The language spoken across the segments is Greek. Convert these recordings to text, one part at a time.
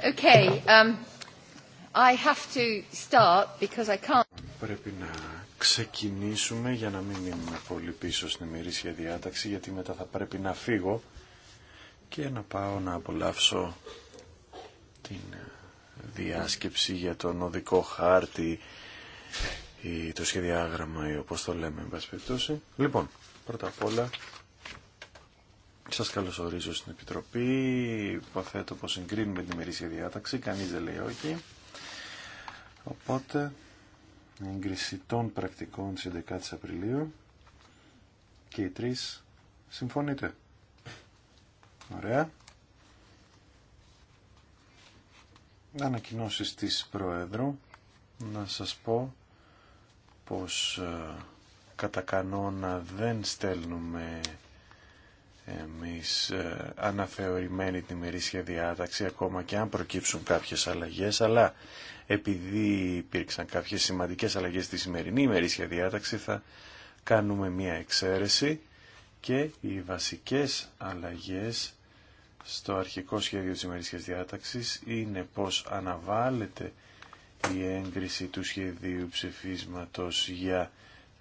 Um, πρέπει να ξεκινήσουμε για να μην μείνουμε πολύ πίσω στην ημερήσια διάταξη γιατί μετά θα πρέπει να φύγω και να πάω να απολαύσω την ε, διάσκεψη για τον οδικό χάρτη ή το σχεδιάγραμμα ή όπως το λέμε εν Λοιπόν, πρώτα απ' όλα σας καλωσορίζω στην Επιτροπή. Υποθέτω πως συγκρίνουμε την ημερήσια διάταξη. Κανείς δεν λέει όχι. Οπότε, έγκριση των πρακτικών της 11 Απριλίου και οι τρεις συμφωνείτε. Ωραία. Ανακοινώσεις της Προέδρου. Να σας πω πως ε, κατά κανόνα δεν στέλνουμε εμείς ε, αναθεωρημένη την ημερήσια διάταξη ακόμα και αν προκύψουν κάποιες αλλαγές αλλά επειδή υπήρξαν κάποιες σημαντικές αλλαγές στη σημερινή ημερήσια διάταξη θα κάνουμε μία εξαίρεση και οι βασικές αλλαγές στο αρχικό σχέδιο της ημερήσιας διάταξης είναι πως αναβάλλεται η έγκριση του σχεδίου ψηφίσματος για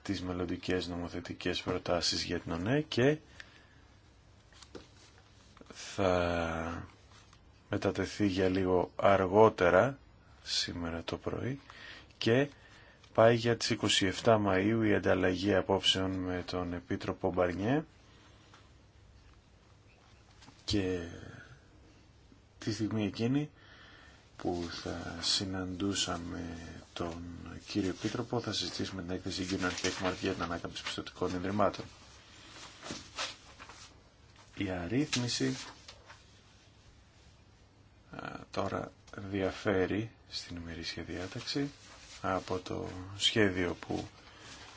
τις μελλοντικές νομοθετικές προτάσεις για την ΟΝΕ και θα μετατεθεί για λίγο αργότερα σήμερα το πρωί και πάει για τις 27 Μαΐου η ανταλλαγή απόψεων με τον Επίτροπο Μπαρνιέ και τη στιγμή εκείνη που θα συναντούσαμε τον κύριο Επίτροπο θα συζητήσουμε την έκθεση Γκίναρ Χέκμαρτ για την ανάκαμψη πιστοτικών ιδρυμάτων η αρρύθμιση τώρα διαφέρει στην ημερήσια διάταξη από το σχέδιο που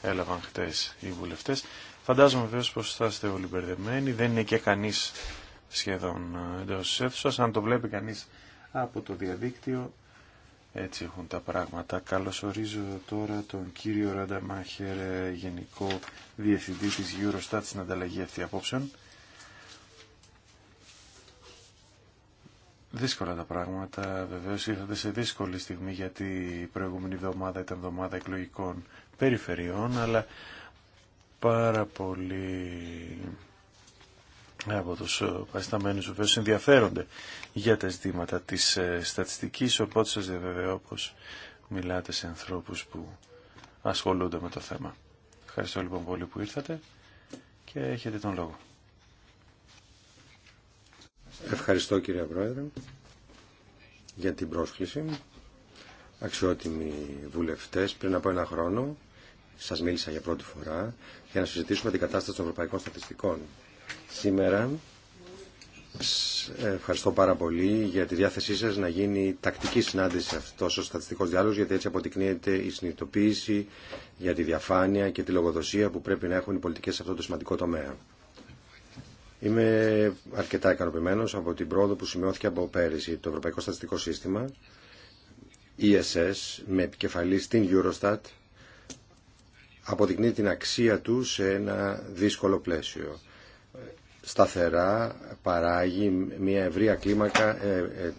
έλαβαν χτες οι βουλευτές. Φαντάζομαι βέβαια πως θα είστε όλοι μπερδεμένοι, δεν είναι και κανείς σχεδόν εντός της Αν το βλέπει κανείς από το διαδίκτυο, έτσι έχουν τα πράγματα. ορίζω τώρα τον κύριο Ρανταμάχερ, ε, Γενικό Διευθυντή της Eurostat στην ανταλλαγή αυτή απόψεων. Δύσκολα τα πράγματα. Βεβαίω ήρθατε σε δύσκολη στιγμή γιατί η προηγούμενη εβδομάδα ήταν εβδομάδα εκλογικών περιφερειών, αλλά πάρα πολλοί από τους ε, παρισταμένους βεβαίως ενδιαφέρονται για τα ζητήματα της ε, στατιστικής, οπότε σας διαβεβαιώ πως μιλάτε σε ανθρώπους που ασχολούνται με το θέμα. Ευχαριστώ λοιπόν πολύ που ήρθατε και έχετε τον λόγο. Ευχαριστώ κύριε Πρόεδρε για την πρόσκληση. Αξιότιμοι βουλευτές, πριν από ένα χρόνο σας μίλησα για πρώτη φορά για να συζητήσουμε την κατάσταση των ευρωπαϊκών στατιστικών. Σήμερα ευχαριστώ πάρα πολύ για τη διάθεσή σας να γίνει τακτική συνάντηση αυτός ο στατιστικός διάλογος γιατί έτσι αποτεικνύεται η συνειδητοποίηση για τη διαφάνεια και τη λογοδοσία που πρέπει να έχουν οι πολιτικές σε αυτό το σημαντικό τομέα. Είμαι αρκετά ικανοποιημένο από την πρόοδο που σημειώθηκε από πέρυσι το Ευρωπαϊκό Στατιστικό Σύστημα, ESS, με επικεφαλή στην Eurostat, αποδεικνύει την αξία του σε ένα δύσκολο πλαίσιο σταθερά παράγει μια ευρία κλίμακα ε, ε,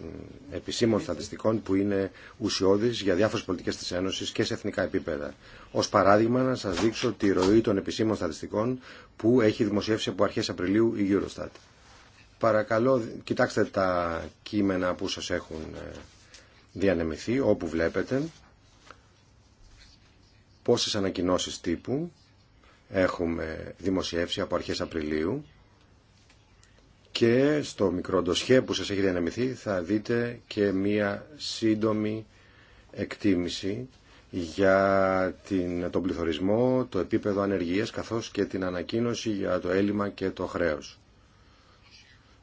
επισήμων στατιστικών που είναι ουσιώδης για διάφορες πολιτικές της Ένωσης και σε εθνικά επίπεδα. Ως παράδειγμα να σας δείξω τη ροή των επισήμων στατιστικών που έχει δημοσιεύσει από αρχές Απριλίου η Eurostat. Παρακαλώ κοιτάξτε τα κείμενα που σας έχουν ε, διανεμηθεί όπου βλέπετε πόσες ανακοινώσεις τύπου έχουμε δημοσιεύσει από αρχές Απριλίου και στο μικρό ντοσχέ που σας έχει διανεμηθεί θα δείτε και μία σύντομη εκτίμηση για την, τον πληθωρισμό, το επίπεδο ανεργίας καθώς και την ανακοίνωση για το έλλειμμα και το χρέος.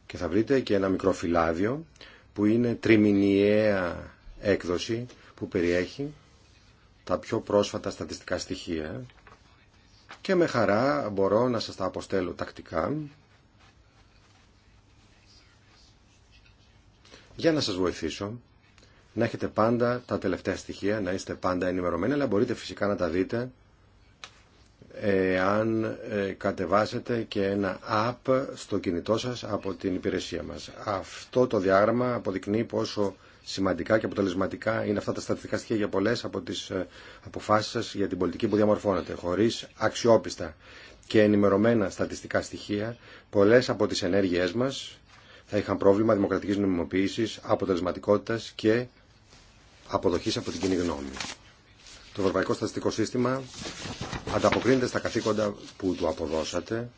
Και θα βρείτε και ένα μικρό φυλάδιο που είναι τριμηνιαία έκδοση που περιέχει τα πιο πρόσφατα στατιστικά στοιχεία και με χαρά μπορώ να σας τα αποστέλω τακτικά για να σας βοηθήσω να έχετε πάντα τα τελευταία στοιχεία, να είστε πάντα ενημερωμένοι, αλλά μπορείτε φυσικά να τα δείτε αν ε, κατεβάσετε και ένα app στο κινητό σας από την υπηρεσία μας. Αυτό το διάγραμμα αποδεικνύει πόσο σημαντικά και αποτελεσματικά είναι αυτά τα στατιστικά στοιχεία για πολλές από τις ε, αποφάσεις σας για την πολιτική που διαμορφώνετε. Χωρίς αξιόπιστα και ενημερωμένα στατιστικά στοιχεία, πολλές από τις ενέργειές μας θα είχαν πρόβλημα δημοκρατικής νομιμοποίησης, αποτελεσματικότητας και αποδοχής από την κοινή γνώμη. Το Ευρωπαϊκό Στατιστικό Σύστημα ανταποκρίνεται στα καθήκοντα που του αποδώσατε,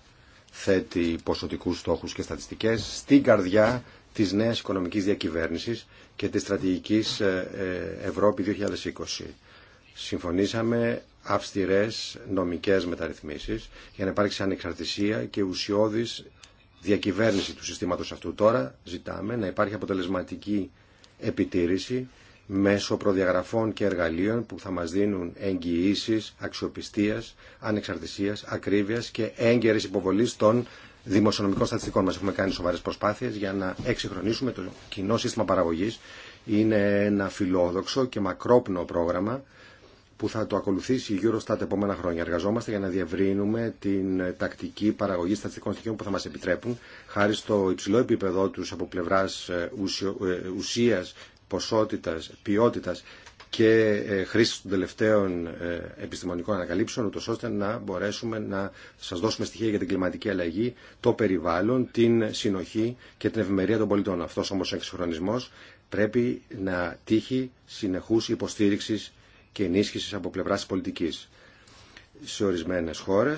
θέτει ποσοτικούς στόχους και στατιστικές στην καρδιά της νέας οικονομικής διακυβέρνησης και της στρατηγικής ε, ε, Ευρώπη 2020. Συμφωνήσαμε αυστηρές νομικές μεταρρυθμίσεις για να υπάρξει ανεξαρτησία και ουσιώδης διακυβέρνηση του συστήματος αυτού. Τώρα ζητάμε να υπάρχει αποτελεσματική επιτήρηση μέσω προδιαγραφών και εργαλείων που θα μας δίνουν εγγυήσει, αξιοπιστίας, ανεξαρτησίας, ακρίβειας και έγκαιρης υποβολής των δημοσιονομικών στατιστικών μας. Έχουμε κάνει σοβαρές προσπάθειες για να εξυγχρονίσουμε το κοινό σύστημα παραγωγής. Είναι ένα φιλόδοξο και μακρόπνο πρόγραμμα που θα το ακολουθήσει η Eurostat επόμενα χρόνια. Εργαζόμαστε για να διευρύνουμε την τακτική παραγωγή στατιστικών στοιχείων που θα μα επιτρέπουν, χάρη στο υψηλό επίπεδό του από πλευρά ε, ε, ουσία, ποσότητα, ποιότητα και ε, χρήση των τελευταίων επιστημονικών ανακαλύψεων, ούτως ώστε να μπορέσουμε να σας δώσουμε στοιχεία για την κλιματική αλλαγή, το περιβάλλον, την συνοχή και την ευημερία των πολιτών. Αυτός όμως ο εξυγχρονισμός πρέπει να τύχει συνεχού υποστήριξη και ενίσχυση από τη πολιτική. Σε ορισμένε χώρε,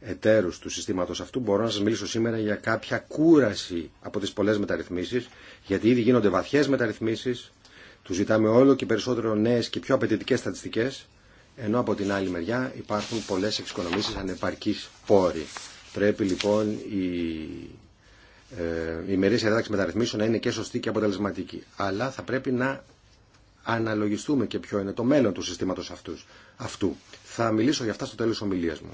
εταίρου του συστήματο αυτού, μπορώ να σα μιλήσω σήμερα για κάποια κούραση από τι πολλέ μεταρρυθμίσεις, γιατί ήδη γίνονται βαθιές μεταρρυθμίσεις, του ζητάμε όλο και περισσότερο νέε και πιο απαιτητικέ στατιστικέ, ενώ από την άλλη μεριά υπάρχουν πολλέ εξοικονομήσει ανεπαρκής πόρη. Πρέπει λοιπόν η, ε, η μεταρρυθμίσεων να είναι και σωστή και αποτελεσματική. Αλλά θα πρέπει να αναλογιστούμε και ποιο είναι το μέλλον του συστήματος αυτούς, αυτού. Θα μιλήσω για αυτά στο τέλος ομιλίας μου.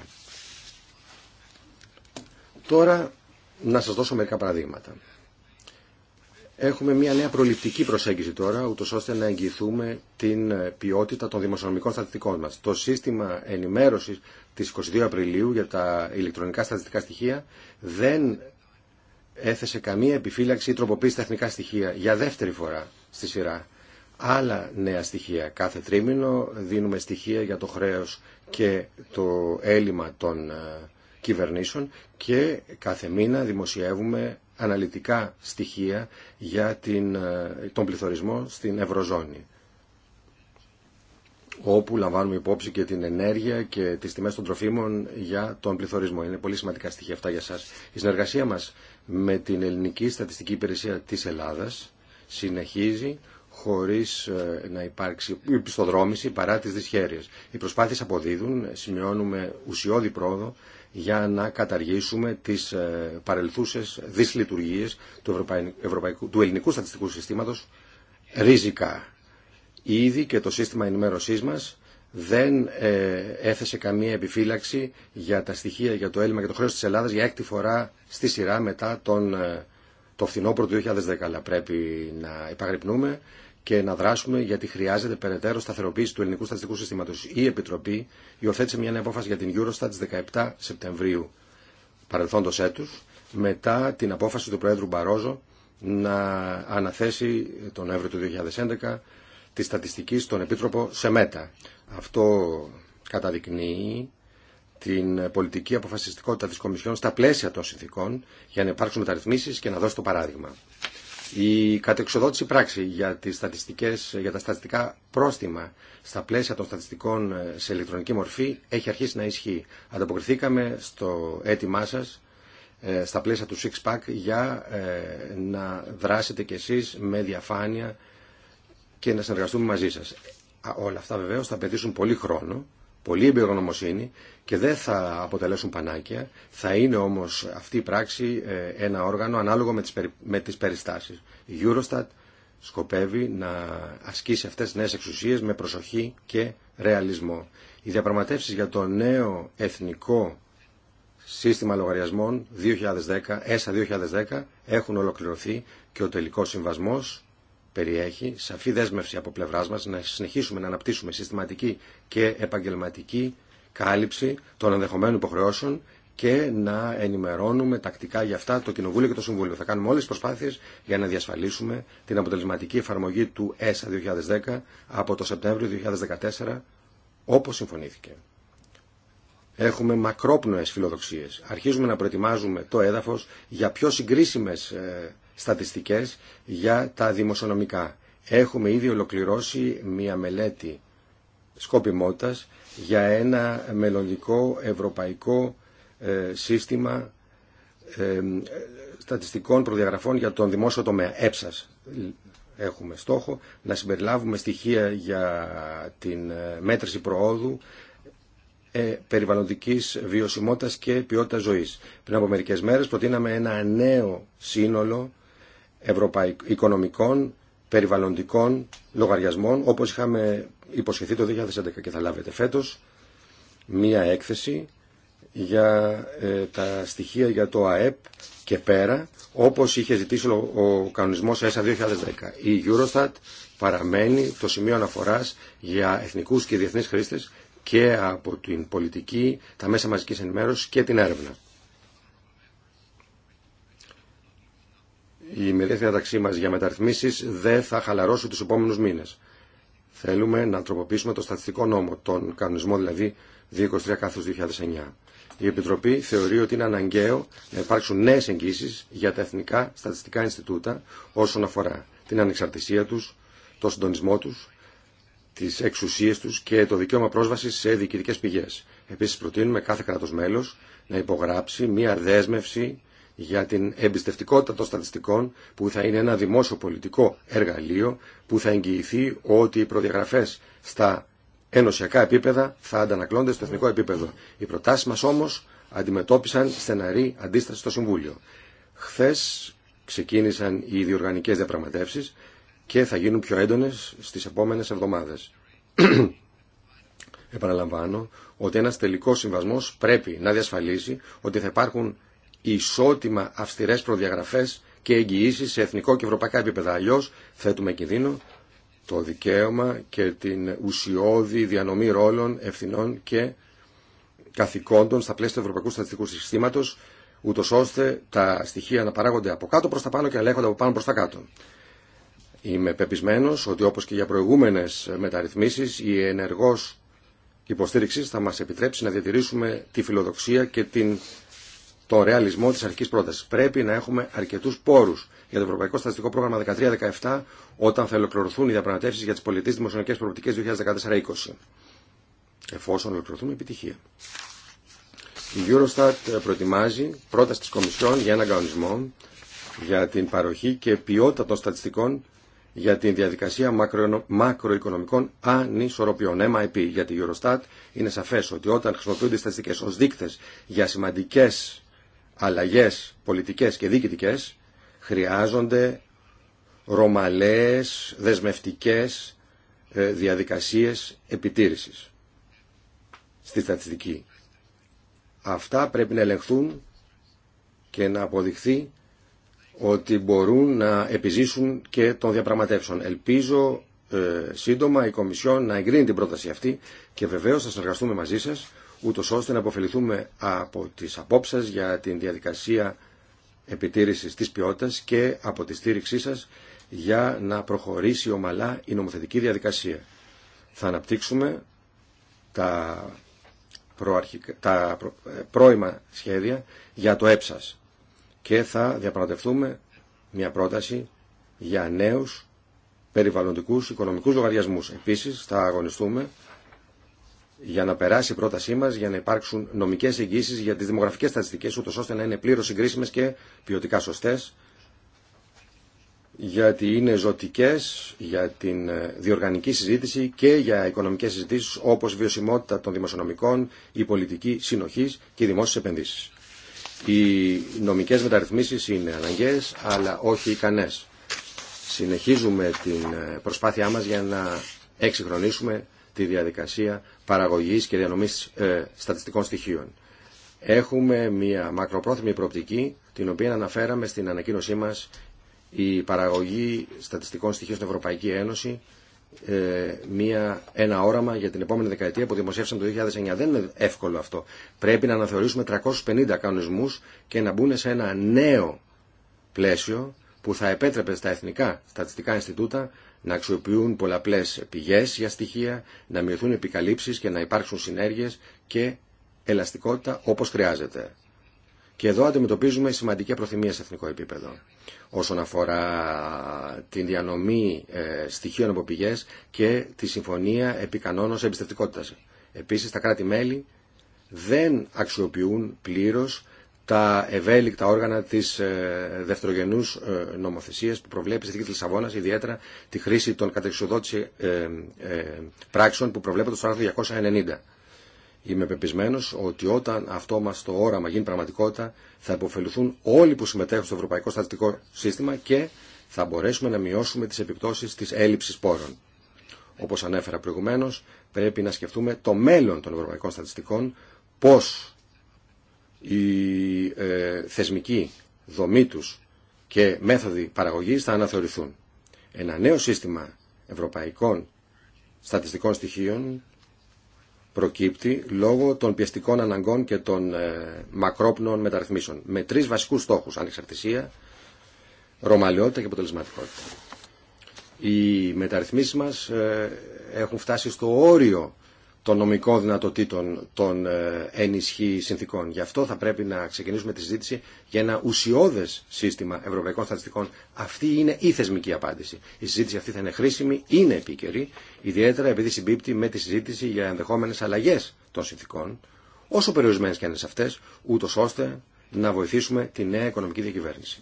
Τώρα να σας δώσω μερικά παραδείγματα. Έχουμε μια νέα προληπτική προσέγγιση τώρα, ούτω ώστε να εγγυηθούμε την ε, ποιότητα των δημοσιονομικών στατιστικών μα. Το σύστημα ενημέρωση τη 22 Απριλίου για τα ηλεκτρονικά στατιστικά στοιχεία δεν έθεσε καμία επιφύλαξη ή τροποποίηση στα εθνικά στοιχεία για δεύτερη φορά στη σειρά άλλα νέα στοιχεία. Κάθε τρίμηνο δίνουμε στοιχεία για το χρέος και το έλλειμμα των ε, κυβερνήσεων και κάθε μήνα δημοσιεύουμε αναλυτικά στοιχεία για την, ε, τον πληθωρισμό στην Ευρωζώνη όπου λαμβάνουμε υπόψη και την ενέργεια και τις τιμές των τροφίμων για τον πληθωρισμό. Είναι πολύ σημαντικά στοιχεία αυτά για σας. Η συνεργασία μας με την Ελληνική Στατιστική Υπηρεσία της Ελλάδας συνεχίζει χωρίς ε, να υπάρξει πιστοδρόμηση παρά τις δυσχέρειες. Οι προσπάθειες αποδίδουν, σημειώνουμε ουσιώδη πρόοδο για να καταργήσουμε τις ε, παρελθούσες δυσλειτουργίες του, Ευρωπαϊκού, του ελληνικού στατιστικού συστήματος ρίζικα. Ήδη και το σύστημα ενημέρωσής μας δεν ε, έθεσε καμία επιφύλαξη για τα στοιχεία για το έλλειμμα και το χρέος της Ελλάδας για έκτη φορά στη σειρά μετά τον, ε, το φθινόπωρο του 2010. Αλλά πρέπει να υπαγρυπνούμε και να δράσουμε γιατί χρειάζεται περαιτέρω σταθεροποίηση του ελληνικού στατιστικού συστήματο. Η Επιτροπή υιοθέτησε μια νέα απόφαση για την Eurostat στι 17 Σεπτεμβρίου παρελθόντο έτου, μετά την απόφαση του Προέδρου Μπαρόζο να αναθέσει τον Νοέμβριο του 2011 τη στατιστική στον Επίτροπο μέτα. Αυτό καταδεικνύει την πολιτική αποφασιστικότητα της Κομισιόν στα πλαίσια των συνθήκων για να υπάρξουν μεταρρυθμίσεις και να δώσει το παράδειγμα. Η κατεξοδότηση πράξη για, τις στατιστικές, για τα στατιστικά πρόστιμα στα πλαίσια των στατιστικών ε, σε ηλεκτρονική μορφή έχει αρχίσει να ισχύει. Ανταποκριθήκαμε στο έτοιμά σας ε, στα πλαίσια του Six Pack για ε, να δράσετε κι εσείς με διαφάνεια και να συνεργαστούμε μαζί σας. Όλα αυτά βεβαίως θα απαιτήσουν πολύ χρόνο Πολύ εμπειρογνωμοσύνη και δεν θα αποτελέσουν πανάκια. Θα είναι όμως αυτή η πράξη ε, ένα όργανο ανάλογο με τις, περι, περιστάσεις. Η Eurostat σκοπεύει να ασκήσει αυτές τις νέες εξουσίες με προσοχή και ρεαλισμό. Οι διαπραγματεύσεις για το νέο εθνικό σύστημα λογαριασμών 2010, ΕΣΑ 2010 έχουν ολοκληρωθεί και ο τελικός συμβασμός περιέχει σαφή δέσμευση από πλευράς μας να συνεχίσουμε να αναπτύσσουμε συστηματική και επαγγελματική κάλυψη των ενδεχομένων υποχρεώσεων και να ενημερώνουμε τακτικά για αυτά το Κοινοβούλιο και το Συμβούλιο. Θα κάνουμε όλες τις προσπάθειες για να διασφαλίσουμε την αποτελεσματική εφαρμογή του ΕΣΑ 2010 από το Σεπτέμβριο 2014 όπως συμφωνήθηκε. Έχουμε μακρόπνοες φιλοδοξίες. Αρχίζουμε να προετοιμάζουμε το έδαφος για πιο συγκρίσιμες ε, στατιστικές για τα δημοσιονομικά. Έχουμε ήδη ολοκληρώσει μία μελέτη σκοπιμότητας για ένα μελλοντικό ευρωπαϊκό ε, σύστημα ε, στατιστικών προδιαγραφών για τον δημόσιο τομέα. Έψας ε, έχουμε στόχο να συμπεριλάβουμε στοιχεία για την μέτρηση προόδου ε, περιβαλλοντικής βιωσιμότητας και ποιότητας ζωής. Πριν από μερικές μέρες προτείναμε ένα νέο σύνολο Ευρωπαϊκών οικονομικών, περιβαλλοντικών λογαριασμών, όπως είχαμε υποσχεθεί το 2011 και θα λάβετε φέτος, μία έκθεση για ε, τα στοιχεία για το ΑΕΠ και πέρα, όπως είχε ζητήσει ο, ο κανονισμός ΕΣΑ 2010. Η Eurostat παραμένει το σημείο αναφοράς για εθνικούς και διεθνείς χρήστες και από την πολιτική, τα μέσα μαζικής ενημέρωσης και την έρευνα. η ημερή αταξή μα για μεταρρυθμίσει δεν θα χαλαρώσει του επόμενου μήνε. Θέλουμε να τροποποιήσουμε το στατιστικό νόμο, τον κανονισμό δηλαδή 23 223 2009. Η Επιτροπή θεωρεί ότι είναι αναγκαίο να υπάρξουν νέε εγγύσει για τα εθνικά στατιστικά Ινστιτούτα όσον αφορά την ανεξαρτησία του, το συντονισμό του, τι εξουσίε του και το δικαίωμα πρόσβαση σε διοικητικέ πηγέ. Επίση προτείνουμε κάθε κράτος μέλος να υπογράψει μία δέσμευση για την εμπιστευτικότητα των στατιστικών που θα είναι ένα δημόσιο πολιτικό εργαλείο που θα εγγυηθεί ότι οι προδιαγραφές στα ενωσιακά επίπεδα θα αντανακλώνται στο εθνικό επίπεδο. Οι προτάσεις μας όμως αντιμετώπισαν στεναρή αντίσταση στο Συμβούλιο. Χθες ξεκίνησαν οι διοργανικές διαπραγματεύσεις και θα γίνουν πιο έντονες στις επόμενες εβδομάδες. Επαναλαμβάνω ότι ένας τελικός συμβασμός πρέπει να διασφαλίσει ότι θα υπάρχουν ισότιμα αυστηρέ προδιαγραφέ και εγγυήσει σε εθνικό και ευρωπαϊκά επίπεδα. Αλλιώ θέτουμε κινδύνο το δικαίωμα και την ουσιώδη διανομή ρόλων, ευθυνών και καθηκόντων στα πλαίσια του Ευρωπαϊκού Στατιστικού Συστήματο, ούτω ώστε τα στοιχεία να παράγονται από κάτω προ τα πάνω και να από πάνω προ τα κάτω. Είμαι πεπισμένο ότι όπω και για προηγούμενε μεταρρυθμίσει, η ενεργό υποστήριξη θα μα επιτρέψει να διατηρήσουμε τη φιλοδοξία και την το ρεαλισμό τη αρχική πρόταση. Πρέπει να έχουμε αρκετού πόρου για το Ευρωπαϊκό Στατιστικό Πρόγραμμα 13-17 όταν θα ολοκληρωθούν οι διαπραγματεύσει για τι πολιτικες δημοσιονομικε δημοσιονομικέ προοπτικέ 2014-20. Εφόσον ολοκληρωθούν επιτυχία. Η Eurostat προετοιμάζει πρόταση τη Κομισιόν για έναν κανονισμό για την παροχή και ποιότητα των στατιστικών για την διαδικασία μακρο, μακροοικονομικών ανισορροπιών, MIP. Για η Eurostat είναι σαφές ότι όταν χρησιμοποιούνται οι στατιστικές ως δείκτες για σημαντικές αλλαγές πολιτικές και διοικητικές χρειάζονται ρωμαλαίες, δεσμευτικές ε, διαδικασίες επιτήρησης στη στατιστική. Αυτά πρέπει να ελεγχθούν και να αποδειχθεί ότι μπορούν να επιζήσουν και των διαπραγματεύσεων. Ελπίζω ε, σύντομα η Κομισιόν να εγκρίνει την πρόταση αυτή και βεβαίως θα συνεργαστούμε μαζί σας ούτω ώστε να αποφεληθούμε από τις απόψεις για την διαδικασία επιτήρηση της ποιότητα και από τη στήριξή σα για να προχωρήσει ομαλά η νομοθετική διαδικασία. Θα αναπτύξουμε τα, προαρχικα... τα προ... πρώιμα σχέδια για το έψας και θα διαπραγματευτούμε μια πρόταση για νέους περιβαλλοντικούς οικονομικούς λογαριασμούς. Επίσης θα αγωνιστούμε για να περάσει η πρότασή μα, για να υπάρξουν νομικέ εγγύσει για τι δημογραφικέ στατιστικέ, ούτω ώστε να είναι πλήρω συγκρίσιμε και ποιοτικά σωστέ, γιατί είναι ζωτικέ για την ε, διοργανική συζήτηση και για οικονομικέ συζητήσει όπω η βιωσιμότητα των δημοσιονομικών, η πολιτική συνοχή και οι δημόσιε επενδύσει. Οι νομικέ μεταρρυθμίσει είναι αναγκαίε, αλλά όχι ικανέ. Συνεχίζουμε την ε, προσπάθειά μα για να εξυγχρονίσουμε τη διαδικασία παραγωγής και διανομής ε, στατιστικών στοιχείων. Έχουμε μια μακροπρόθεσμη προοπτική, την οποία αναφέραμε στην ανακοίνωσή μας η παραγωγή στατιστικών στοιχείων στην Ευρωπαϊκή Ένωση, ε, μια, ένα όραμα για την επόμενη δεκαετία που δημοσιεύσαμε το 2009. Δεν είναι εύκολο αυτό. Πρέπει να αναθεωρήσουμε 350 κανονισμούς και να μπουν σε ένα νέο πλαίσιο που θα επέτρεπε στα εθνικά στατιστικά Ινστιτούτα να αξιοποιούν πολλαπλές πηγές για στοιχεία, να μειωθούν επικαλύψεις και να υπάρξουν συνέργειες και ελαστικότητα όπως χρειάζεται. Και εδώ αντιμετωπίζουμε σημαντική προθυμία σε εθνικό επίπεδο. Όσον αφορά την διανομή ε, στοιχείων από πηγές και τη συμφωνία επί κανόνων εμπιστευτικότητας. Επίσης, τα κράτη-μέλη δεν αξιοποιούν πλήρως τα ευέλικτα όργανα τη ε, δευτερογενού ε, νομοθεσία που προβλέπει η Συνθήκη τη Λισαβόνα, ιδιαίτερα τη χρήση των κατεξουδότηση ε, πράξεων που προβλέπεται στο άρθρο 290. Είμαι πεπισμένο ότι όταν αυτό μα το όραμα γίνει πραγματικότητα, θα υποφεληθούν όλοι που συμμετέχουν στο Ευρωπαϊκό Στατιστικό Σύστημα και θα μπορέσουμε να μειώσουμε τι επιπτώσει τη έλλειψη πόρων. Όπω ανέφερα προηγουμένω, πρέπει να σκεφτούμε το μέλλον των ευρωπαϊκών στατιστικών, πώ η ε, θεσμική δομή τους και μέθοδοι παραγωγής θα αναθεωρηθούν. Ένα νέο σύστημα ευρωπαϊκών στατιστικών στοιχείων προκύπτει λόγω των πιεστικών αναγκών και των ε, μακρόπνων μεταρρυθμίσεων με τρεις βασικούς στόχους, ανεξαρτησία, ρωμαλαιότητα και αποτελεσματικότητα. Οι μεταρρυθμίσεις μας ε, έχουν φτάσει στο όριο των νομικών δυνατοτήτων των ε, ενισχύ συνθήκων. Γι' αυτό θα πρέπει να ξεκινήσουμε τη συζήτηση για ένα ουσιώδε σύστημα ευρωπαϊκών στατιστικών. Αυτή είναι η θεσμική απάντηση. Η συζήτηση αυτή θα είναι χρήσιμη, είναι επίκαιρη, ιδιαίτερα επειδή συμπίπτει με τη συζήτηση για ενδεχόμενε αλλαγέ των συνθήκων, όσο περιορισμένε και αν είναι σε αυτέ, ούτω ώστε να βοηθήσουμε τη νέα οικονομική διακυβέρνηση.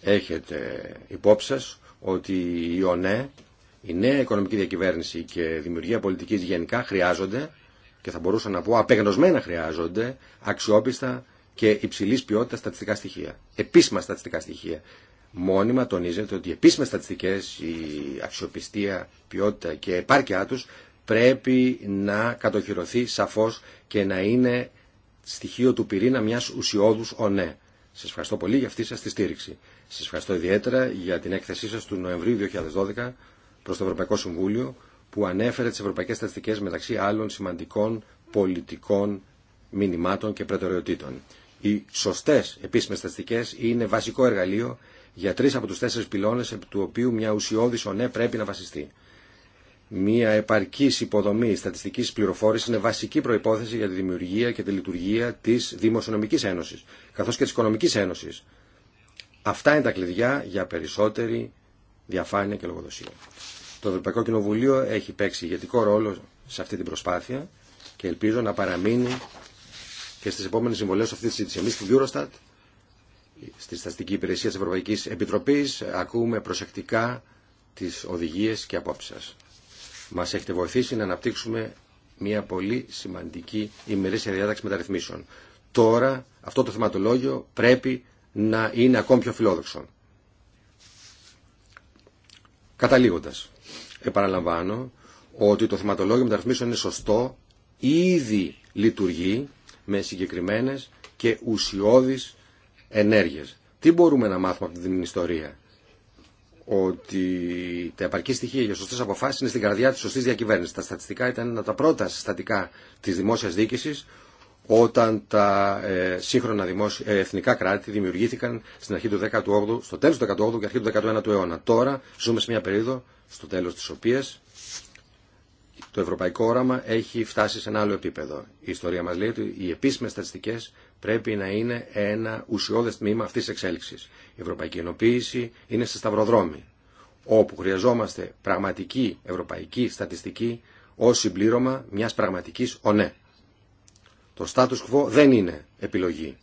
Έχετε υπόψη σα ότι η ΟΝΕ η νέα οικονομική διακυβέρνηση και δημιουργία πολιτικής γενικά χρειάζονται και θα μπορούσα να πω απεγνωσμένα χρειάζονται αξιόπιστα και υψηλής ποιότητας στατιστικά στοιχεία. Επίσημα στατιστικά στοιχεία. Μόνιμα τονίζεται ότι οι επίσημες στατιστικές, η αξιοπιστία, ποιότητα και επάρκειά τους πρέπει να κατοχυρωθεί σαφώς και να είναι στοιχείο του πυρήνα μιας ουσιώδους ονέ. Ναι». Σας ευχαριστώ πολύ για αυτή σας τη στήριξη. Σα ευχαριστώ ιδιαίτερα για την έκθεσή σας του Νοεμβρίου 2012 Προ το Ευρωπαϊκό Συμβούλιο που ανέφερε τι ευρωπαϊκέ στατιστικέ μεταξύ άλλων σημαντικών πολιτικών μηνυμάτων και προτεραιοτήτων. Οι σωστέ επίσημε στατιστικέ είναι βασικό εργαλείο για τρει από του τέσσερι πυλώνε, επί του οποίου μια ουσιώδη ονέ ναι πρέπει να βασιστεί. Μια επαρκή υποδομή στατιστική πληροφόρηση είναι βασική προπόθεση για τη δημιουργία και τη λειτουργία τη Δημοσιονομική Ένωση, καθώ και τη Οικονομική Ένωση. Αυτά είναι τα κλειδιά για περισσότερη διαφάνεια και λογοδοσία. Το Ευρωπαϊκό Κοινοβουλίο έχει παίξει ηγετικό ρόλο σε αυτή την προσπάθεια και ελπίζω να παραμείνει και στις επόμενες συμβολές αυτής της Εμείς του Eurostat, στη Σταστική Υπηρεσία της Ευρωπαϊκής Επιτροπής, ακούμε προσεκτικά τις οδηγίες και απόψεις σας. Μας έχετε βοηθήσει να αναπτύξουμε μια πολύ σημαντική ημερήσια διάταξη μεταρρυθμίσεων. Τώρα αυτό το θεματολόγιο πρέπει να είναι ακόμη πιο φιλόδοξο. Καταλήγοντας, επαναλαμβάνω ότι το θεματολόγιο μεταρρυθμίσεων είναι σωστό, ήδη λειτουργεί με συγκεκριμένες και ουσιώδεις ενέργειες. Τι μπορούμε να μάθουμε από την ιστορία. Ότι τα επαρκή στοιχεία για σωστέ αποφάσει είναι στην καρδιά τη σωστή διακυβέρνηση. Τα στατιστικά ήταν ένα από τα πρώτα συστατικά τη δημόσια διοίκηση όταν τα ε, σύγχρονα δημόσια, ε, εθνικά κράτη δημιουργήθηκαν στην αρχή του 18ου, στο τέλος του 18ου και αρχή του 19ου αιώνα. Τώρα ζούμε σε μια περίοδο στο τέλος της οποίας το ευρωπαϊκό όραμα έχει φτάσει σε ένα άλλο επίπεδο. Η ιστορία μας λέει ότι οι επίσημες στατιστικές πρέπει να είναι ένα ουσιώδες τμήμα αυτής της εξέλιξης. Η ευρωπαϊκή ενοποίηση είναι σε σταυροδρόμι, όπου χρειαζόμαστε πραγματική ευρωπαϊκή στατιστική ως συμπλήρωμα μιας πραγματικής ονέ. Ναι». Το status quo δεν είναι επιλογή.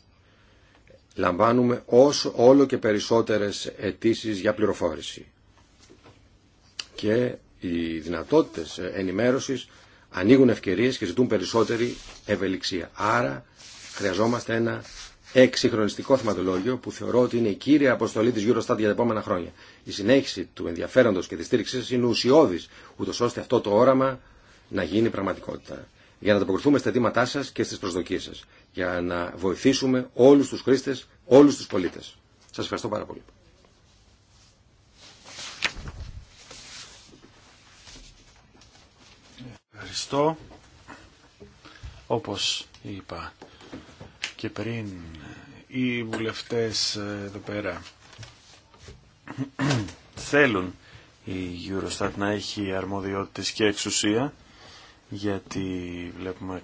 Λαμβάνουμε όσο όλο και περισσότερες αιτήσει για πληροφόρηση και οι δυνατότητες ενημέρωσης ανοίγουν ευκαιρίες και ζητούν περισσότερη ευελιξία. Άρα χρειαζόμαστε ένα εξυγχρονιστικό θεματολόγιο που θεωρώ ότι είναι η κύρια αποστολή της Eurostat για τα επόμενα χρόνια. Η συνέχιση του ενδιαφέροντος και της στήριξης είναι ουσιώδης, ούτως ώστε αυτό το όραμα να γίνει πραγματικότητα. Για να ανταποκριθούμε στα αιτήματά σας και στις προσδοκίες σας. Για να βοηθήσουμε όλους τους χρήστες, όλους τους πολίτες. Σας ευχαριστώ πάρα πολύ. Ευχαριστώ. Όπως είπα και πριν, οι βουλευτές ε, εδώ πέρα θέλουν η Eurostat να έχει αρμοδιότητες και εξουσία γιατί βλέπουμε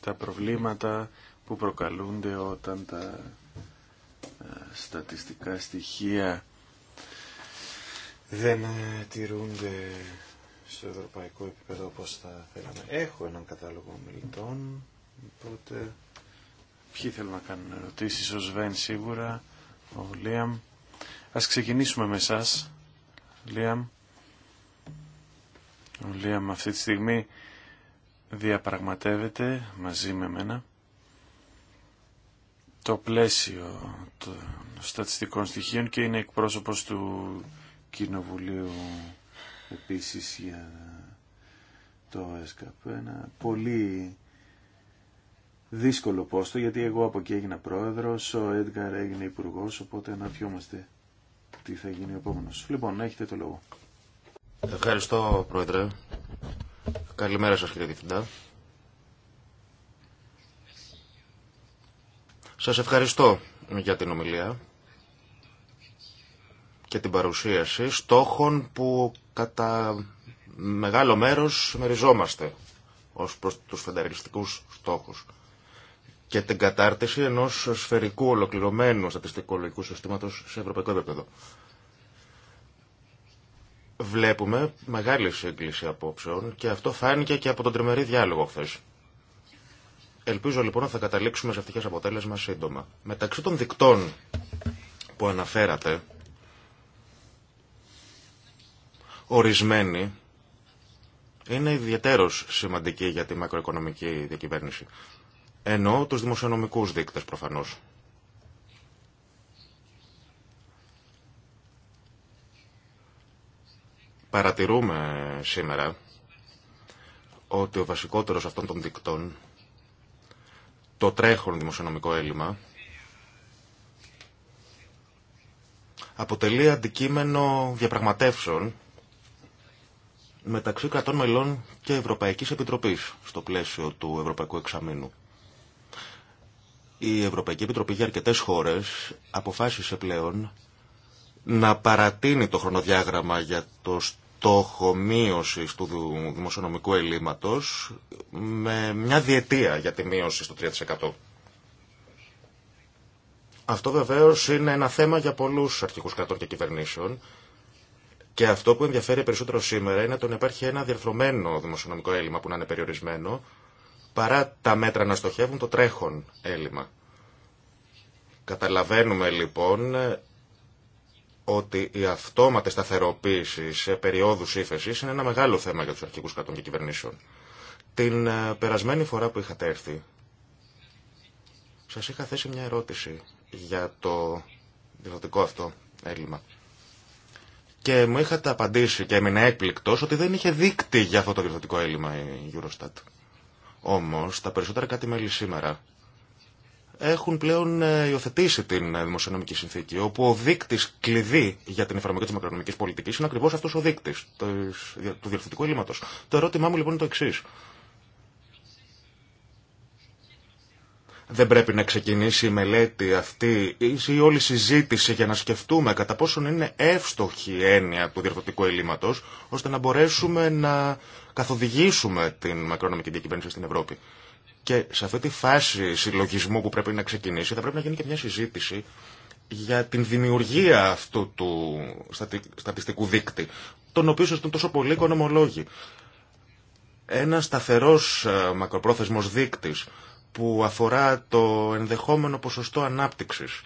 τα προβλήματα που προκαλούνται όταν τα ε, στατιστικά στοιχεία δεν ε, τηρούνται στο ευρωπαϊκό επίπεδο όπως θα θέλαμε. Έχω έναν κατάλογο μιλητών, οπότε ποιοι θέλουν να κάνουν ερωτήσεις, ο Σβέν σίγουρα, ο Λίαμ. Ας ξεκινήσουμε με εσά, Λίαμ. Ο Λίαμ αυτή τη στιγμή διαπραγματεύεται μαζί με μένα το πλαίσιο των στατιστικών στοιχείων και είναι εκπρόσωπος του Κοινοβουλίου επίσης για το ΕΣΚΑΠ. Ένα πολύ δύσκολο πόστο γιατί εγώ από εκεί έγινα πρόεδρος, ο Έντγκαρ έγινε υπουργός οπότε αναφιόμαστε τι θα γίνει ο επόμενος. Λοιπόν, έχετε το λόγο. Ευχαριστώ πρόεδρε. Καλημέρα σας κύριε Διευθυντά. Σας ευχαριστώ για την ομιλία και την παρουσίαση στόχων που κατά μεγάλο μέρος μεριζόμαστε ως προς τους φενταριστικούς στόχους και την κατάρτιση ενός σφαιρικού ολοκληρωμένου στατιστικολογικού συστήματος σε ευρωπαϊκό επίπεδο. Βλέπουμε μεγάλη σύγκληση απόψεων και αυτό φάνηκε και από τον τριμερή διάλογο χθε. Ελπίζω λοιπόν να θα καταλήξουμε σε ευτυχές αποτέλεσμα σύντομα. Μεταξύ των δικτών που αναφέρατε ορισμένη είναι ιδιαίτερος σημαντική για τη μακροοικονομική διακυβέρνηση. Ενώ τους δημοσιονομικούς δείκτες προφανώς. Παρατηρούμε σήμερα ότι ο βασικότερος αυτών των δικτών, το τρέχον δημοσιονομικό έλλειμμα, αποτελεί αντικείμενο διαπραγματεύσεων μεταξύ κρατών μελών και Ευρωπαϊκής Επιτροπής στο πλαίσιο του Ευρωπαϊκού Εξαμήνου. Η Ευρωπαϊκή Επιτροπή για αρκετές χώρες αποφάσισε πλέον να παρατείνει το χρονοδιάγραμμα για το στόχο μείωση του δημοσιονομικού ελλείμματος με μια διετία για τη μείωση στο 3%. Αυτό βεβαίως είναι ένα θέμα για πολλούς αρχικούς κρατών και κυβερνήσεων και αυτό που ενδιαφέρει περισσότερο σήμερα είναι το να υπάρχει ένα διαρθρωμένο δημοσιονομικό έλλειμμα που να είναι περιορισμένο, παρά τα μέτρα να στοχεύουν το τρέχον έλλειμμα. Καταλαβαίνουμε λοιπόν ότι η αυτόματη σταθεροποίηση σε περιόδους ύφεση είναι ένα μεγάλο θέμα για τους αρχικού κρατών και κυβερνήσεων. Την ε, περασμένη φορά που είχατε έρθει, σα είχα θέσει μια ερώτηση για το δημοτικό αυτό έλλειμμα και μου είχατε απαντήσει και έμεινε έκπληκτος ότι δεν είχε δείκτη για αυτό το διορθωτικό έλλειμμα η Eurostat. Όμως τα περισσότερα κάτι μέλη σήμερα έχουν πλέον ε, υιοθετήσει την ε, δημοσιονομική συνθήκη, όπου ο δείκτη κλειδί για την εφαρμογή τη μακροοικονομική πολιτική είναι ακριβώ αυτό ο δείκτη του διευθυντικού ελλείμματο. Το ερώτημά μου λοιπόν είναι το εξή. δεν πρέπει να ξεκινήσει η μελέτη αυτή ή όλη η συζήτηση για να σκεφτούμε κατά πόσον είναι εύστοχη η έννοια του διαρθρωτικού ελλείμματο, ώστε να μπορέσουμε να καθοδηγήσουμε την μακρονομική διακυβέρνηση στην Ευρώπη. Και σε αυτή τη φάση συλλογισμού που πρέπει να ξεκινήσει, θα πρέπει να γίνει και μια συζήτηση για την δημιουργία αυτού του στατιστικού δείκτη, τον οποίο σας τόσο πολλοί οικονομολόγοι. Ένα σταθερό ε, μακροπρόθεσμό δείκτη που αφορά το ενδεχόμενο ποσοστό ανάπτυξης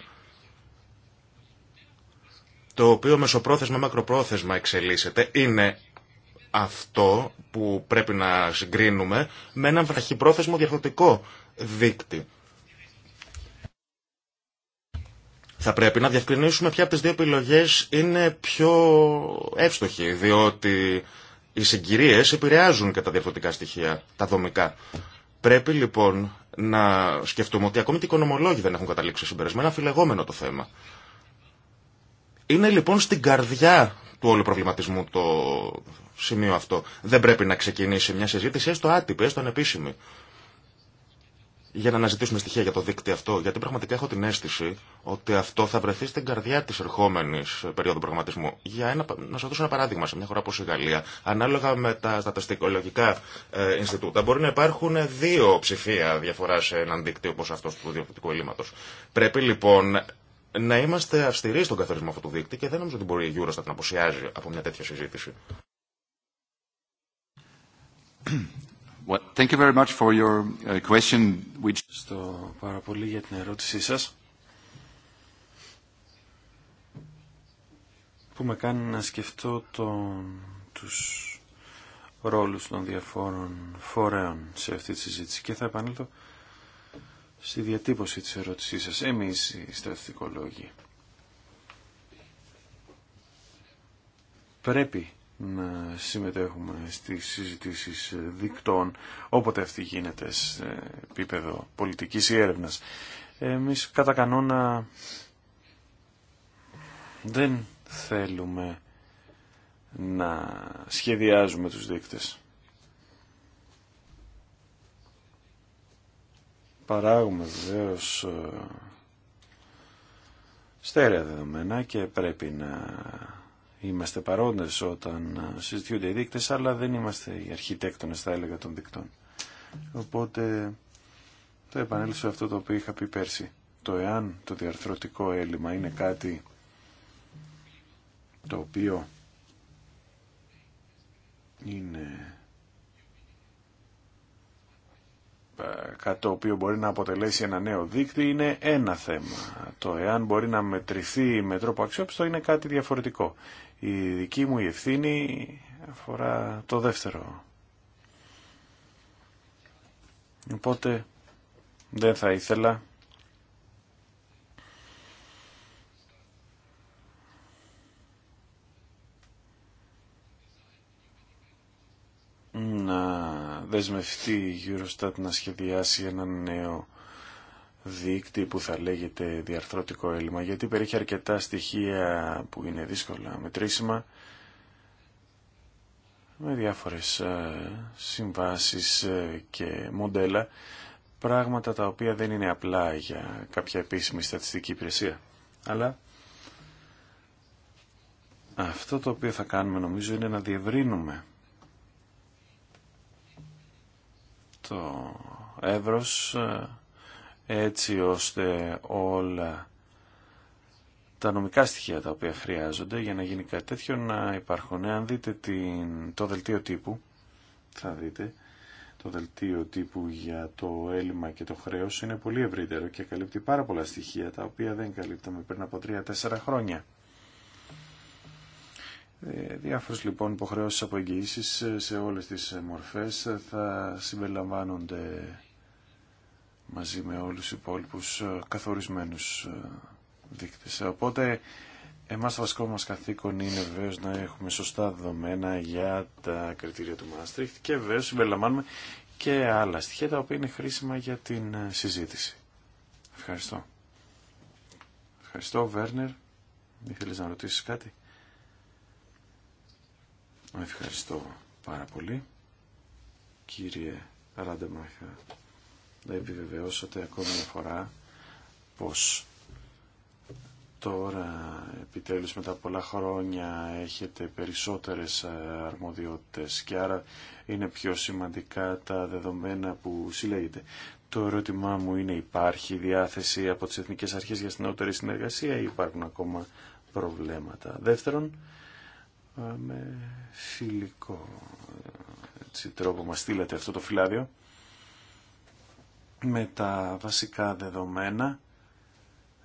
το οποίο μεσοπρόθεσμα, μακροπρόθεσμα εξελίσσεται, είναι αυτό που πρέπει να συγκρίνουμε με έναν βραχυπρόθεσμο διαφορετικό δίκτυο. Θα πρέπει να διευκρινίσουμε ποια από τις δύο επιλογές είναι πιο εύστοχη, διότι οι συγκυρίες επηρεάζουν και τα διαφορετικά στοιχεία, τα δομικά. Πρέπει λοιπόν να σκεφτούμε ότι ακόμη και οι οικονομολόγοι δεν έχουν καταλήξει συμπερισμένα αφιλεγόμενο το θέμα. Είναι λοιπόν στην καρδιά του όλου προβληματισμού το σημείο αυτό. Δεν πρέπει να ξεκινήσει μια συζήτηση έστω άτυπη, έστω ανεπίσημη για να αναζητήσουμε στοιχεία για το δίκτυο αυτό, γιατί πραγματικά έχω την αίσθηση ότι αυτό θα βρεθεί στην καρδιά τη ερχόμενη ε, περίοδου προγραμματισμού. Για ένα, να σα δώσω ένα παράδειγμα, σε μια χώρα όπω η Γαλλία, ανάλογα με τα στατιστικολογικά ε, Ινστιτούτα, μπορεί να υπάρχουν δύο ψηφία διαφορά σε έναν δίκτυο όπω αυτό του διοικητικού ελλείμματο. Πρέπει λοιπόν να είμαστε αυστηροί στον καθορισμό αυτού του δίκτυου και δεν νομίζω ότι μπορεί η Eurostat να αποσιάζει από μια τέτοια συζήτηση. Well, thank uh, πάρα πολύ για την ερώτησή σας. Που με κάνει να σκεφτώ τον, τους ρόλους των διαφόρων φορέων σε αυτή τη συζήτηση. Και θα επανέλθω στη διατύπωση της ερώτησής σας. Εμείς οι στρατιωτικολόγοι πρέπει να συμμετέχουμε στις συζητήσεις δικτών όποτε αυτή γίνεται σε επίπεδο πολιτικής ή έρευνας. Εμείς κατά κανόνα δεν θέλουμε να σχεδιάζουμε τους δείκτες. Παράγουμε βεβαίω στέρεα δεδομένα και πρέπει να είμαστε παρόντες όταν ε, συζητιούνται οι δείκτες, αλλά δεν είμαστε οι αρχιτέκτονες, θα έλεγα, των δείκτων. Οπότε το επανέλθω αυτό το οποίο είχα πει πέρσι. Το εάν το διαρθρωτικό έλλειμμα είναι κάτι το οποίο είναι ε, κάτι το οποίο μπορεί να αποτελέσει ένα νέο δίκτυ είναι ένα θέμα. Το εάν μπορεί να μετρηθεί με τρόπο αξιόπιστο είναι κάτι διαφορετικό. Η δική μου η ευθύνη αφορά το δεύτερο. Οπότε δεν θα ήθελα να δεσμευτεί η Eurostat να σχεδιάσει έναν νέο δείκτη που θα λέγεται διαρθρωτικό έλλειμμα, γιατί περιέχει αρκετά στοιχεία που είναι δύσκολα μετρήσιμα, με διάφορες ε, συμβάσεις ε, και μοντέλα, πράγματα τα οποία δεν είναι απλά για κάποια επίσημη στατιστική υπηρεσία. Αλλά αυτό το οποίο θα κάνουμε νομίζω είναι να διευρύνουμε το εύρος ε, έτσι ώστε όλα τα νομικά στοιχεία τα οποία χρειάζονται για να γίνει κάτι τέτοιο να υπάρχουν. Ε, αν δείτε την, το δελτίο τύπου, θα δείτε, το δελτίο τύπου για το έλλειμμα και το χρέος είναι πολύ ευρύτερο και καλύπτει πάρα πολλά στοιχεία τα οποία δεν καλύπταμε πριν από 3-4 χρόνια. Ε, διάφορες λοιπόν υποχρεώσεις από εγγυήσεις ε, σε όλες τις μορφές θα συμπεριλαμβάνονται μαζί με όλους τους υπόλοιπους ε, καθορισμένους ε, δείκτες. Οπότε εμάς το βασικό μας καθήκον είναι βεβαίως να έχουμε σωστά δεδομένα για τα κριτήρια του Μάστριχτ και βεβαίως συμπεριλαμβάνουμε και άλλα στοιχεία τα οποία είναι χρήσιμα για την ε, συζήτηση. Ευχαριστώ. Ευχαριστώ, Βέρνερ. Ήθελες να ρωτήσεις κάτι. Ευχαριστώ πάρα πολύ. Κύριε Ράντεμαχα επιβεβαιώσετε ακόμη μια φορά πως τώρα επιτέλους μετά πολλά χρόνια έχετε περισσότερες ε, αρμοδιότητες και άρα είναι πιο σημαντικά τα δεδομένα που συλλέγετε. Το ερώτημά μου είναι υπάρχει διάθεση από τις Εθνικές Αρχές για στενότερη συνεργασία ή υπάρχουν ακόμα προβλήματα. Δεύτερον, ε, με φιλικό ε, τρόπο μας στείλατε αυτό το φυλάδιο με τα βασικά δεδομένα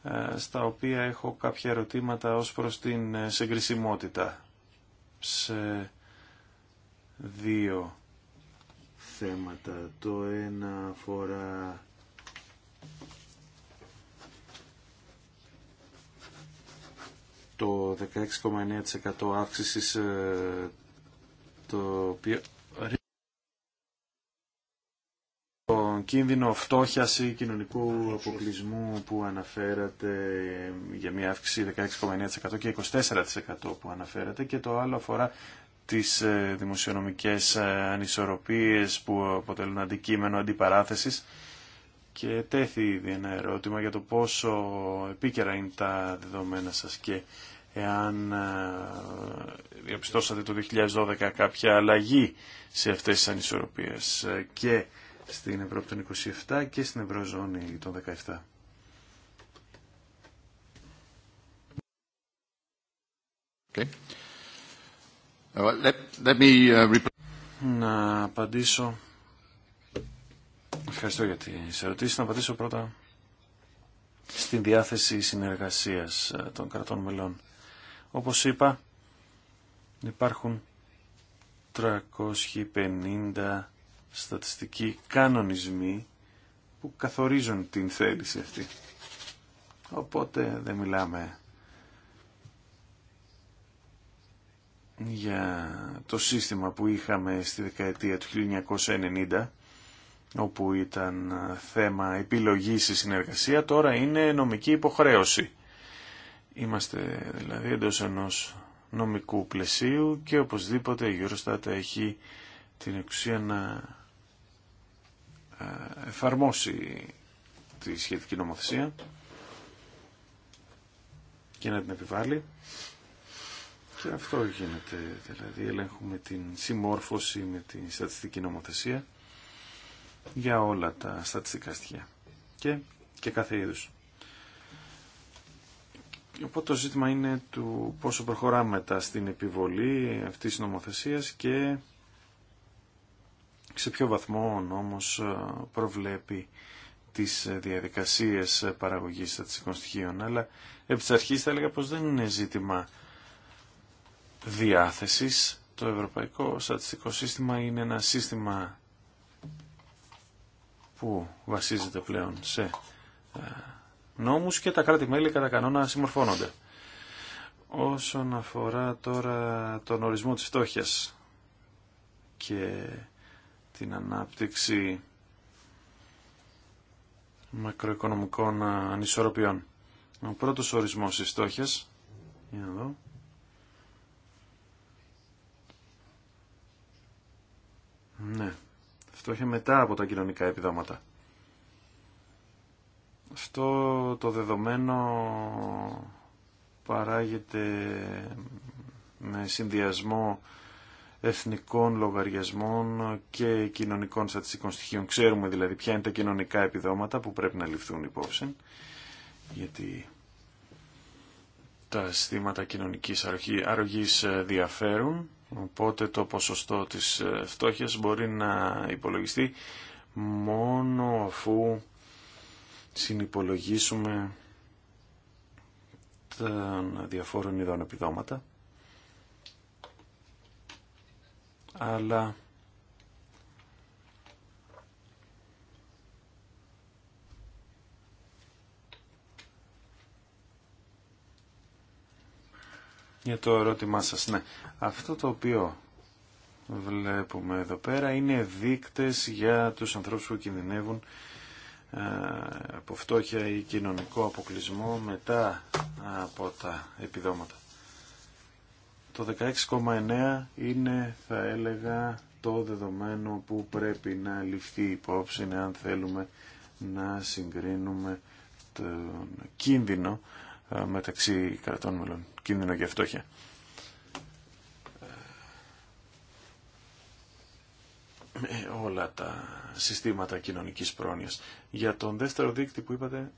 ε, στα οποία έχω κάποια ερωτήματα ως προς την ε, συγκρισιμότητα σε δύο θέματα. Το ένα αφορά το 16,9% αύξησης ε, το οποίο κίνδυνο φτώχεια ή κοινωνικού αποκλεισμού που αναφέρατε για μια αύξηση 16,9% και 24% που αναφέρατε και το άλλο αφορά τις ε, δημοσιονομικές ε, ανισορροπίες που αποτελούν αντικείμενο αντιπαράθεσης και τέθη ήδη ένα ερώτημα για το πόσο επίκαιρα είναι τα δεδομένα σας και εάν ε, διαπιστώσατε το 2012 κάποια αλλαγή σε αυτές τις ανισορροπίες και στην Ευρώπη των 27 και στην Ευρωζώνη των 17. Okay. Let, let me... Uh, Να απαντήσω. Ευχαριστώ για τις ερωτήσεις. Να απαντήσω πρώτα στην διάθεση συνεργασίας ε, των κρατών μελών. Όπως είπα, υπάρχουν 350 στατιστικοί κανονισμοί που καθορίζουν την θέληση αυτή. Οπότε δεν μιλάμε για το σύστημα που είχαμε στη δεκαετία του 1990 όπου ήταν θέμα επιλογής η συνεργασία, τώρα είναι νομική υποχρέωση. Είμαστε δηλαδή εντός ενός νομικού πλαισίου και οπωσδήποτε η Eurostat έχει την εξουσία να ε, εφαρμόσει τη σχετική νομοθεσία και να την επιβάλλει. Και αυτό γίνεται, δηλαδή ελέγχουμε την συμμόρφωση με τη στατιστική νομοθεσία για όλα τα στατιστικά στοιχεία και, και κάθε είδους. Οπότε το ζήτημα είναι του πόσο προχωράμε μετά στην επιβολή αυτής της νομοθεσίας και σε ποιο βαθμό ο νόμος ε, προβλέπει τις ε, διαδικασίες ε, παραγωγής στατιστικών στοιχείων, αλλά επί της αρχής θα έλεγα πως δεν είναι ζήτημα διάθεσης. Το Ευρωπαϊκό Στατιστικό Σύστημα είναι ένα σύστημα που βασίζεται πλέον σε νόμους και τα κράτη-μέλη κατά κανόνα συμμορφώνονται. Όσον αφορά τώρα τον ορισμό της φτώχειας και την ανάπτυξη μακροοικονομικών ε, ανισορροπιών. Ο πρώτος ορισμός της στόχες, για εδώ, ναι, φτώχεια μετά από τα κοινωνικά επιδόματα. Αυτό το δεδομένο παράγεται με συνδυασμό εθνικών λογαριασμών και κοινωνικών στατιστικών στοιχείων. Ξέρουμε δηλαδή ποια είναι τα κοινωνικά επιδόματα που πρέπει να ληφθούν υπόψη, γιατί τα συστήματα κοινωνικής αρρωγής ε, διαφέρουν, οπότε το ποσοστό της ε, φτώχειας μπορεί να υπολογιστεί μόνο αφού συνυπολογίσουμε των διαφόρων ειδών επιδόματα αλλά για το ερώτημά σας. Ναι, αυτό το οποίο βλέπουμε εδώ πέρα είναι δείκτες για τους ανθρώπους που κινδυνεύουν ε, από φτώχεια ή κοινωνικό αποκλεισμό μετά από τα επιδόματα. Το 16,9 είναι, θα έλεγα, το δεδομένο που πρέπει να ληφθεί υπόψη ναι, αν θέλουμε να συγκρίνουμε τον κίνδυνο ε, μεταξύ κρατών μελών. Κίνδυνο για φτώχεια. Ε, όλα τα συστήματα κοινωνικής πρόνοιας. Για τον δεύτερο δίκτυ που είπατε,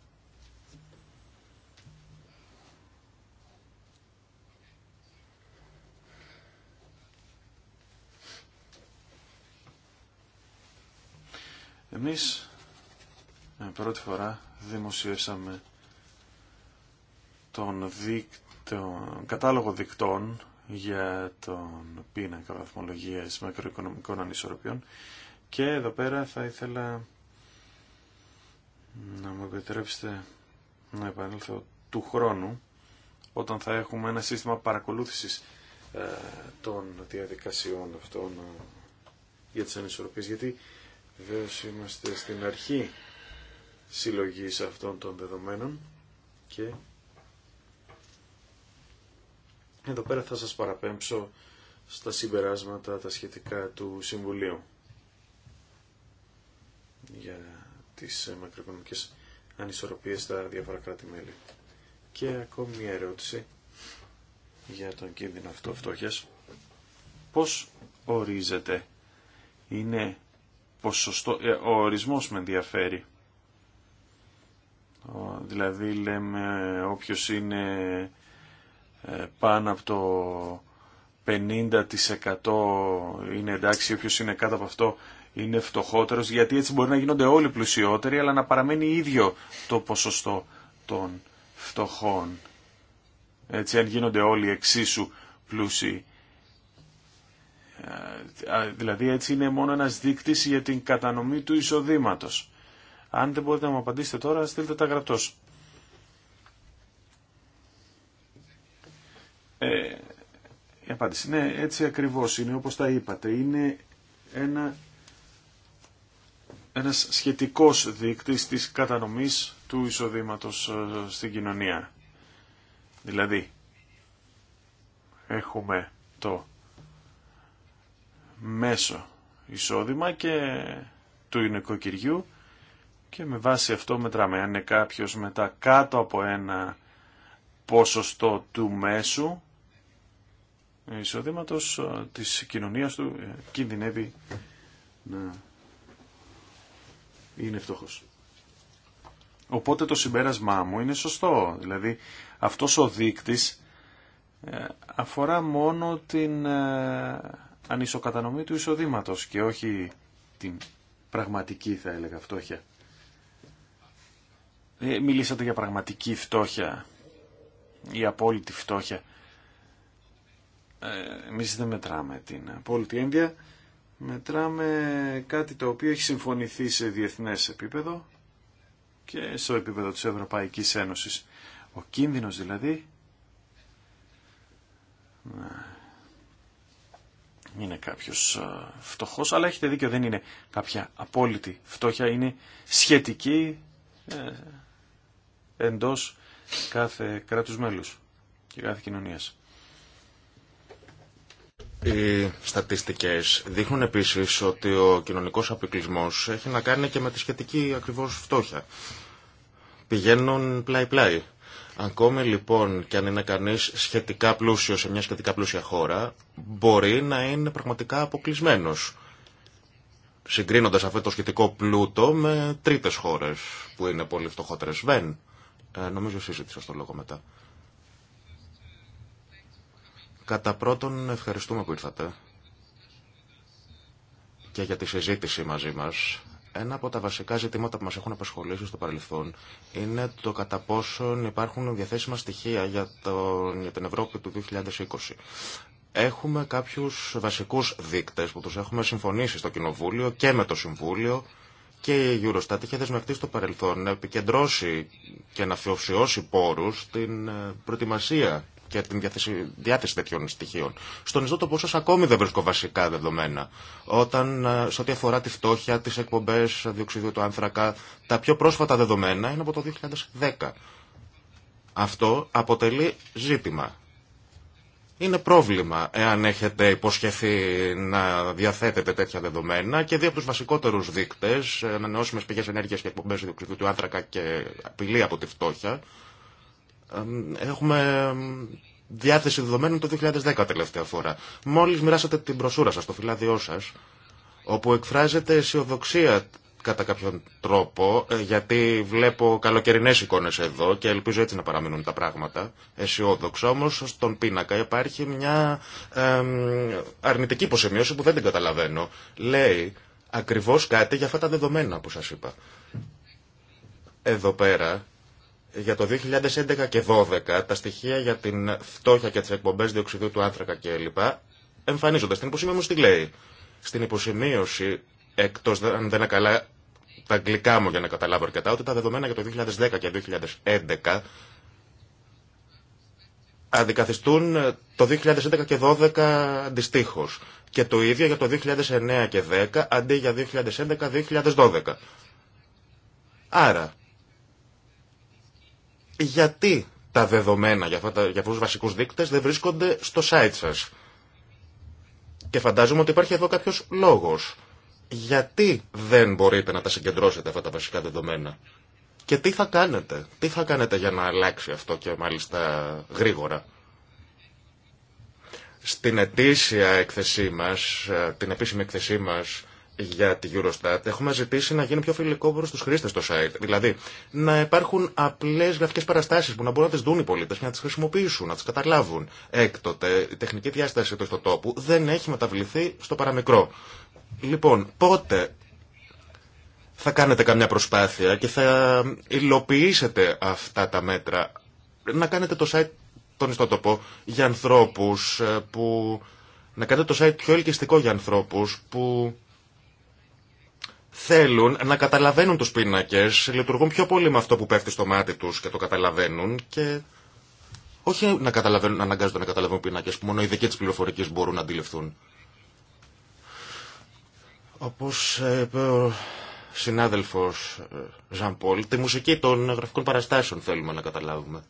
Εμείς ε, πρώτη φορά δημοσιεύσαμε τον, δίκ, τον κατάλογο δικτών για τον πίνακα βαθμολογίας μακροοικονομικών ανισορροπιών και εδώ πέρα θα ήθελα να μου επιτρέψετε να επανέλθω του χρόνου όταν θα έχουμε ένα σύστημα παρακολούθησης ε, των διαδικασιών αυτών ε, για τις ανισορροπίες γιατί Βεβαίω είμαστε στην αρχή συλλογής αυτών των δεδομένων και εδώ πέρα θα σας παραπέμψω στα συμπεράσματα τα σχετικά του Συμβουλίου για τις μακροοικονομικές ανισορροπίες στα διάφορα κράτη-μέλη. Και ακόμη μια ερώτηση για τον κίνδυνο αυτό φτώχειας. Πώς ορίζεται, είναι ποσοστό, ε, ο ορισμός με ενδιαφέρει. Δηλαδή λέμε όποιος είναι ε, πάνω από το 50% είναι εντάξει, όποιος είναι κάτω από αυτό είναι φτωχότερος, γιατί έτσι μπορεί να γίνονται όλοι πλουσιότεροι, αλλά να παραμένει ίδιο το ποσοστό των φτωχών. Έτσι, αν γίνονται όλοι εξίσου πλούσιοι Δηλαδή έτσι είναι μόνο ένας δείκτης για την κατανομή του εισοδήματος. Αν δεν μπορείτε να μου απαντήσετε τώρα, στείλτε τα γραπτός. Ε, η απάντηση. είναι έτσι ακριβώς είναι, όπως τα είπατε. Είναι ένα, ένας σχετικός δείκτης της κατανομής του εισοδήματος ε, στην κοινωνία. Δηλαδή, έχουμε το μέσο εισόδημα και του νοικοκυριού και με βάση αυτό μετράμε. Αν είναι κάποιος μετά κάτω από ένα ποσοστό του μέσου εισοδήματος ε, της κοινωνίας του ε, κινδυνεύει να είναι φτωχός. Οπότε το συμπέρασμά μου είναι σωστό. Δηλαδή αυτός ο δείκτης ε, αφορά μόνο την ανισοκατανομή του εισοδήματος και όχι την πραγματική θα έλεγα φτώχεια. Ε, μιλήσατε για πραγματική φτώχεια ή απόλυτη φτώχεια. Ε, εμείς δεν μετράμε την απόλυτη ένδια. Μετράμε κάτι το οποίο έχει συμφωνηθεί σε διεθνές επίπεδο και στο επίπεδο της Ευρωπαϊκής Ένωσης. Ο κίνδυνος δηλαδή είναι κάποιο ε, φτωχός, αλλά έχετε δίκιο, δεν είναι κάποια απόλυτη φτώχεια, είναι σχετική ε, εντός κάθε κράτους μέλους και κάθε κοινωνίας. Οι στατιστικές δείχνουν επίσης ότι ο κοινωνικός αποκλεισμός έχει να κάνει και με τη σχετικη ακριβώ ακριβώς φτώχεια. Πηγαίνουν πλάι-πλάι Ακόμη λοιπόν και αν είναι κανείς σχετικά πλούσιο σε μια σχετικά πλούσια χώρα, μπορεί να είναι πραγματικά αποκλεισμένο. Συγκρίνοντας αυτό το σχετικό πλούτο με τρίτες χώρες που είναι πολύ φτωχότερες. Βεν, ε, νομίζω συζήτησα στο λόγο μετά. Κατά πρώτον ευχαριστούμε που ήρθατε και για τη συζήτηση μαζί μας ένα από τα βασικά ζητήματα που μας έχουν απασχολήσει στο παρελθόν είναι το κατά πόσον υπάρχουν διαθέσιμα στοιχεία για, τον, για την Ευρώπη του 2020. Έχουμε κάποιους βασικούς δείκτες που τους έχουμε συμφωνήσει στο Κοινοβούλιο και με το Συμβούλιο και η Eurostat είχε δεσμευτεί στο παρελθόν να επικεντρώσει και να αφιωσιώσει πόρους στην ε, προετοιμασία και την διάθεση, διάθεση τέτοιων στοιχείων. Στον ιστότοπο σα ακόμη δεν βρίσκω βασικά δεδομένα. Όταν ε, σε ό,τι αφορά τη φτώχεια, τι εκπομπέ διοξιδίου του άνθρακα, τα πιο πρόσφατα δεδομένα είναι από το 2010. Αυτό αποτελεί ζήτημα. Είναι πρόβλημα εάν έχετε υποσχεθεί να διαθέτετε τέτοια δεδομένα και δύο από του βασικότερου δείκτε, ανανεώσιμε πηγέ ενέργεια και εκπομπέ διοξιδίου του άνθρακα και απειλή από τη φτώχεια, Έχουμε διάθεση δεδομένων το 2010 τελευταία φορά. Μόλις μοιράσατε την προσούρα σας, το φυλάδιό σας, όπου εκφράζεται αισιοδοξία κατά κάποιον τρόπο, ε, γιατί βλέπω καλοκαιρινέ εικόνε εδώ και ελπίζω έτσι να παραμείνουν τα πράγματα. αισιόδοξο, όμω, στον πίνακα υπάρχει μια αρνητική υποσημείωση που δεν την καταλαβαίνω. Λέει ακριβώ κάτι για αυτά τα δεδομένα που σα είπα. Εδώ πέρα για το 2011 και 2012 τα στοιχεία για την φτώχεια και τι εκπομπές διοξιδίου του άνθρακα κλπ. εμφανίζονται. Στην υποσημείωση τι λέει. Στην υποσημείωση, εκτός αν δεν είναι καλά τα αγγλικά μου για να καταλάβω αρκετά, ότι τα δεδομένα για το 2010 και 2011 αντικαθιστούν το 2011 και 2012 αντιστοίχω. Και το ίδιο για το 2009 και 2010 αντί για 2011-2012. Άρα, γιατί τα δεδομένα για, αυτά, για αυτούς τους βασικούς δείκτες δεν βρίσκονται στο site σας. Και φαντάζομαι ότι υπάρχει εδώ κάποιος λόγος. Γιατί δεν μπορείτε να τα συγκεντρώσετε αυτά τα βασικά δεδομένα. Και τι θα κάνετε, τι θα κάνετε για να αλλάξει αυτό και μάλιστα γρήγορα. Στην ετήσια εκθεσή μας, ε, την επίσημη εκθεσή μας, για τη Eurostat έχουμε ζητήσει να γίνει πιο φιλικό προ του χρήστε το site. Δηλαδή να υπάρχουν απλέ γραφικέ παραστάσει που να μπορούν να τι δουν οι πολίτε και να τι χρησιμοποιήσουν, να τι καταλάβουν. Έκτοτε η τεχνική διάσταση του ιστοτόπου δεν έχει μεταβληθεί στο παραμικρό. Λοιπόν, πότε θα κάνετε καμιά προσπάθεια και θα υλοποιήσετε αυτά τα μέτρα να κάνετε το site τον ιστότοπο για ανθρώπους ε, που να κάνετε το site πιο ελκυστικό για ανθρώπους που θέλουν να καταλαβαίνουν τους πίνακες, λειτουργούν πιο πολύ με αυτό που πέφτει στο μάτι τους και το καταλαβαίνουν και όχι να, καταλαβαίνουν, να αναγκάζονται να καταλαβαίνουν πίνακες που μόνο οι δικοί της πληροφορικής μπορούν να αντιληφθούν. Όπως είπε ο συνάδελφος Ζαν ε, Πολ, τη μουσική των γραφικών παραστάσεων θέλουμε να καταλάβουμε.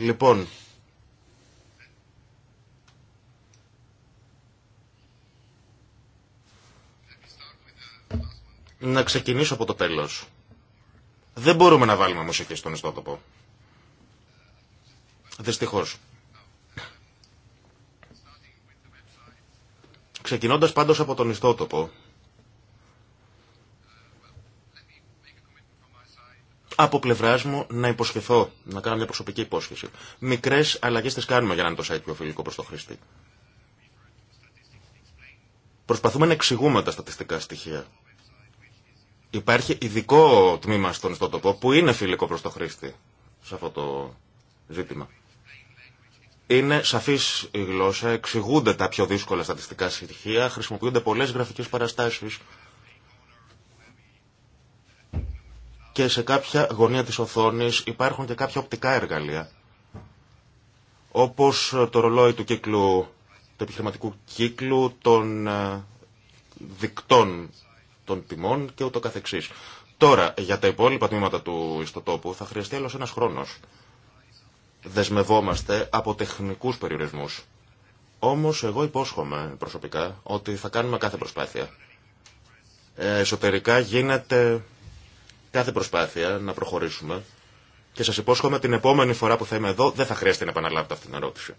Λοιπόν, Να ξεκινήσω από το τέλος. Δεν μπορούμε να βάλουμε μουσική στον ιστότοπο. Δυστυχώς. Ξεκινώντας πάντως από τον ιστότοπο, από πλευρά μου να υποσχεθώ, να κάνω μια προσωπική υπόσχεση. Μικρέ αλλαγέ τι κάνουμε για να είναι το site πιο φιλικό προ το χρήστη. Προσπαθούμε να εξηγούμε τα στατιστικά στοιχεία Υπάρχει ειδικό τμήμα στον ιστότοπο που είναι φιλικό προς το χρήστη σε αυτό το ζήτημα. Είναι σαφής η γλώσσα, εξηγούνται τα πιο δύσκολα στατιστικά στοιχεία, χρησιμοποιούνται πολλές γραφικές παραστάσεις και σε κάποια γωνία της οθόνης υπάρχουν και κάποια οπτικά εργαλεία όπως το ρολόι του κύκλου, του επιχειρηματικού κύκλου των ε, δικτών των τιμών και ούτω καθεξής. Τώρα, για τα υπόλοιπα τμήματα του ιστοτόπου θα χρειαστεί άλλος ένας χρόνος. Δεσμευόμαστε από τεχνικούς περιορισμούς. Όμως εγώ υπόσχομαι προσωπικά ότι θα κάνουμε κάθε προσπάθεια. Ε, εσωτερικά γίνεται κάθε προσπάθεια να προχωρήσουμε και σας υπόσχομαι την επόμενη φορά που θα είμαι εδώ δεν θα χρειαστεί να επαναλάβετε αυτή την ερώτηση.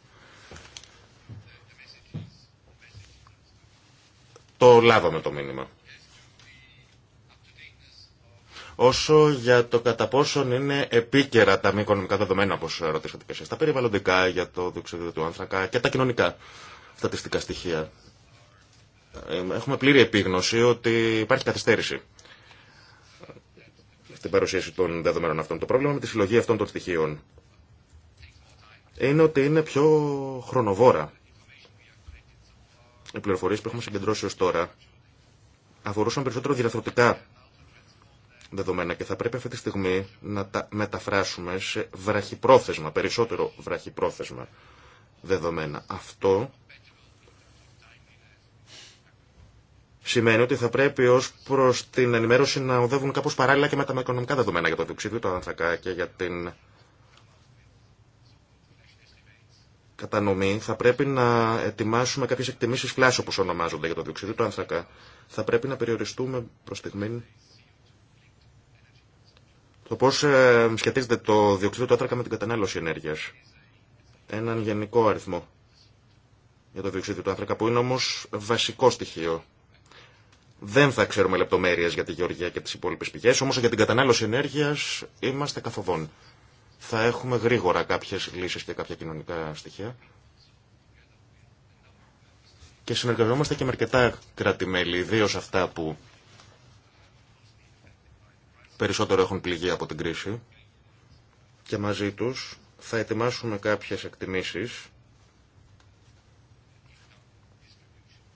Το λάβαμε το μήνυμα. Όσο για το κατά πόσον είναι επίκαιρα τα μη οικονομικά δεδομένα, όπω ρωτήσατε και εσεί, τα περιβαλλοντικά για το διοξείδιο του άνθρακα και τα κοινωνικά στατιστικά στοιχεία. Ε, έχουμε πλήρη επίγνωση ότι υπάρχει καθυστέρηση στην παρουσίαση των δεδομένων αυτών. Το πρόβλημα με τη συλλογή αυτών των στοιχείων είναι ότι είναι πιο χρονοβόρα. Οι πληροφορίε που έχουμε συγκεντρώσει ω τώρα αφορούσαν περισσότερο διαθροτικά δεδομένα και θα πρέπει αυτή τη στιγμή να τα μεταφράσουμε σε βραχυπρόθεσμα, περισσότερο βραχυπρόθεσμα δεδομένα. Αυτό σημαίνει ότι θα πρέπει ως προς την ενημέρωση να οδεύουν κάπως παράλληλα και με τα οικονομικά δεδομένα για το διοξίδιο του ανθρακά και για την κατανομή. Θα πρέπει να ετοιμάσουμε κάποιες εκτιμήσεις φλάσσο, όπως ονομάζονται για το διοξίδιο του ανθρακά. Θα πρέπει να περιοριστούμε προ στιγμή το πώς ε, σχετίζεται το διοξείδιο του άνθρακα με την κατανάλωση ενέργειας. Έναν γενικό αριθμό για το διοξείδιο του άνθρακα που είναι όμως βασικό στοιχείο. Δεν θα ξέρουμε λεπτομέρειες για τη γεωργία και τις υπόλοιπες πηγές, όμως για την κατανάλωση ενέργειας είμαστε καθοδόν. Θα έχουμε γρήγορα κάποιες λύσεις και κάποια κοινωνικά στοιχεία. Και συνεργαζόμαστε και με αρκετά κράτη-μέλη, ιδίω αυτά που περισσότερο έχουν πληγεί από την κρίση και μαζί τους θα ετοιμάσουμε κάποιες εκτιμήσεις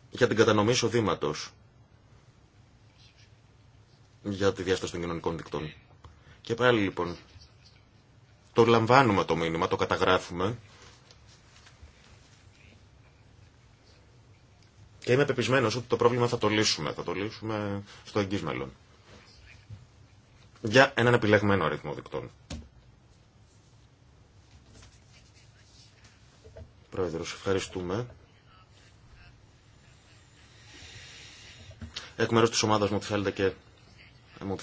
για την κατανομή εισοδήματο για τη διάσταση των κοινωνικών δικτών. Και πάλι λοιπόν, το λαμβάνουμε το μήνυμα, το καταγράφουμε και είμαι πεπισμένος ότι το πρόβλημα θα το λύσουμε, θα το λύσουμε στο εγγύς μέλλον για έναν επιλεγμένο αριθμό δικτών. Πρόεδρο, ευχαριστούμε. Εκ μέρους της ομάδας μου τη και μου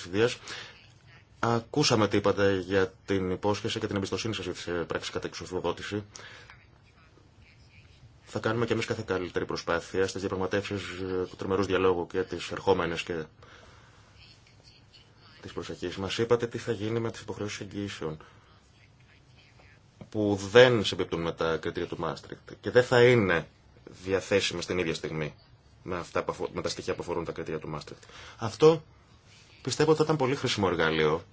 Ακούσαμε τι είπατε για την υπόσχεση και την εμπιστοσύνη σας για τις ε, πράξεις κατά εξουσιοδότηση. Θα κάνουμε και εμείς κάθε καλύτερη προσπάθεια στις διαπραγματεύσεις ε, του τριμερούς διαλόγου και τις ερχόμενες και της προσοχής μας. Είπατε τι θα γίνει με τις υποχρεώσεις εγγυήσεων που δεν συμπίπτουν με τα κριτήρια του Μάστρικτ και δεν θα είναι διαθέσιμες στην ίδια στιγμή με, αυτά, με τα στοιχεία που αφορούν τα κριτήρια του Μάστρικτ. Αυτό πιστεύω ότι θα ήταν πολύ χρήσιμο εργαλείο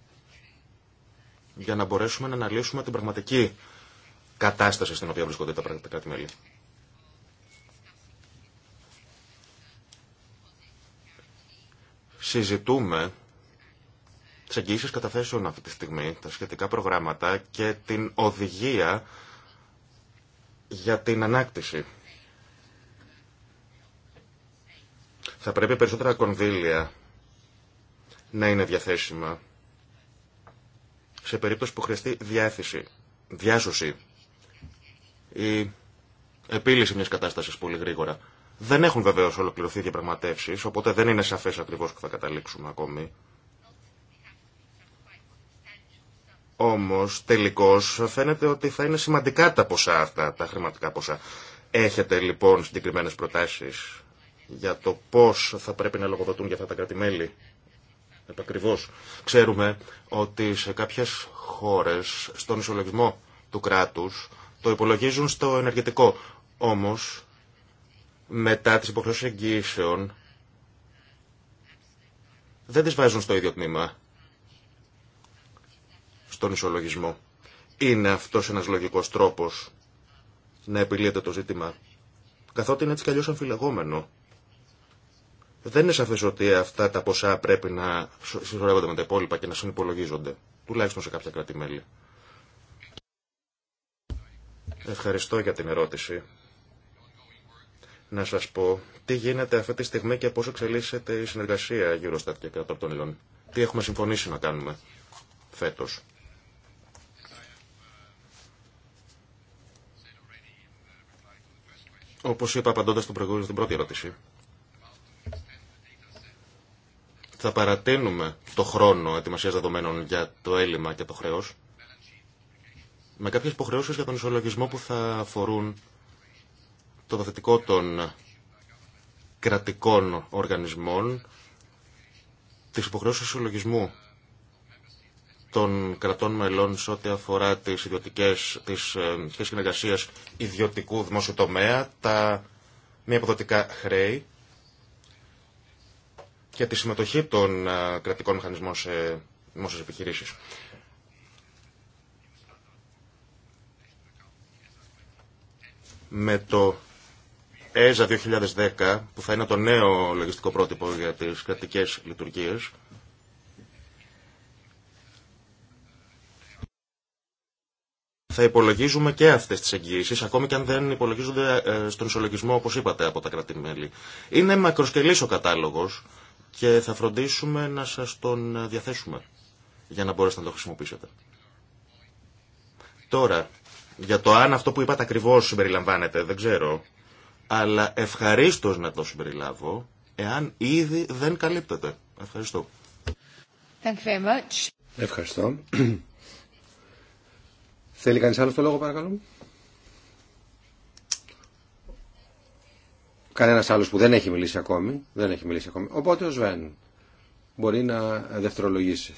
για να μπορέσουμε να αναλύσουμε την πραγματική κατάσταση στην οποία βρισκόνται τα πραγματικά μέλη. Συζητούμε τι εγγύησει καταθέσεων αυτή τη στιγμή, τα σχετικά προγράμματα και την οδηγία για την ανάκτηση. Θα πρέπει περισσότερα κονδύλια να είναι διαθέσιμα σε περίπτωση που χρειαστεί διάθεση, διάσωση ή επίλυση μιας κατάστασης πολύ γρήγορα. Δεν έχουν βεβαίως ολοκληρωθεί διαπραγματεύσεις, οπότε δεν είναι σαφές ακριβώς που θα καταλήξουμε ακόμη. Όμως τελικώς φαίνεται ότι θα είναι σημαντικά τα ποσά αυτά, τα χρηματικά ποσά. Έχετε λοιπόν συγκεκριμένες προτάσεις για το πώς θα πρέπει να λογοδοτούν για αυτά τα κράτη-μέλη. Επακριβώς. Ξέρουμε ότι σε κάποιες χώρες στον ισολογισμό του κράτους το υπολογίζουν στο ενεργητικό. Όμως μετά τις υποχρεώσεις εγγυήσεων δεν τις βάζουν στο ίδιο τμήμα τον ισολογισμό. Είναι αυτός ένας λογικός τρόπος να επιλύεται το ζήτημα, καθότι είναι έτσι κι αλλιώς αμφιλεγόμενο. Δεν είναι σαφές ότι αυτά τα ποσά πρέπει να συσσωρεύονται με τα υπόλοιπα και να συνυπολογίζονται, τουλάχιστον σε κάποια κράτη-μέλη. Ευχαριστώ για την ερώτηση. Να σας πω τι γίνεται αυτή τη στιγμή και πώς εξελίσσεται η συνεργασία γύρω στα και των των Τι έχουμε συμφωνήσει να κάνουμε φέτος. Όπως είπα απαντώντας τον προηγούμενο στην πρώτη ερώτηση, θα παρατείνουμε το χρόνο ετοιμασίας δεδομένων για το έλλειμμα και το χρέος με κάποιες υποχρεώσεις για τον ισολογισμό που θα αφορούν το δοθετικό των κρατικών οργανισμών, τις υποχρεώσεις ισολογισμού των κρατών μελών σε ό,τι αφορά τις ιδιωτικές, τις ε, συνεργασίες ιδιωτικού δημόσιου τομέα, τα μη αποδοτικά χρέη και τη συμμετοχή των ε, κρατικών μηχανισμών σε δημόσιες επιχειρήσεις. Με το ΕΖΑ 2010, που θα είναι το νέο λογιστικό πρότυπο για τις κρατικές λειτουργίες, θα υπολογίζουμε και αυτέ τι εγγυήσει, ακόμη και αν δεν υπολογίζονται ε, στον ισολογισμό, όπω είπατε, από τα κρατη Είναι μακροσκελή ο κατάλογο και θα φροντίσουμε να σα τον ε, διαθέσουμε για να μπορέσετε να το χρησιμοποιήσετε. Τώρα, για το αν αυτό που είπατε ακριβώ συμπεριλαμβάνεται, δεν ξέρω, αλλά ευχαρίστω να το συμπεριλάβω, εάν ήδη δεν καλύπτεται. Ευχαριστώ. Thank you very much. Ευχαριστώ. Θέλει κανείς άλλο το λόγο παρακαλώ. Κανένας άλλος που δεν έχει μιλήσει ακόμη. Δεν έχει μιλήσει ακόμη. Οπότε ο Σβέν μπορεί να δευτερολογήσει.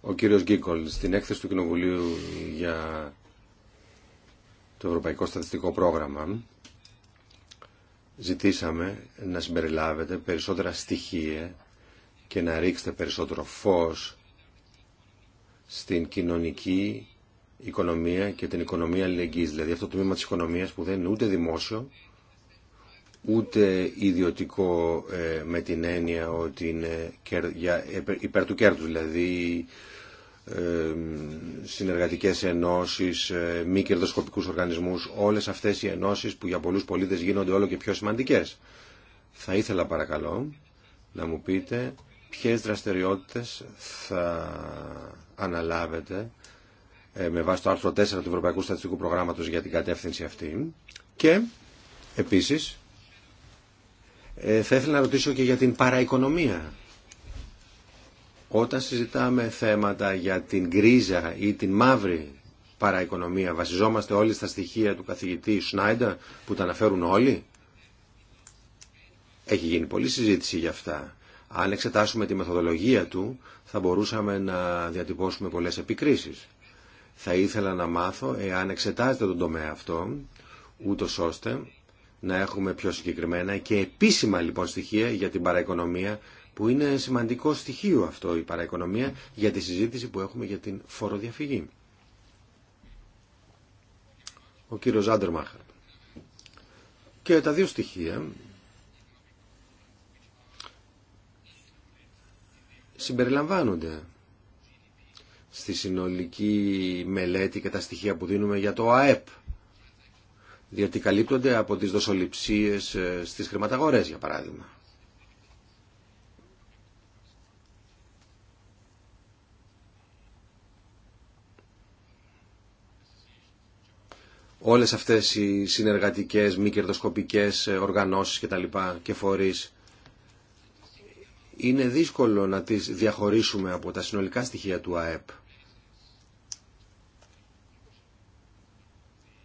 Ο κύριος Γκίκολ στην έκθεση του Κοινοβουλίου για το Ευρωπαϊκό Στατιστικό Πρόγραμμα ζητήσαμε να συμπεριλάβετε περισσότερα στοιχεία και να ρίξετε περισσότερο φως στην κοινωνική οικονομία και την οικονομία αλληλεγγύης. Δηλαδή αυτό το τμήμα της οικονομίας που δεν είναι ούτε δημόσιο, ούτε ιδιωτικό ε, με την έννοια ότι είναι υπέρ του κέρδους, δηλαδή ε, συνεργατικές ενώσεις, ε, μη κερδοσκοπικούς οργανισμούς, όλες αυτές οι ενώσεις που για πολλούς πολίτες γίνονται όλο και πιο σημαντικές. Θα ήθελα παρακαλώ να μου πείτε ποιες δραστηριότητες θα αναλάβετε ε, με βάση το άρθρο 4 του Ευρωπαϊκού Στατιστικού Προγράμματος για την κατεύθυνση αυτή και επίσης ε, θα ήθελα να ρωτήσω και για την παραοικονομία. Όταν συζητάμε θέματα για την γκρίζα ή την μαύρη παραοικονομία, βασιζόμαστε όλοι στα στοιχεία του καθηγητή Σνάιντα που τα αναφέρουν όλοι. Έχει γίνει πολλή συζήτηση για αυτά. Αν εξετάσουμε τη μεθοδολογία του, θα μπορούσαμε να διατυπώσουμε πολλές επικρίσεις. Θα ήθελα να μάθω εάν εξετάζεται τον τομέα αυτό, ούτω ώστε να έχουμε πιο συγκεκριμένα και επίσημα λοιπόν στοιχεία για την παραοικονομία, που είναι σημαντικό στοιχείο αυτό η παραοικονομία για τη συζήτηση που έχουμε για την φοροδιαφυγή. Ο κύριος Και τα δύο στοιχεία συμπεριλαμβάνονται στη συνολική μελέτη και τα στοιχεία που δίνουμε για το ΑΕΠ διότι καλύπτονται από τις δοσοληψίες ε, στις χρηματαγορές για παράδειγμα. Όλες αυτές οι συνεργατικές, μη κερδοσκοπικές ε, οργανώσεις και τα λοιπά και φορείς είναι δύσκολο να τις διαχωρίσουμε από τα συνολικά στοιχεία του ΑΕΠ.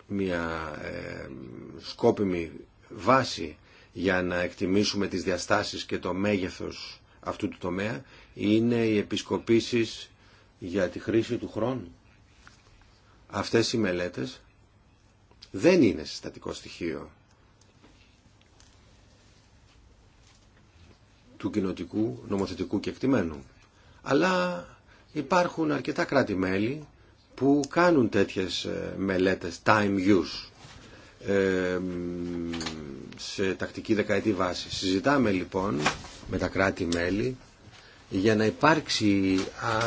Μια ε, σκόπιμη βάση για να εκτιμήσουμε τις διαστάσεις και το μέγεθος αυτού του τομέα είναι οι επισκοπήσεις για τη χρήση του χρόνου. Αυτές οι μελέτες δεν είναι συστατικό στοιχείο του κοινοτικού νομοθετικού κεκτημένου. Αλλά υπάρχουν αρκετά κράτη-μέλη που κάνουν τέτοιες ε, μελέτες time use ε, σε τακτική δεκαετή βάση. Συζητάμε λοιπόν με τα κράτη-μέλη για να υπάρξει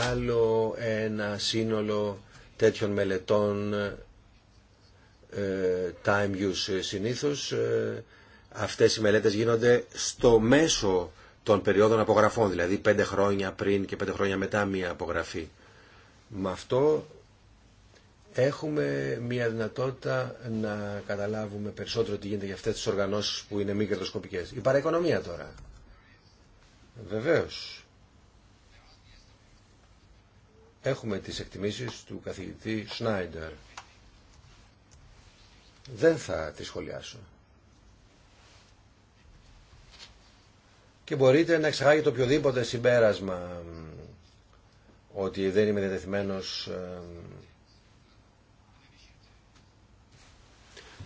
άλλο ένα σύνολο τέτοιων μελετών ε, time use. Συνήθως αυτές οι μελέτες γίνονται στο μέσο των περιόδων απογραφών, δηλαδή πέντε χρόνια πριν και πέντε χρόνια μετά μία απογραφή. Με αυτό έχουμε μία δυνατότητα να καταλάβουμε περισσότερο τι γίνεται για αυτές τις οργανώσεις που είναι μη κερδοσκοπικές. Η παραοικονομία τώρα. Βεβαίως. Έχουμε τις εκτιμήσεις του καθηγητή Σνάιντερ. Δεν θα τις σχολιάσω. και μπορείτε να εξαγάγετε οποιοδήποτε συμπέρασμα ότι δεν είμαι διατεθειμένος ε,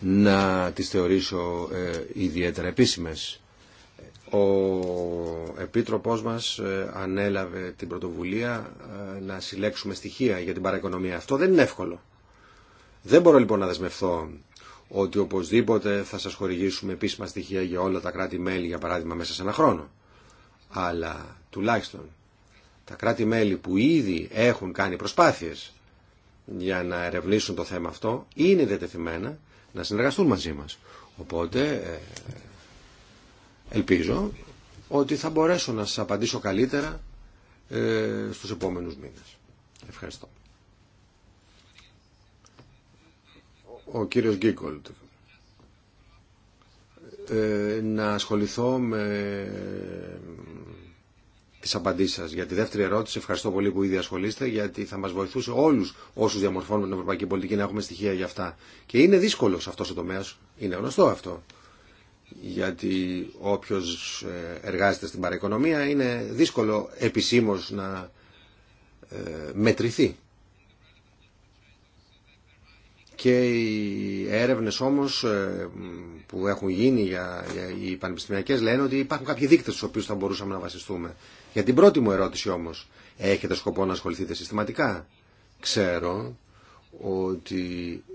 να τις θεωρήσω ε, ιδιαίτερα επίσημες. Ο Επίτροπός μας ε, ανέλαβε την πρωτοβουλία να συλλέξουμε στοιχεία για την παραοικονομία. Αυτό δεν είναι εύκολο. Δεν μπορώ λοιπόν να δεσμευθώ ότι οπωσδήποτε θα σας χορηγήσουμε επίσημα στοιχεία για όλα τα κράτη-μέλη, για παράδειγμα, μέσα σε ένα χρόνο. Αλλά τουλάχιστον τα κράτη-μέλη που ήδη έχουν κάνει προσπάθειες για να ερευνήσουν το θέμα αυτό, είναι δετεθειμένα να συνεργαστούν μαζί μας. Οπότε ε, ελπίζω ότι θα μπορέσω να σας απαντήσω καλύτερα ε, στους επόμενους μήνες. Ευχαριστώ. ο κύριος Γκίκολτ ε, να ασχοληθώ με ε, τις απαντήσεις σας για τη δεύτερη ερώτηση. Ευχαριστώ πολύ που ήδη ασχολείστε γιατί θα μας βοηθούσε όλους όσους διαμορφώνουν την ευρωπαϊκή πολιτική να έχουμε στοιχεία για αυτά. Και είναι δύσκολο σε αυτός ο τομέας, είναι γνωστό αυτό. Γιατί όποιος ε, εργάζεται στην παραοικονομία είναι δύσκολο επισήμως να μετρηθεί και οι έρευνες όμως ε, που έχουν γίνει για, για οι πανεπιστημιακές λένε ότι υπάρχουν κάποιοι δείκτες στους οποίους θα μπορούσαμε να βασιστούμε. Για την πρώτη μου ερώτηση όμως, έχετε σκοπό να ασχοληθείτε συστηματικά. Ξέρω ότι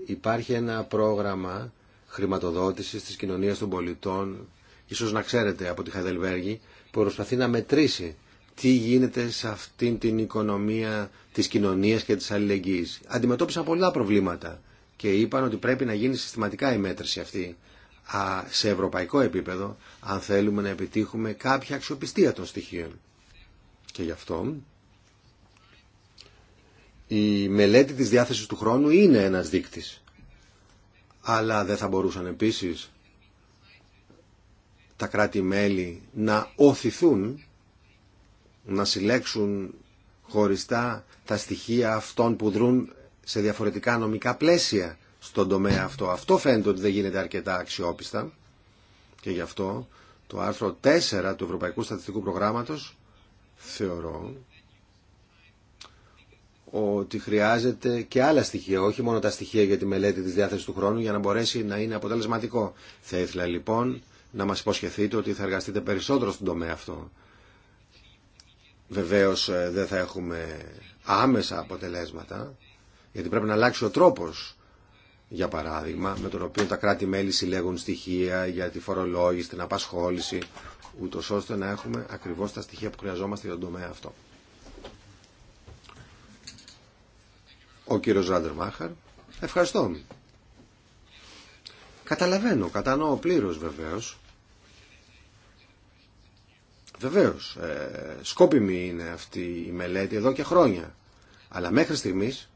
υπάρχει ένα πρόγραμμα χρηματοδότησης της κοινωνίας των πολιτών, ίσως να ξέρετε από τη Χαϊδελβέργη, που προσπαθεί να μετρήσει τι γίνεται σε αυτήν την οικονομία της κοινωνίας και της αλληλεγγύης. Αντιμετώπισαν πολλά προβλήματα και είπαν ότι πρέπει να γίνει συστηματικά η μέτρηση αυτή σε ευρωπαϊκό επίπεδο αν θέλουμε να επιτύχουμε κάποια αξιοπιστία των στοιχείων. Και γι' αυτό η μελέτη της διάθεσης του χρόνου είναι ένας δείκτης. Αλλά δεν θα μπορούσαν επίσης τα κράτη-μέλη να οθηθούν να συλλέξουν χωριστά τα στοιχεία αυτών που δρούν σε διαφορετικά νομικά πλαίσια στον τομέα αυτό. Αυτό φαίνεται ότι δεν γίνεται αρκετά αξιόπιστα και γι' αυτό το άρθρο 4 του Ευρωπαϊκού Στατιστικού Προγράμματος θεωρώ ότι χρειάζεται και άλλα στοιχεία, όχι μόνο τα στοιχεία για τη μελέτη της διάθεσης του χρόνου για να μπορέσει να είναι αποτελεσματικό. Θα ήθελα λοιπόν να μας υποσχεθείτε ότι θα εργαστείτε περισσότερο στον τομέα αυτό. Βεβαίως ε, δεν θα έχουμε άμεσα αποτελέσματα, γιατί πρέπει να αλλάξει ο τρόπος για παράδειγμα, με τον οποίο τα κράτη-μέλη συλλέγουν στοιχεία για τη φορολόγηση, την απασχόληση, ούτω ώστε να έχουμε ακριβώς τα στοιχεία που χρειαζόμαστε για τον τομέα αυτό. Ο κύριο Ράντερ Μάχαρ, ευχαριστώ. Καταλαβαίνω, κατανοώ πλήρω βεβαίω. Βεβαίως, ε, σκόπιμη είναι αυτή η μελέτη εδώ και χρόνια. Αλλά μέχρι στιγμής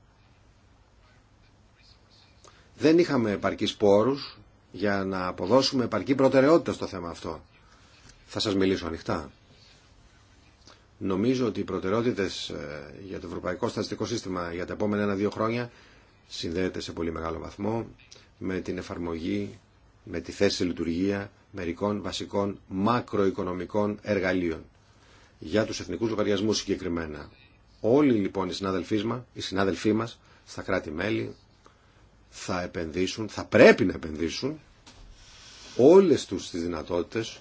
δεν είχαμε επαρκείς πόρους για να αποδώσουμε επαρκή προτεραιότητα στο θέμα αυτό. Θα σας μιλήσω ανοιχτά. Νομίζω ότι οι προτεραιότητες ε, για το Ευρωπαϊκό Στατιστικό Σύστημα για τα επόμενα ένα-δύο χρόνια συνδέεται σε πολύ μεγάλο βαθμό με την εφαρμογή, με τη θέση λειτουργία μερικών βασικών μακροοικονομικών εργαλείων. Για τους εθνικούς λογαριασμούς συγκεκριμένα. Όλοι λοιπόν οι συνάδελφοί οι συνάδελφοί μας στα κράτη-μέλη θα επενδύσουν, θα πρέπει να επενδύσουν όλες τους τις δυνατότητες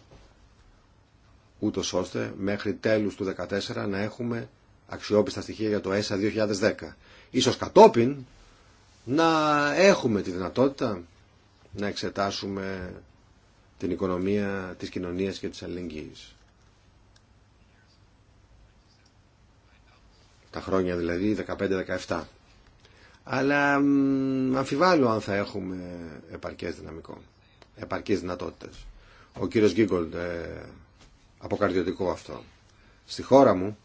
ούτω ώστε μέχρι τέλους του 2014 να έχουμε αξιόπιστα στοιχεία για το ΕΣΑ 2010. Ίσως κατόπιν να έχουμε τη δυνατότητα να εξετάσουμε την οικονομία της κοινωνίας και της αλληλεγγύης. Τα χρόνια δηλαδή 15-17 αλλά αμφιβάλλω αν θα έχουμε επαρκές δυναμικό, επαρκές δυνατότητες. Ο κύριος Γκίγκολντ, ε, αποκαρδιωτικό αυτό. Στη χώρα μου,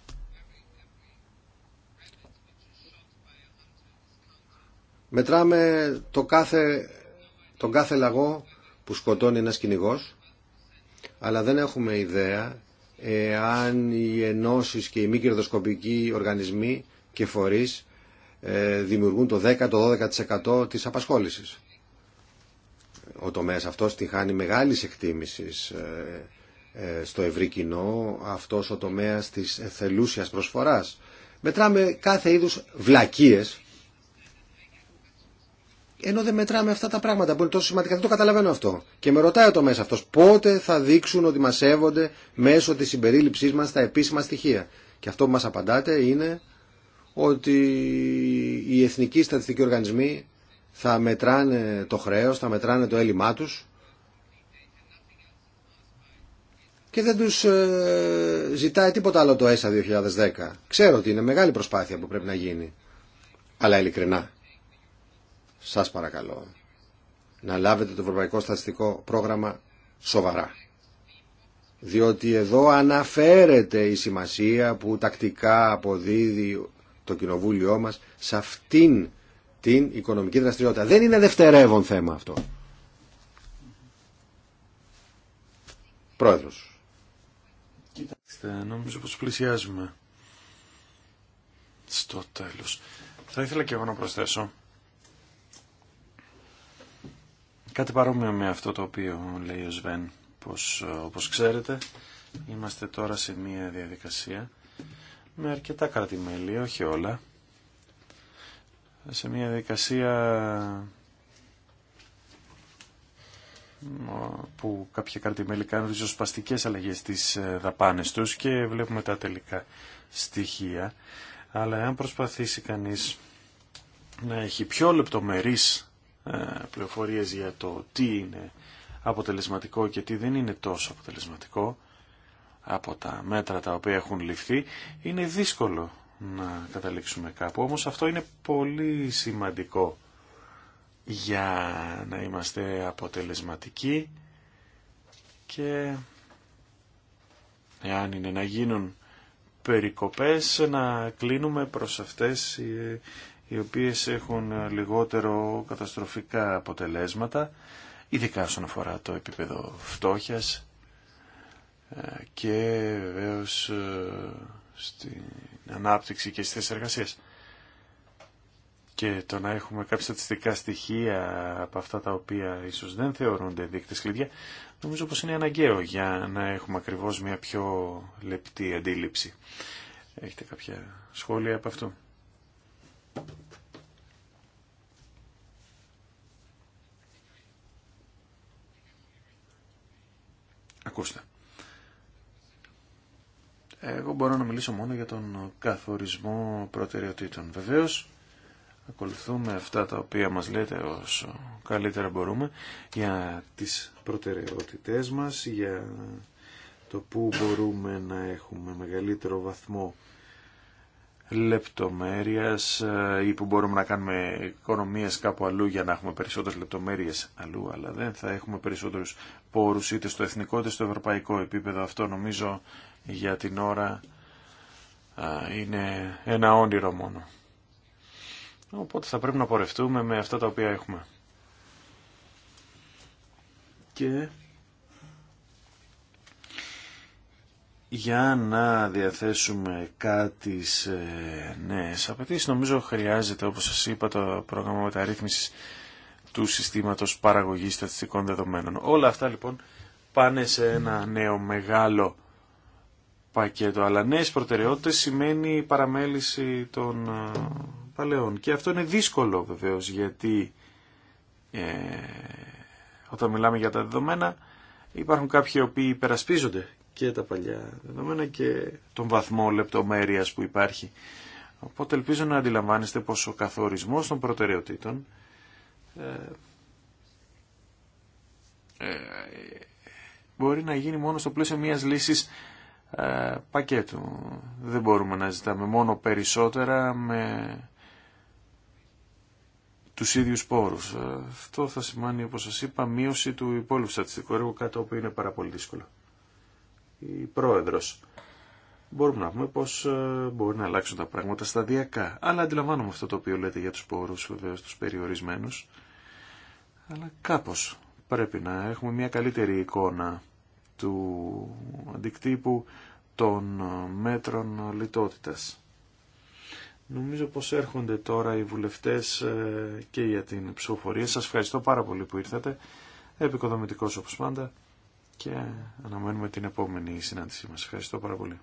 μετράμε το κάθε, τον κάθε λαγό που σκοτώνει ένας κυνηγό, αλλά δεν έχουμε ιδέα αν οι ενώσεις και οι μη κερδοσκοπικοί οργανισμοί και φορείς ε, δημιουργούν το 10-12% της απασχόλησης. Ο τομέας αυτός τη χάνει μεγάλης εκτίμησης ε, ε, στο ευρύ κοινό, αυτός ο τομέας της θελούσιας προσφοράς. Μετράμε κάθε είδους βλακίες, ενώ δεν μετράμε αυτά τα πράγματα που είναι τόσο σημαντικά, δεν το καταλαβαίνω αυτό. Και με ρωτάει ο μέσα αυτό πότε θα δείξουν ότι μα σέβονται μέσω τη συμπερίληψή μα στα επίσημα στοιχεία. Και αυτό που μας απαντάτε είναι ότι οι εθνικοί στατιστικοί οργανισμοί θα μετράνε το χρέος, θα μετράνε το έλλειμμά τους και δεν τους ε, ζητάει τίποτα άλλο το ΕΣΑ 2010. Ξέρω ότι είναι μεγάλη προσπάθεια που πρέπει να γίνει, αλλά ειλικρινά. Σας παρακαλώ να λάβετε το Ευρωπαϊκό Στατιστικό Πρόγραμμα σοβαρά. Διότι εδώ αναφέρεται η σημασία που τακτικά αποδίδει το κοινοβούλιο μας σε αυτήν την οικονομική δραστηριότητα. Δεν είναι δευτερεύον θέμα αυτό. Πρόεδρος. Κοιτάξτε, νομίζω πως πλησιάζουμε στο τέλος. Θα ήθελα και εγώ να προσθέσω κάτι παρόμοιο με αυτό το οποίο λέει ο Σβέν, πως ε, όπως ξέρετε είμαστε τώρα σε μια διαδικασία με αρκετά κρατημέλη, όχι όλα, σε μια διαδικασία που κάποια κρατημέλη κάνουν ριζοσπαστικές αλλαγές στις ε, δαπάνες τους και βλέπουμε τα τελικά στοιχεία. Αλλά αν προσπαθήσει κανείς να έχει πιο λεπτομερείς ε, πληροφορίες για το τι είναι αποτελεσματικό και τι δεν είναι τόσο αποτελεσματικό, από τα μέτρα τα οποία έχουν ληφθεί, είναι δύσκολο να καταλήξουμε κάπου. Όμως αυτό είναι πολύ σημαντικό για να είμαστε αποτελεσματικοί και εάν είναι να γίνουν περικοπές να κλείνουμε προς αυτές οι οποίες έχουν λιγότερο καταστροφικά αποτελέσματα ειδικά όσον αφορά το επίπεδο φτώχειας ε, και βεβαίω ε, στην ανάπτυξη και στις θέσεις Και το να έχουμε κάποια στατιστικά στοιχεία από αυτά τα οποία ίσως δεν θεωρούνται δείκτες κλειδιά, νομίζω πως είναι αναγκαίο για να έχουμε ακριβώς μια πιο λεπτή αντίληψη. Έχετε κάποια σχόλια από αυτό. Ακούστε. Εγώ μπορώ να μιλήσω μόνο για τον καθορισμό προτεραιοτήτων. Βεβαίως, ακολουθούμε αυτά τα οποία μας λέτε όσο καλύτερα μπορούμε για τις προτεραιότητές μας, για το που μπορούμε να έχουμε μεγαλύτερο βαθμό λεπτομέρειας ή που μπορούμε να κάνουμε οικονομίες κάπου αλλού για να έχουμε περισσότερες λεπτομέρειες αλλού, αλλά δεν θα έχουμε περισσότερους πόρους είτε στο εθνικό είτε στο ευρωπαϊκό επίπεδο. Αυτό νομίζω για την ώρα είναι ένα όνειρο μόνο. Οπότε θα πρέπει να πορευτούμε με αυτά τα οποία έχουμε. Και για να διαθέσουμε κάτι σε νέες απαιτήσεις, νομίζω χρειάζεται, όπως σας είπα, το πρόγραμμα μεταρρύθμισης του συστήματος παραγωγής στατιστικών δεδομένων. Όλα αυτά λοιπόν πάνε σε ένα νέο μεγάλο πακέτο. Αλλά νέε προτεραιότητες σημαίνει παραμέληση των ε, παλαιών. Και αυτό είναι δύσκολο βεβαίω, γιατί ε, όταν μιλάμε για τα δεδομένα υπάρχουν κάποιοι οι οποίοι υπερασπίζονται και τα παλιά δεδομένα και τον βαθμό λεπτομέρειας που υπάρχει. Οπότε ελπίζω να αντιλαμβάνεστε πως ο καθορισμός των προτεραιοτήτων ε, ε, μπορεί να γίνει μόνο στο πλαίσιο μιας λύσης ε, πακέτου. Δεν μπορούμε να ζητάμε μόνο περισσότερα με τους ίδιους πόρους. Ε, αυτό θα σημαίνει, όπως σας είπα, μείωση του υπόλοιπου στατιστικού έργου, κάτι το οποίο είναι πάρα πολύ δύσκολο. Η πρόεδρος. Μπορούμε να πούμε πως ε, μπορεί να αλλάξουν τα πράγματα σταδιακά. Αλλά αντιλαμβάνομαι αυτό το οποίο λέτε για τους πόρους, βεβαίω τους περιορισμένους. Αλλά κάπως πρέπει να έχουμε μια καλύτερη εικόνα του αντικτύπου των μέτρων λιτότητας. Νομίζω πως έρχονται τώρα οι βουλευτές ε, και για την ψηφοφορία. Σας ευχαριστώ πάρα πολύ που ήρθατε. Επικοδομητικός όπως πάντα και αναμένουμε την επόμενη συνάντησή μας. Ευχαριστώ πάρα πολύ.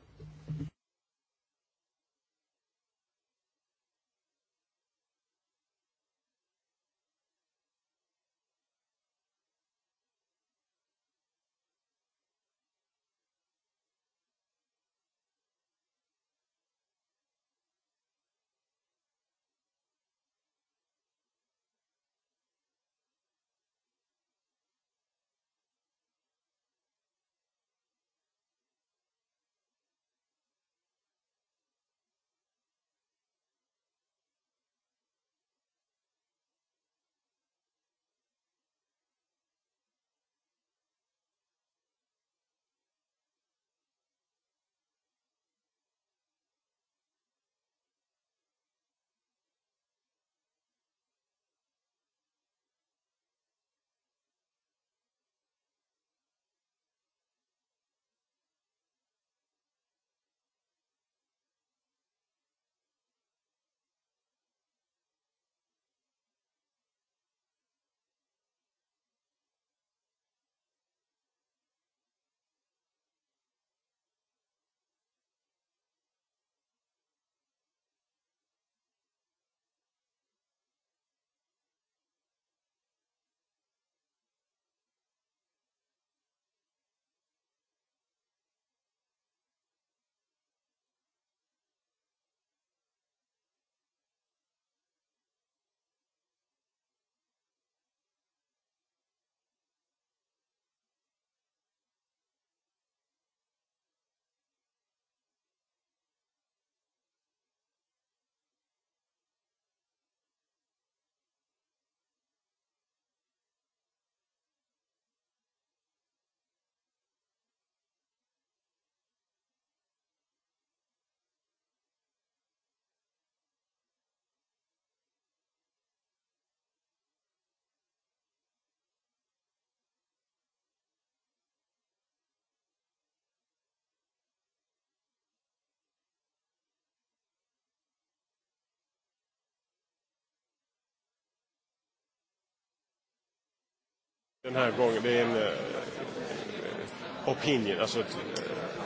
Den här gången, det är en uh, opinion, alltså ett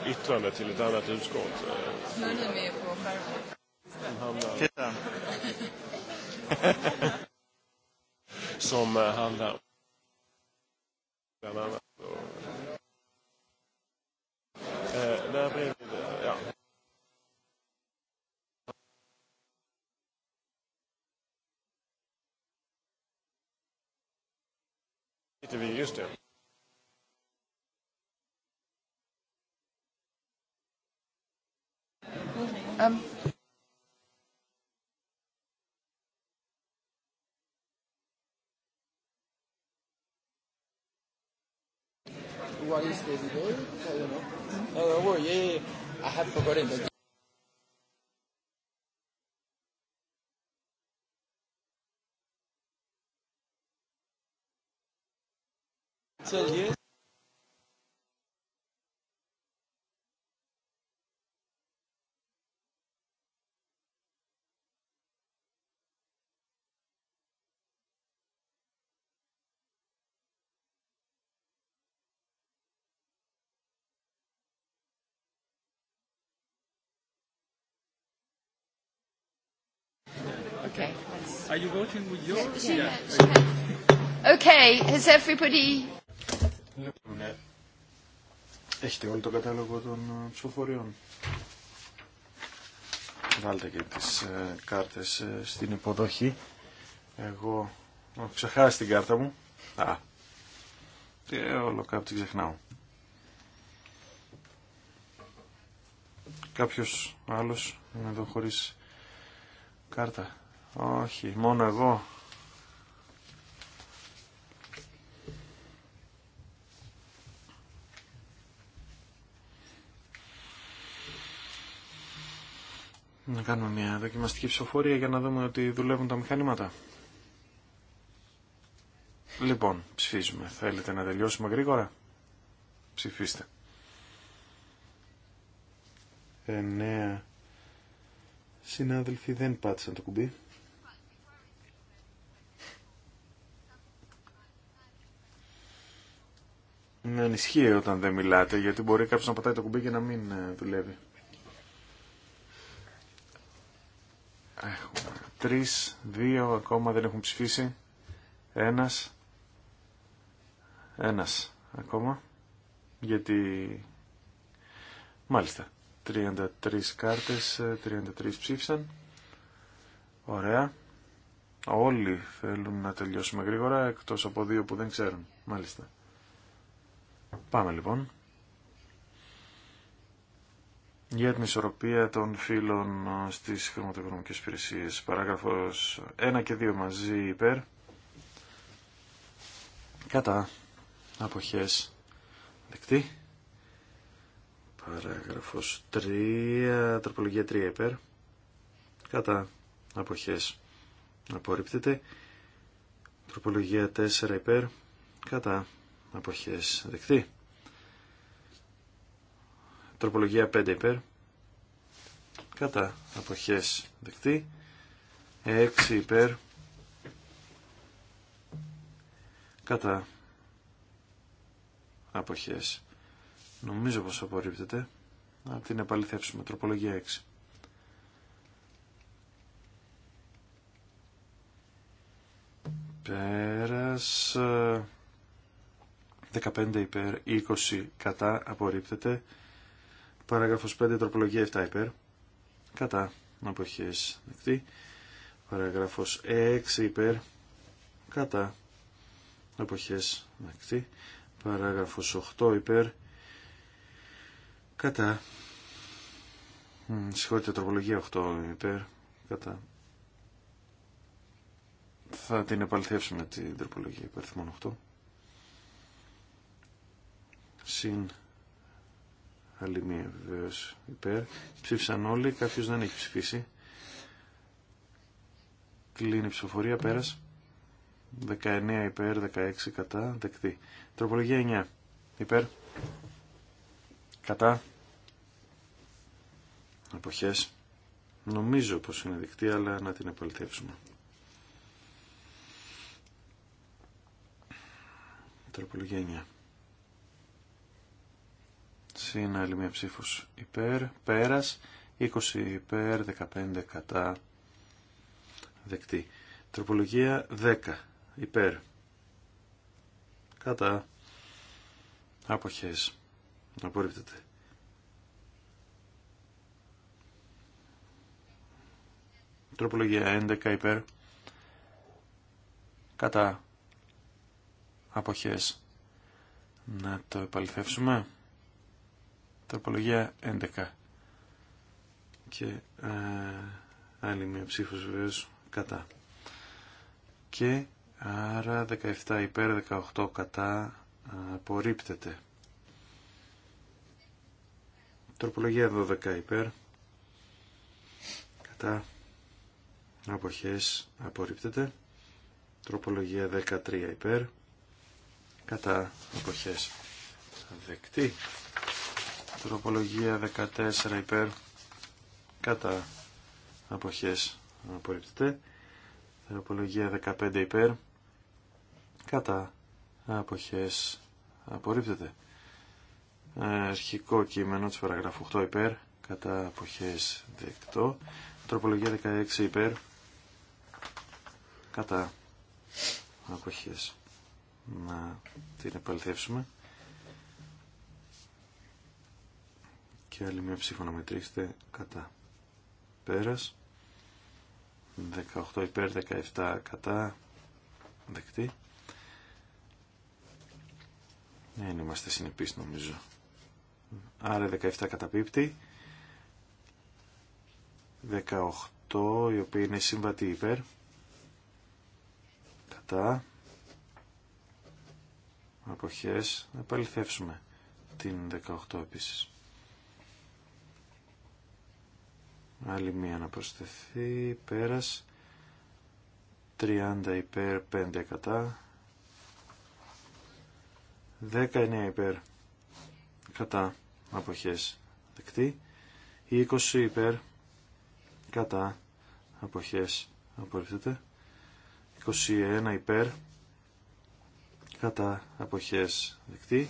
uh, yttrande till ett annat utskott. Uh, nu är med på skärmen. Titta. Som handlar om bland annat to be used to. Um, what is the delay? I don't know. No, don't worry. Yeah, yeah, yeah. I have forgotten. Okay. Are you voting with yours? Yeah. Okay. Has everybody ναι. Έχετε όλο τον κατάλογο των ε, ψηφοφοριών. Βάλτε και τις ε, κάρτες ε, στην υποδοχή. Εγώ έχω ξεχάσει την κάρτα μου. Α, και όλο την ξεχνάω. Κάποιος άλλος είναι εδώ χωρίς κάρτα. Όχι, μόνο εγώ Να κάνουμε μια δοκιμαστική ψηφοφορία για να δούμε ότι δουλεύουν τα μηχανήματα. Λοιπόν, ψηφίζουμε. Θέλετε να τελειώσουμε γρήγορα. Ψηφίστε. 9 συνάδελφοι δεν πάτησαν το κουμπί. Να ανισχύει όταν δεν μιλάτε, γιατί μπορεί κάποιος να πατάει το κουμπί και να μην ε, δουλεύει. Έχουμε τρεις, δύο ακόμα δεν έχουν ψηφίσει. Ένας. Ένας ακόμα. Γιατί... Μάλιστα. 33 κάρτες, 33 ψήφισαν. Ωραία. Όλοι θέλουν να τελειώσουμε γρήγορα, εκτός από δύο που δεν ξέρουν. Μάλιστα. Πάμε λοιπόν για την ισορροπία των φύλων ε, στις χρηματοοικονομικές υπηρεσίες. Παράγραφος 1 και 2 μαζί υπέρ. Κατά. Αποχές. Δεκτή. Παράγραφος 3. Τροπολογία 3 υπέρ. Κατά. Αποχές. Απορρίπτεται. Τροπολογία 4 υπέρ. Κατά. Αποχές. Δεκτή. Τροπολογία 5 υπέρ. Κατά αποχές δεκτή. 6 υπέρ. Κατά αποχές. Νομίζω πως απορρίπτεται. Να την επαληθεύσουμε. Τροπολογία 6. Πέρας 15 υπέρ 20 κατά απορρίπτεται Παράγραφος 5, τροπολογία 7 υπέρ. Κατά. Αποχές δεκτή. Παράγραφος 6 υπέρ. Κατά. Αποχές δεκτή. Παράγραφος 8 υπέρ. Κατά. Συγχωρείτε, τροπολογία 8 υπέρ. Κατά. Θα την επαληθεύσουμε την τροπολογία υπέρ 8. Συν Άλλη μία βεβαίω υπέρ. Ψήφισαν όλοι, κάποιος δεν έχει ψηφίσει. Κλείνει η ψηφοφορία, πέρας. 19 υπέρ, 16 κατά, δεκτή. Τροπολογία 9 υπέρ, κατά, εποχές. Νομίζω πως είναι δεκτή, αλλά να την επαληθεύσουμε. Τροπολογία 9. Συν άλλη μια ψήφος υπέρ, πέρας, 20 υπέρ, 15 κατά, δεκτή. Τροπολογία 10 υπέρ, κατά, αποχές, απορρίπτεται. Τροπολογία 11 υπέρ, κατά, αποχές. Να το επαληθεύσουμε. Τροπολογία 11. Και ε, άλλη μια ψήφος βεβαίως κατά. Και άρα 17 υπέρ 18 κατά ε, απορρίπτεται. Τροπολογία 12 υπέρ κατά αποχές απορρίπτεται. Τροπολογία 13 υπέρ κατά αποχές δεκτή. Τροπολογία 14 υπέρ κατά αποχές απορρίπτεται. Τροπολογία 15 υπέρ κατά αποχές απορρίπτεται. Αρχικό κείμενο της παραγράφου 8 υπέρ κατά αποχές δεκτό. Τροπολογία 16 υπέρ κατά αποχές. Να την επαληθεύσουμε. και άλλη μια ψήφο να μετρήσετε κατά. Πέρας. 18 υπέρ, 17 κατά. Δεκτή. Δεν ναι, ναι, είμαστε συνεπείς νομίζω. Άρα 17 καταπίπτει. 18 η οποία είναι συμβατή υπέρ. Κατά. Αποχές. Να επαληθεύσουμε την 18 επίσης. Άλλη μία να προσθεθεί. Πέρας. 30 υπέρ, 5 κατά. 19 υπέρ. Κατά. Αποχές. Δεκτή. 20 υπέρ. Κατά. Αποχές. Απορριφθείτε. 21 υπέρ. Κατά. Αποχές. Δεκτή.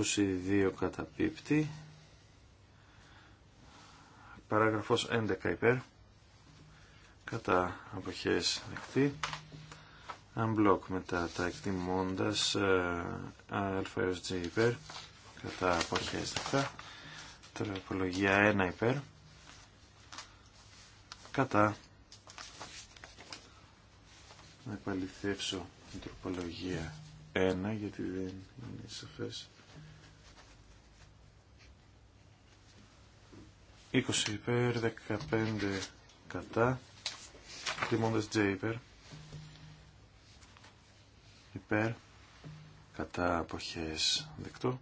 22 κατά πίπτη. Παράγραφος 11 υπέρ. Κατά αποχές δεκτή. Unblock μετά τα εκτιμώντας ε, α έως g υπέρ. Κατά αποχές δεκτά. Τροπολογία 1 υπέρ. Κατά. Να επαληθεύσω την τροπολογία 1 γιατί δεν είναι σαφές. 20 υπέρ, 15 κατά. Τιμώντας J υπέρ. Υπέρ. Κατά αποχές δεκτό.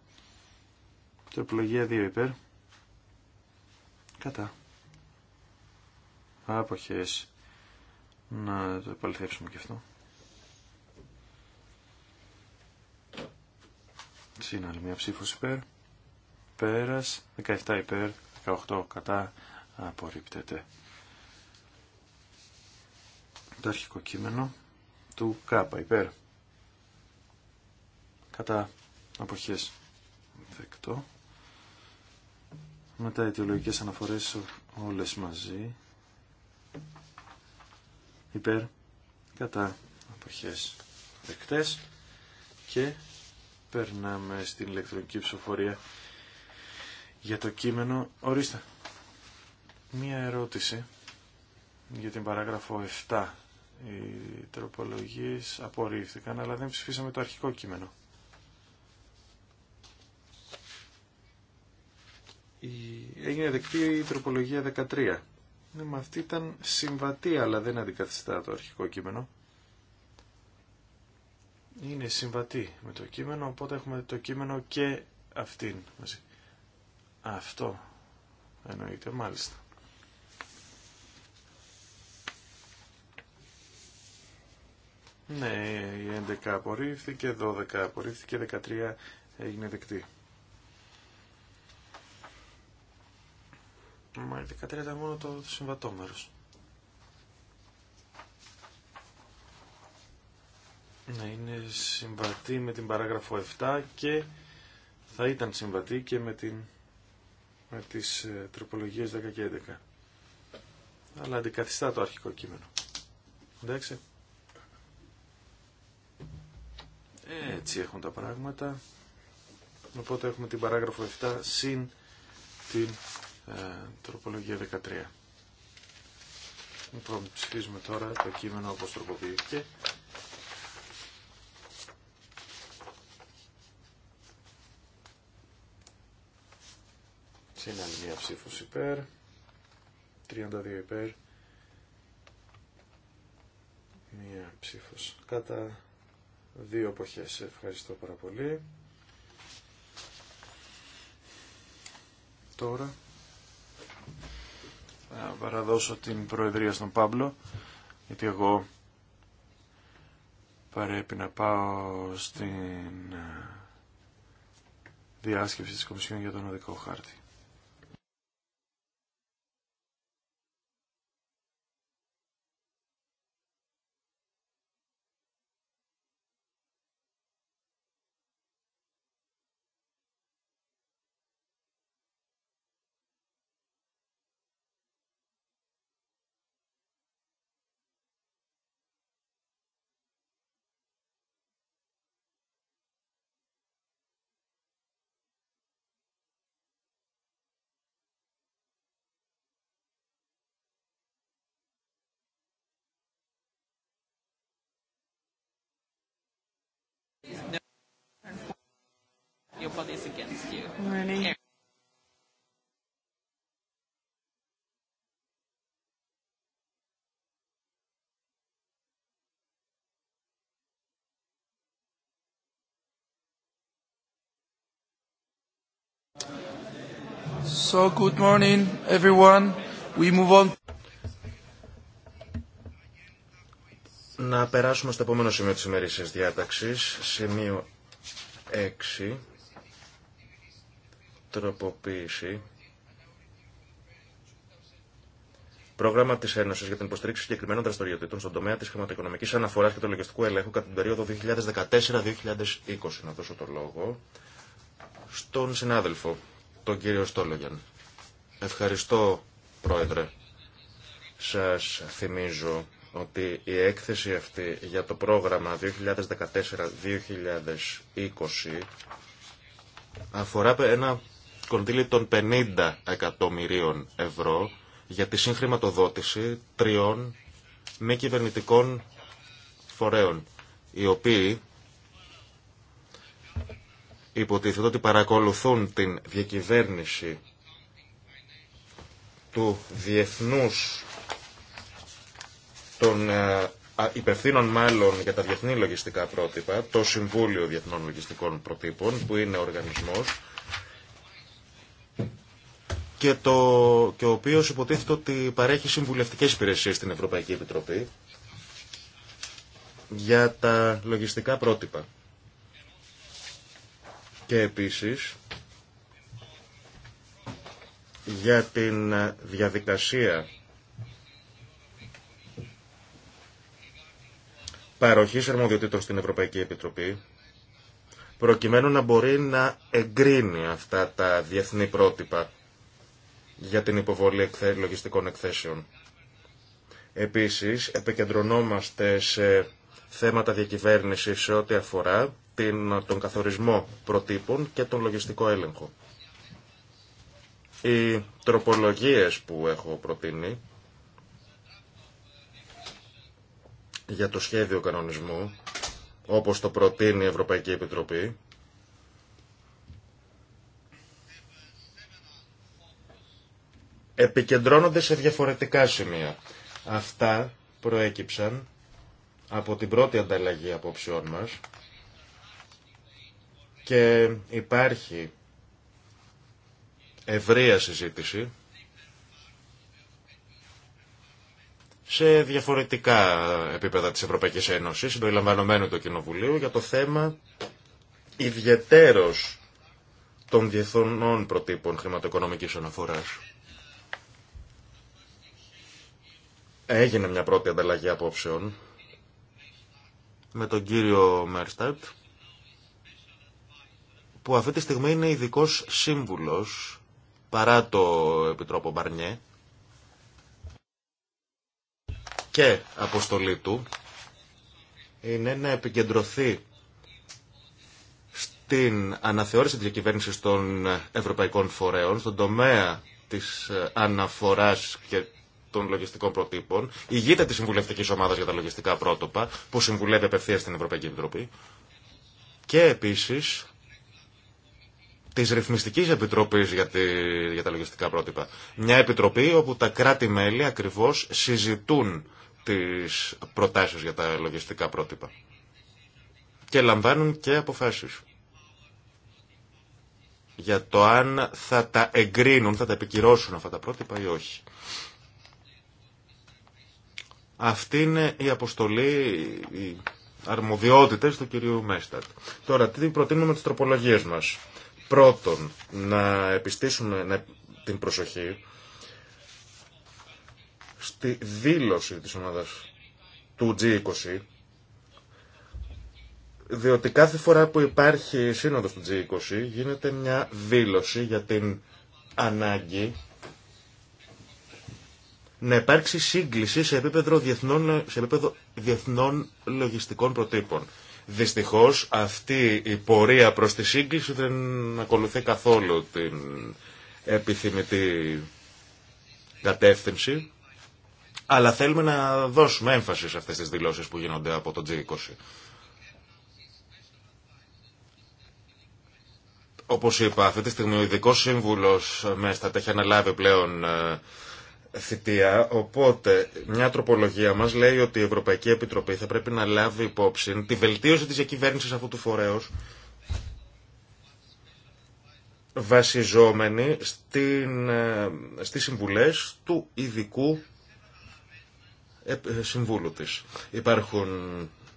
Τροπολογία 2 υπέρ. Κατά. Αποχές. Να το επαληθεύσουμε και αυτό. Συν άλλη μια ψήφος υπέρ. Πέρας. 17 υπέρ. 18 κατά απορρίπτεται. Το αρχικό κείμενο του Κάπα υπέρ κατά αποχές δεκτό. Μετά αιτιολογικές αναφορές όλες μαζί υπέρ κατά αποχές δεκτές και περνάμε στην ηλεκτρονική ψηφοφορία για το κείμενο. Ορίστε. Μία ερώτηση για την παράγραφο 7. Οι τροπολογίες απορρίφθηκαν, αλλά δεν ψηφίσαμε το αρχικό κείμενο. Έγινε δεκτή η τροπολογία 13. Ναι, αυτή ήταν συμβατή, αλλά δεν αντικαθιστά το αρχικό κείμενο. Είναι συμβατή με το κείμενο, οπότε έχουμε το κείμενο και αυτήν μαζί. Αυτό εννοείται μάλιστα. Ναι, η 11 απορρίφθηκε, 12 απορρίφθηκε, 13 έγινε δεκτή. Μα η 13 ήταν μόνο το συμβατό μέρος. να είναι συμβατή με την παράγραφο 7 και θα ήταν συμβατή και με την με τις ε, τροπολογίες 10 και 11. Αλλά αντικαθιστά το αρχικό κείμενο. Εντάξει. Έτσι έχουν τα πράγματα. Οπότε έχουμε την παράγραφο 7 συν την ε, τροπολογία 13. Λοιπόν, ψηφίζουμε τώρα το κείμενο όπως τροποποιήθηκε Είναι άλλη μία ψήφος υπέρ. 32 υπέρ. Μία ψήφος κατά δύο εποχές. Ευχαριστώ πάρα πολύ. Τώρα θα παραδώσω την Προεδρία στον Πάμπλο, γιατί εγώ πρέπει να πάω στην διάσκεψη της Κομισιόν για τον Οδικό Χάρτη. anybody's against you. Morning. So good morning everyone. We move on. Να περάσουμε στο επόμενο σημείο της ημερήσιας διάταξης, σημείο τροποποίηση πρόγραμμα τη Ένωση για την υποστήριξη συγκεκριμένων δραστηριοτήτων στον τομέα τη χρηματοοικονομική αναφορά και του λογιστικού ελέγχου κατά την περίοδο 2014-2020. Να δώσω το λόγο στον συνάδελφο, τον κύριο Στόλογιαν. Ευχαριστώ, Πρόεδρε. Σα θυμίζω ότι η έκθεση αυτή για το πρόγραμμα 2014-2020 αφορά ένα κονδύλι των 50 εκατομμυρίων ευρώ για τη συγχρηματοδότηση τριών μη κυβερνητικών φορέων, οι οποίοι υποτίθεται ότι παρακολουθούν την διακυβέρνηση του διεθνούς των ε, υπευθύνων μάλλον για τα διεθνή λογιστικά πρότυπα, το Συμβούλιο Διεθνών Λογιστικών Προτύπων, που είναι οργανισμός και, το, και ο οποίο υποτίθεται ότι παρέχει συμβουλευτικέ υπηρεσίε στην Ευρωπαϊκή Επιτροπή για τα λογιστικά πρότυπα. Και επίσης για την διαδικασία παροχής αρμοδιοτήτων στην Ευρωπαϊκή Επιτροπή προκειμένου να μπορεί να εγκρίνει αυτά τα διεθνή πρότυπα για την υποβολή λογιστικών εκθέσεων. Επίσης, επικεντρωνόμαστε σε θέματα διακυβέρνησης σε ό,τι αφορά την, τον καθορισμό προτύπων και τον λογιστικό έλεγχο. Οι τροπολογίες που έχω προτείνει για το σχέδιο κανονισμού, όπως το προτείνει η Ευρωπαϊκή Επιτροπή, επικεντρώνονται σε διαφορετικά σημεία. Αυτά προέκυψαν από την πρώτη ανταλλαγή απόψεών μας και υπάρχει ευρεία συζήτηση σε διαφορετικά επίπεδα της Ευρωπαϊκής Ένωσης, συμπεριλαμβανομένου του Κοινοβουλίου, για το θέμα ιδιαιτέρως των διεθνών προτύπων χρηματοοικονομικής αναφοράς. Έγινε μια πρώτη ανταλλαγή απόψεων με τον κύριο Μέρσταρτ που αυτή τη στιγμή είναι ειδικό σύμβουλος παρά το Επιτρόπο Μπαρνιέ και αποστολή του είναι να επικεντρωθεί στην αναθεώρηση της διακυβέρνησης των ευρωπαϊκών φορέων, στον τομέα της αναφοράς και των λογιστικών προτύπων, ηγείται τη συμβουλευτική ομάδα για τα λογιστικά πρότυπα, που συμβουλεύει απευθεία στην Ευρωπαϊκή Επιτροπή, και επίση τη Ρυθμιστική Επιτροπή για, τη... για τα λογιστικά πρότυπα. Μια επιτροπή όπου τα κράτη-μέλη ακριβώ συζητούν τι προτάσει για τα λογιστικά πρότυπα και λαμβάνουν και αποφάσεις για το αν θα τα εγκρίνουν, θα τα επικυρώσουν αυτά τα πρότυπα ή όχι. Αυτή είναι η αποστολή, οι αρμοδιότητες του κυρίου Μέστατ. Τώρα, τι προτείνουμε με τις τροπολογίες μας. Πρώτον, να επιστήσουμε την προσοχή στη δήλωση της ομάδας του G20, διότι κάθε φορά που υπάρχει σύνοδος του G20 γίνεται μια δήλωση για την ανάγκη να υπάρξει σύγκληση σε επίπεδο διεθνών, σε επίπεδο διεθνών λογιστικών προτύπων. Δυστυχώς αυτή η πορεία προς τη σύγκληση δεν ακολουθεί καθόλου την επιθυμητή κατεύθυνση, αλλά θέλουμε να δώσουμε έμφαση σε αυτές τις δηλώσεις που γίνονται από το G20. Όπως είπα, αυτή τη στιγμή ο ειδικό σύμβουλος με στα έχει αναλάβει πλέον ε, θητεία, οπότε μια τροπολογία μας λέει ότι η Ευρωπαϊκή Επιτροπή θα πρέπει να λάβει υπόψη τη βελτίωση της διακυβέρνηση αυτού του φορέως βασιζόμενη στην, ε, στις συμβουλές του ειδικού ε, συμβούλου της. Υπάρχουν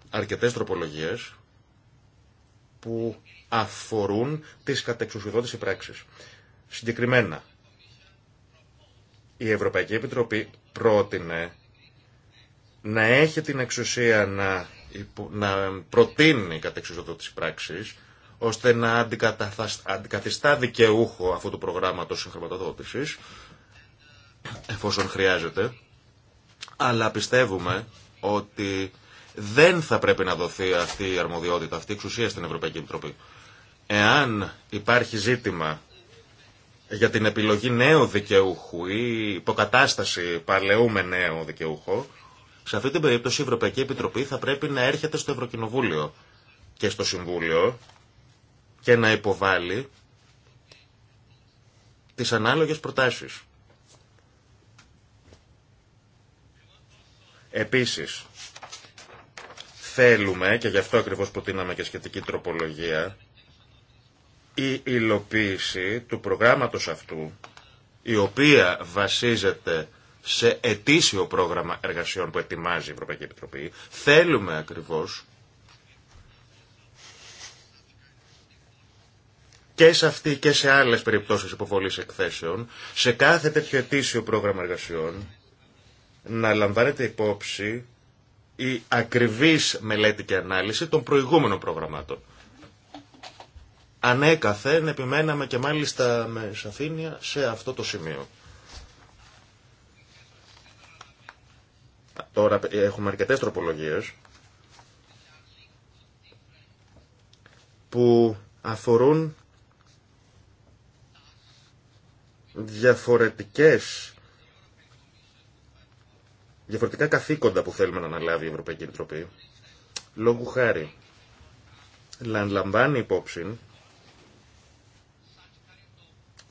αρκετές τροπολογίες που αφορούν τις κατεξουσιοδότηση πράξεις. Συγκεκριμένα, η Ευρωπαϊκή Επιτροπή πρότεινε να έχει την εξουσία να, να προτείνει κατ' της πράξης, ώστε να αντικαθιστά δικαιούχο αυτού του προγράμματος συγχρηματοδότησης, εφόσον χρειάζεται, αλλά πιστεύουμε ότι δεν θα πρέπει να δοθεί αυτή η αρμοδιότητα, αυτή η εξουσία στην Ευρωπαϊκή Επιτροπή. Εάν υπάρχει ζήτημα για την επιλογή νέου δικαιούχου ή υποκατάσταση παλαιού με νέο δικαιούχο, σε αυτή την περίπτωση η Ευρωπαϊκή Επιτροπή θα πρέπει να έρχεται στο Ευρωκοινοβούλιο και στο Συμβούλιο και να υποβάλει τις ανάλογες προτάσεις. Επίσης, θέλουμε, και γι' αυτό ακριβώς προτείναμε και σχετική τροπολογία, η υλοποίηση του προγράμματος αυτού, η οποία βασίζεται σε ετήσιο πρόγραμμα εργασιών που ετοιμάζει η Ευρωπαϊκή Επιτροπή, θέλουμε ακριβώς και σε αυτή και σε άλλες περιπτώσεις υποβολής εκθέσεων, σε κάθε τέτοιο ετήσιο πρόγραμμα εργασιών, να λαμβάνεται υπόψη η ακριβής μελέτη και ανάλυση των προηγούμενων προγραμμάτων ανέκαθεν επιμέναμε και μάλιστα με σαφήνεια σε αυτό το σημείο. Τώρα έχουμε αρκετές τροπολογίες που αφορούν διαφορετικές διαφορετικά καθήκοντα που θέλουμε να αναλάβει η Ευρωπαϊκή Επιτροπή. Λόγου χάρη, λαμβάνει υπόψη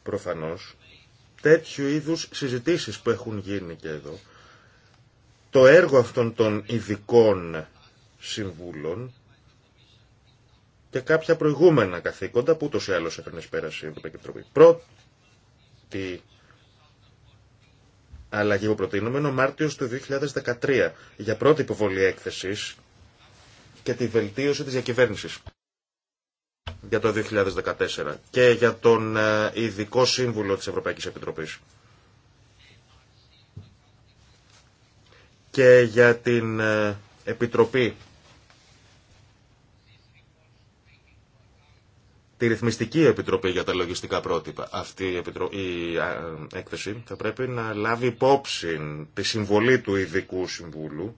προφανώς τέτοιου είδους συζητήσεις που έχουν γίνει και εδώ. Το έργο αυτών των ειδικών συμβούλων και κάποια προηγούμενα καθήκοντα που ούτως ή άλλως έφερνε εις πέραση η αλλως εφερνε Επιτροπή. Πρώτη αλλαγή που προτείνουμε είναι ο Μάρτιος του 2013 για πρώτη υποβολή έκθεσης και τη βελτίωση της διακυβέρνησης για το 2014 και για τον ε, Ειδικό Σύμβουλο της Ευρωπαϊκής Επιτροπής και για την ε, Επιτροπή τη Ρυθμιστική Επιτροπή για τα Λογιστικά Πρότυπα. Αυτή η, ε, έκθεση θα πρέπει να λάβει υπόψη τη συμβολή του Ειδικού Συμβούλου,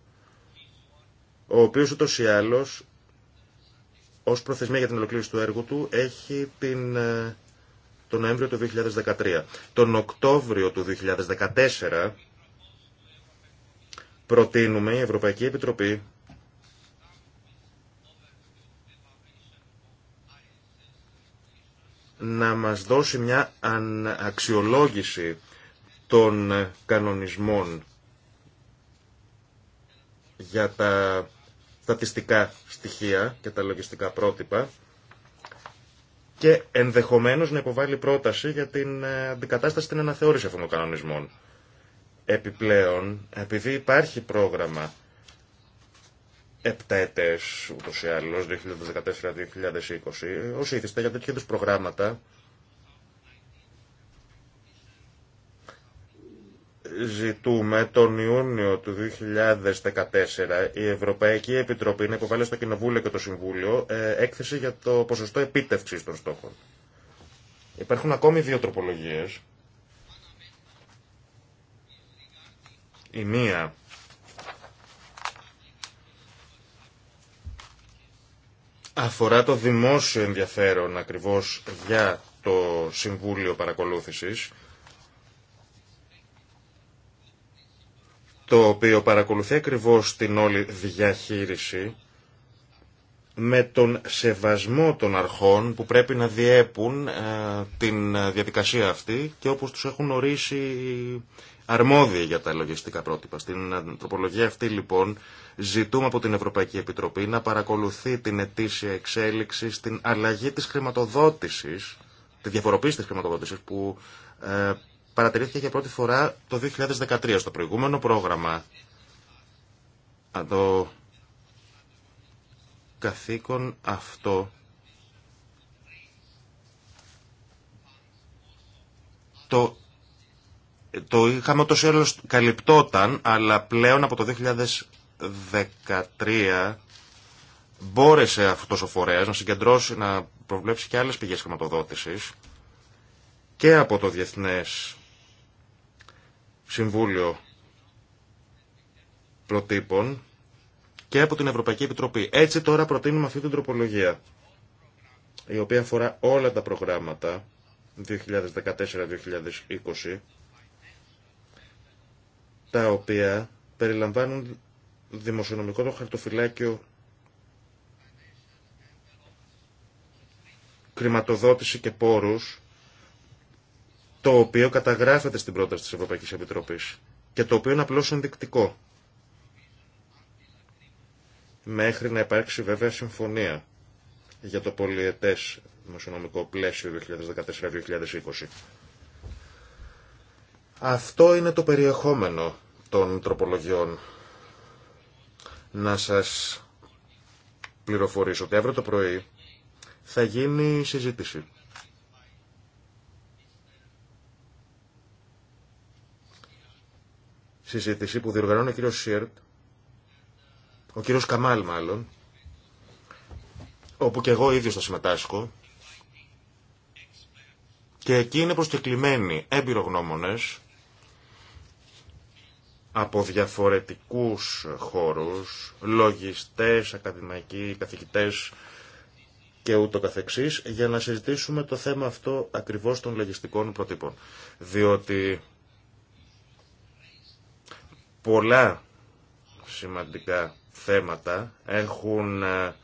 ο οποίος ούτως ή άλλως ως προθεσμία για την ολοκλήρωση του έργου του έχει την, ε, τον Νοέμβριο του 2013. Τον Οκτώβριο του 2014 προτείνουμε η Ευρωπαϊκή Επιτροπή να μας δώσει μια αξιολόγηση των κανονισμών για τα στατιστικά στοιχεία και τα λογιστικά πρότυπα και ενδεχομένως να υποβάλει πρόταση για την ε, αντικατάσταση την αναθεώρηση αυτών των κανονισμών. Επιπλέον, επειδή υπάρχει πρόγραμμα επταετές ούτως ή άλλως, 2014-2020, ως ήθιστε για τέτοιου είδους προγράμματα, ζητούμε τον Ιούνιο του 2014 η Ευρωπαϊκή Επιτροπή να υποβάλει στο Κοινοβούλιο και το Συμβούλιο ε, έκθεση για το ποσοστό επίτευξης των στόχων. Υπάρχουν ακόμη δύο τροπολογίες. Η μία αφορά το δημόσιο ενδιαφέρον ακριβώς για το Συμβούλιο Παρακολούθησης το οποίο παρακολουθεί ακριβώς την όλη διαχείριση με τον σεβασμό των αρχών που πρέπει να διέπουν ε, την διαδικασία αυτή και όπως τους έχουν ορίσει αρμόδιοι για τα λογιστικά πρότυπα. Στην τροπολογία αυτή λοιπόν ζητούμε από την Ευρωπαϊκή Επιτροπή να παρακολουθεί την ετήσια εξέλιξη στην αλλαγή της χρηματοδότησης, τη διαφοροποίηση της χρηματοδότησης που ε, παρατηρήθηκε για πρώτη φορά το 2013 στο προηγούμενο πρόγραμμα. Το καθήκον αυτό το, το είχαμε ούτως ή καλυπτόταν, αλλά πλέον από το 2013 μπόρεσε αυτός ο φορέας να συγκεντρώσει, να προβλέψει και άλλες πηγές χρηματοδότησης και από το Διεθνές Συμβούλιο Προτύπων και από την Ευρωπαϊκή Επιτροπή. Έτσι τώρα προτείνουμε αυτή την τροπολογία, η οποία αφορά όλα τα προγράμματα 2014-2020, τα οποία περιλαμβάνουν δημοσιονομικό το χαρτοφυλάκιο κρηματοδότηση και πόρους το οποίο καταγράφεται στην πρόταση της Ευρωπαϊκής Επιτροπής και το οποίο είναι απλώς ενδεικτικό. Μέχρι να υπάρξει βέβαια συμφωνία για το πολιετες μεσονομικο δημοσιονομικό πλαίσιο 2014-2020. Αυτό είναι το περιεχόμενο των τροπολογιών. Να σας πληροφορήσω ότι αύριο το πρωί θα γίνει συζήτηση συζήτηση που διοργανώνει ο κύριος Σιέρτ, ο κύριος Καμάλ μάλλον, όπου και εγώ ίδιος θα συμμετάσχω, και εκεί είναι προσκεκλημένοι εμπειρογνώμονες από διαφορετικούς χώρους, λογιστές, ακαδημαϊκοί, καθηγητές και ούτω καθεξής, για να συζητήσουμε το θέμα αυτό ακριβώς των λογιστικών προτύπων. Διότι πολλά σημαντικά θέματα έχουν ε,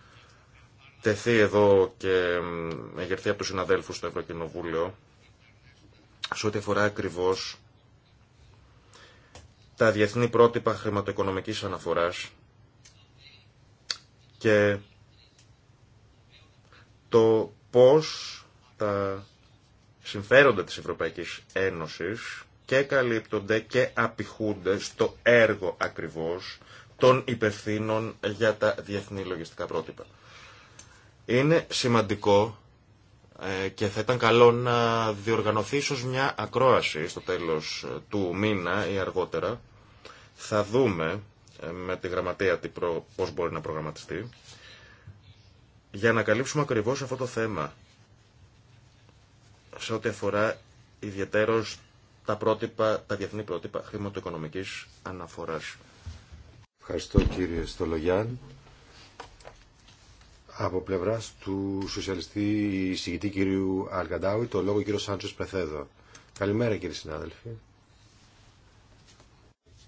τεθεί εδώ και εγερθεί από τους συναδέλφους στο Ευρωκοινοβούλιο σε ό,τι αφορά ακριβώς τα διεθνή πρότυπα χρηματοοικονομικής αναφοράς και το πώς τα συμφέροντα της Ευρωπαϊκής Ένωσης και καλύπτονται και απηχούνται στο έργο ακριβώς των υπευθύνων για τα διεθνή λογιστικά πρότυπα. Είναι σημαντικό ε, και θα ήταν καλό να διοργανωθεί ίσως μια ακρόαση στο τέλος ε, του μήνα ή αργότερα. Θα δούμε ε, με τη γραμματεία πώς μπορεί να προγραμματιστεί για να καλύψουμε ακριβώς αυτό το θέμα σε ό,τι αφορά ιδιαίτερως τα, πρότυπα, τα διεθνή πρότυπα χρηματοοικονομικής αναφοράς. Ευχαριστώ κύριε Στολογιάν. Από πλευρά του σοσιαλιστή εισηγητή κύριου Αλκαντάουη, το λόγο κύριο Σάντσο Πεθέδο. Καλημέρα κύριε συνάδελφοι.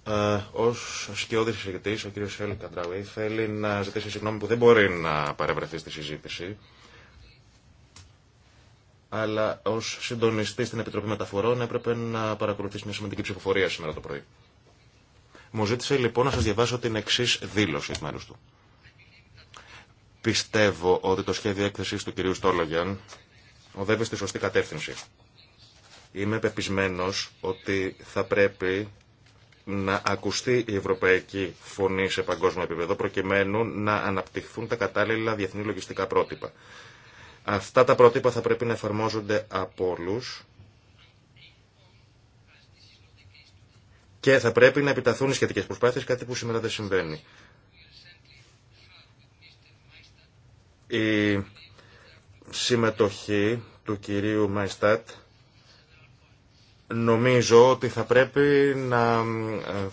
Ε, Ω σκιώδη εισηγητή, ο κύριο Αλκαντάουη θέλει να ζητήσει συγγνώμη που δεν μπορεί να παρευρεθεί στη συζήτηση αλλά ω συντονιστή στην Επιτροπή Μεταφορών έπρεπε να παρακολουθήσει μια σημαντική ψηφοφορία σήμερα το πρωί. Μου ζήτησε λοιπόν να σα διαβάσω την εξή δήλωση εκ μέρου του. Πιστεύω ότι το σχέδιο έκθεση του κυρίου Στόλογιαν οδεύει στη σωστή κατεύθυνση. Είμαι πεπισμένο ότι θα πρέπει να ακουστεί η ευρωπαϊκή φωνή σε παγκόσμιο επίπεδο προκειμένου να αναπτυχθούν τα κατάλληλα διεθνή λογιστικά πρότυπα. Αυτά τα πρότυπα θα πρέπει να εφαρμόζονται από όλου και θα πρέπει να επιταθούν οι σχετικές προσπάθειες, κάτι που σήμερα δεν συμβαίνει. Η συμμετοχή του κυρίου Μαϊστάτ νομίζω ότι θα πρέπει να ε,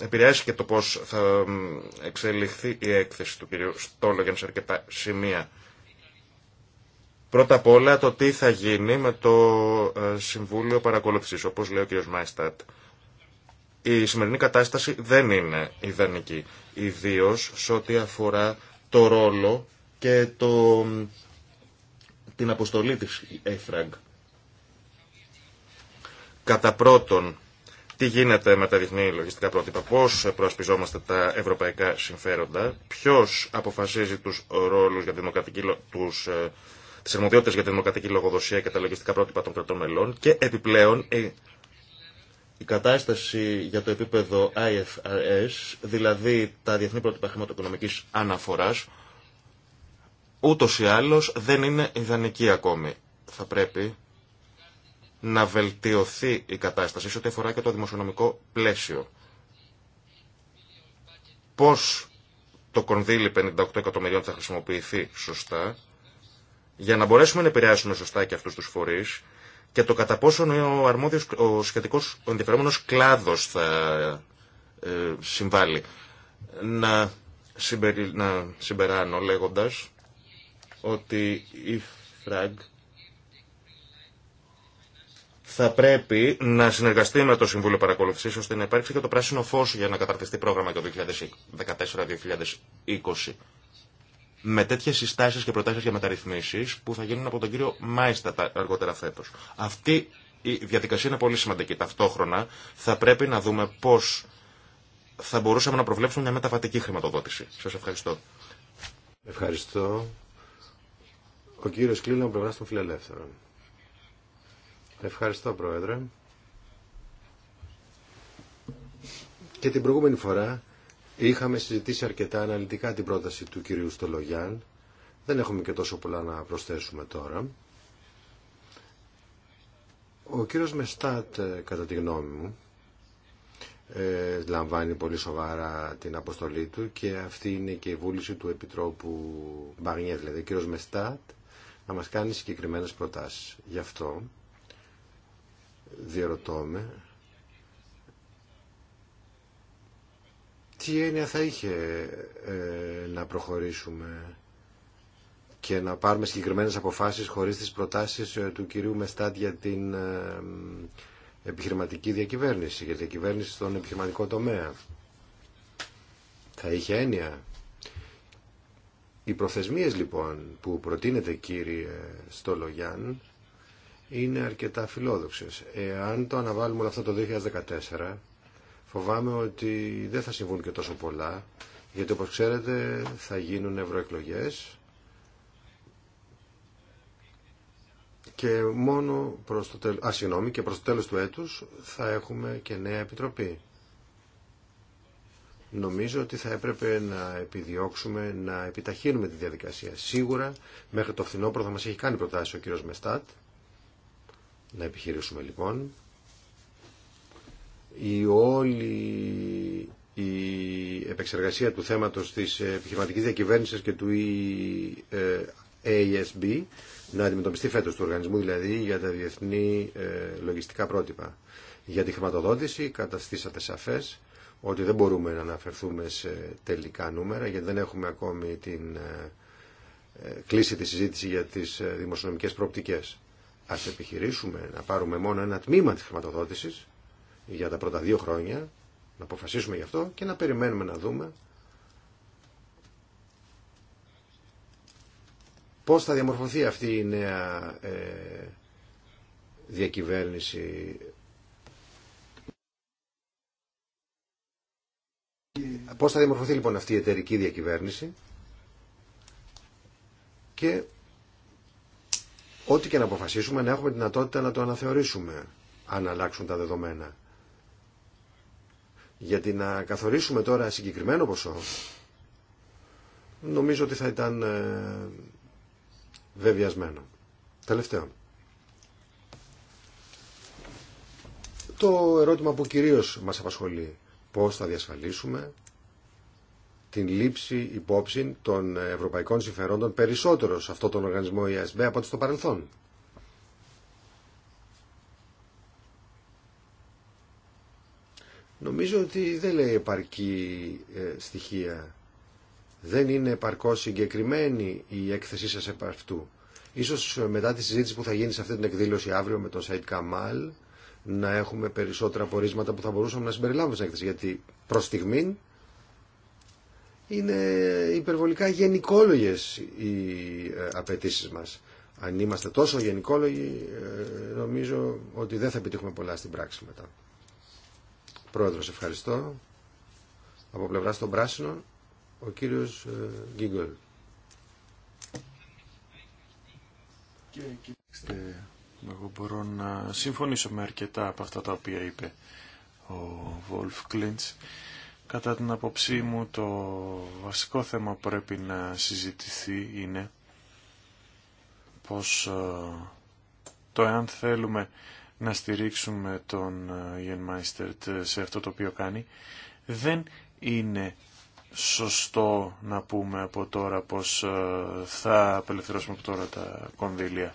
επηρεάσει και το πώς θα ε, εξελιχθεί η έκθεση του κυρίου Στόλογεν σε αρκετά σημεία. Πρώτα απ' όλα το τι θα γίνει με το ε, Συμβούλιο Παρακολούθησης, όπως λέει ο κ. Μάιστατ. Η σημερινή κατάσταση δεν είναι ιδανική, ιδίω σε ό,τι αφορά το ρόλο και το, την αποστολή της ΕΦΡΑΓ. Κατά πρώτον, τι γίνεται με τα διεθνή λογιστικά πρότυπα, πώς προασπιζόμαστε τα ευρωπαϊκά συμφέροντα, ποιος αποφασίζει τους ρόλους για δημοκρατική, τους ε, τι αρμοδιότητε για τη δημοκρατική λογοδοσία και τα λογιστικά πρότυπα των κρατών μελών και επιπλέον η, η κατάσταση για το επίπεδο IFRS, δηλαδή τα διεθνή πρότυπα χρηματοοικονομικής αναφοράς, ούτως ή άλλως δεν είναι ιδανική ακόμη. Θα πρέπει να βελτιωθεί η κατάσταση σε ό,τι αφορά και το δημοσιονομικό πλαίσιο. Πώς το κονδύλι 58 εκατομμυρίων θα χρησιμοποιηθεί σωστά για να μπορέσουμε να επηρεάσουμε σωστά και αυτού τους φορείς και το κατά πόσο ο αρμόδιος, ο σχετικός, ο ενδιαφερόμενος κλάδος θα ε, συμβάλλει. Να, να συμπεράνω λέγοντας ότι η ΦΡΑΓ θα πρέπει να συνεργαστεί με το Συμβούλιο Παρακολουθήσης ώστε να υπάρξει και το πράσινο φως για να καταρτιστεί πρόγραμμα το 2014-2020 με τέτοιε συστάσει και προτάσει για μεταρρυθμίσει που θα γίνουν από τον κύριο Μάιστα αργότερα φέτο. Αυτή η διαδικασία είναι πολύ σημαντική. Ταυτόχρονα θα πρέπει να δούμε πώ θα μπορούσαμε να προβλέψουμε μια μεταβατική χρηματοδότηση. Σα ευχαριστώ. Ευχαριστώ. Ο κύριο Κλήλων, πλευρά των Φιλελεύθερων. Ευχαριστώ, Πρόεδρε. Και την προηγούμενη φορά Είχαμε συζητήσει αρκετά αναλυτικά την πρόταση του κυρίου Στολογιάν. Δεν έχουμε και τόσο πολλά να προσθέσουμε τώρα. Ο κύριος Μεστάτ, ε, κατά τη γνώμη μου, ε, λαμβάνει πολύ σοβαρά την αποστολή του και αυτή είναι και η βούληση του Επιτρόπου Μπαγνιέ, δηλαδή ο κύριος Μεστάτ, να μας κάνει συγκεκριμένες προτάσεις. Γι' αυτό διαρωτώ με τι έννοια θα είχε ε, να προχωρήσουμε και να πάρουμε συγκεκριμένες αποφάσεις χωρίς τις προτάσεις ε, του κυρίου Μεστάτ για την ε, επιχειρηματική διακυβέρνηση, για την διακυβέρνηση στον επιχειρηματικό τομέα. Θα είχε έννοια. Οι προθεσμίες λοιπόν που προτείνεται κύριε Στολογιάν είναι αρκετά φιλόδοξες. Εάν το αναβάλουμε όλο αυτό το 2014 φοβάμαι ότι δεν θα συμβούν και τόσο πολλά, γιατί όπως ξέρετε θα γίνουν ευρωεκλογές και μόνο προς το, τελ... Α, και προς το τέλος του έτους θα έχουμε και νέα επιτροπή. Νομίζω ότι θα έπρεπε να επιδιώξουμε να επιταχύνουμε τη διαδικασία. Σίγουρα μέχρι το φθινόπωρο θα μας έχει κάνει προτάσει ο κύριος Μεστάτ. Να επιχειρήσουμε λοιπόν η όλη η επεξεργασία του θέματος της επιχειρηματικής διακυβέρνησης και του EASB ε, να αντιμετωπιστεί φέτος του οργανισμού δηλαδή για τα διεθνή ε, λογιστικά πρότυπα. Για τη χρηματοδότηση καταστήσατε σαφές ότι δεν μπορούμε να αναφερθούμε σε τελικά νούμερα γιατί δεν έχουμε ακόμη την ε, κλείσει τη συζήτηση για τις δημοσιονομικές προοπτικές. Ας επιχειρήσουμε να πάρουμε μόνο ένα τμήμα της χρηματοδότησης για τα πρώτα δύο χρόνια, να αποφασίσουμε γι' αυτό και να περιμένουμε να δούμε πώς θα διαμορφωθεί αυτή η νέα ε, διακυβέρνηση. Πώς θα διαμορφωθεί λοιπόν αυτή η εταιρική διακυβέρνηση και ό,τι και να αποφασίσουμε να έχουμε δυνατότητα να το αναθεωρήσουμε αν αλλάξουν τα δεδομένα. Γιατί να καθορίσουμε τώρα συγκεκριμένο ποσό, νομίζω ότι θα ήταν ε, βεβιασμένο. Τελευταίο. Το ερώτημα που κυρίως μας απασχολεί, πώς θα διασφαλίσουμε την λήψη υπόψη των ευρωπαϊκών συμφερόντων περισσότερο σε αυτόν τον οργανισμό ESB από ό,τι στο παρελθόν. Νομίζω ότι δεν λέει επαρκή ε, στοιχεία. Δεν είναι επαρκώς συγκεκριμένη η έκθεσή σας επ' αυτού. Ίσως ε, μετά τη συζήτηση που θα γίνει σε αυτή την εκδήλωση αύριο με τον Σαϊτ Καμάλ να έχουμε περισσότερα πορίσματα που θα μπορούσαμε να συμπεριλάβουμε στην έκθεση. Γιατί προς στιγμήν είναι υπερβολικά γενικόλογες οι ε, απαιτήσει μας. Αν είμαστε τόσο γενικόλογοι νομίζω ότι δεν θα επιτύχουμε πολλά στην πράξη μετά. Πρόεδρος, ευχαριστώ. Από πλευράς των Πράσινων, ο κύριος ε, Γκίγκολ. Και κοιτάξτε, εγώ μπορώ να συμφωνήσω με αρκετά από αυτά τα οποία είπε ο Βολφ Κλίντς. Κατά την απόψή μου το βασικό θέμα που πρέπει να συζητηθεί είναι πως ε, το εάν θέλουμε να στηρίξουμε τον ε, Ιεν Μάιστερτ ε, σε αυτό το οποίο κάνει. Δεν είναι σωστό να πούμε από τώρα πως ε, θα απελευθερώσουμε από τώρα τα κονδύλια.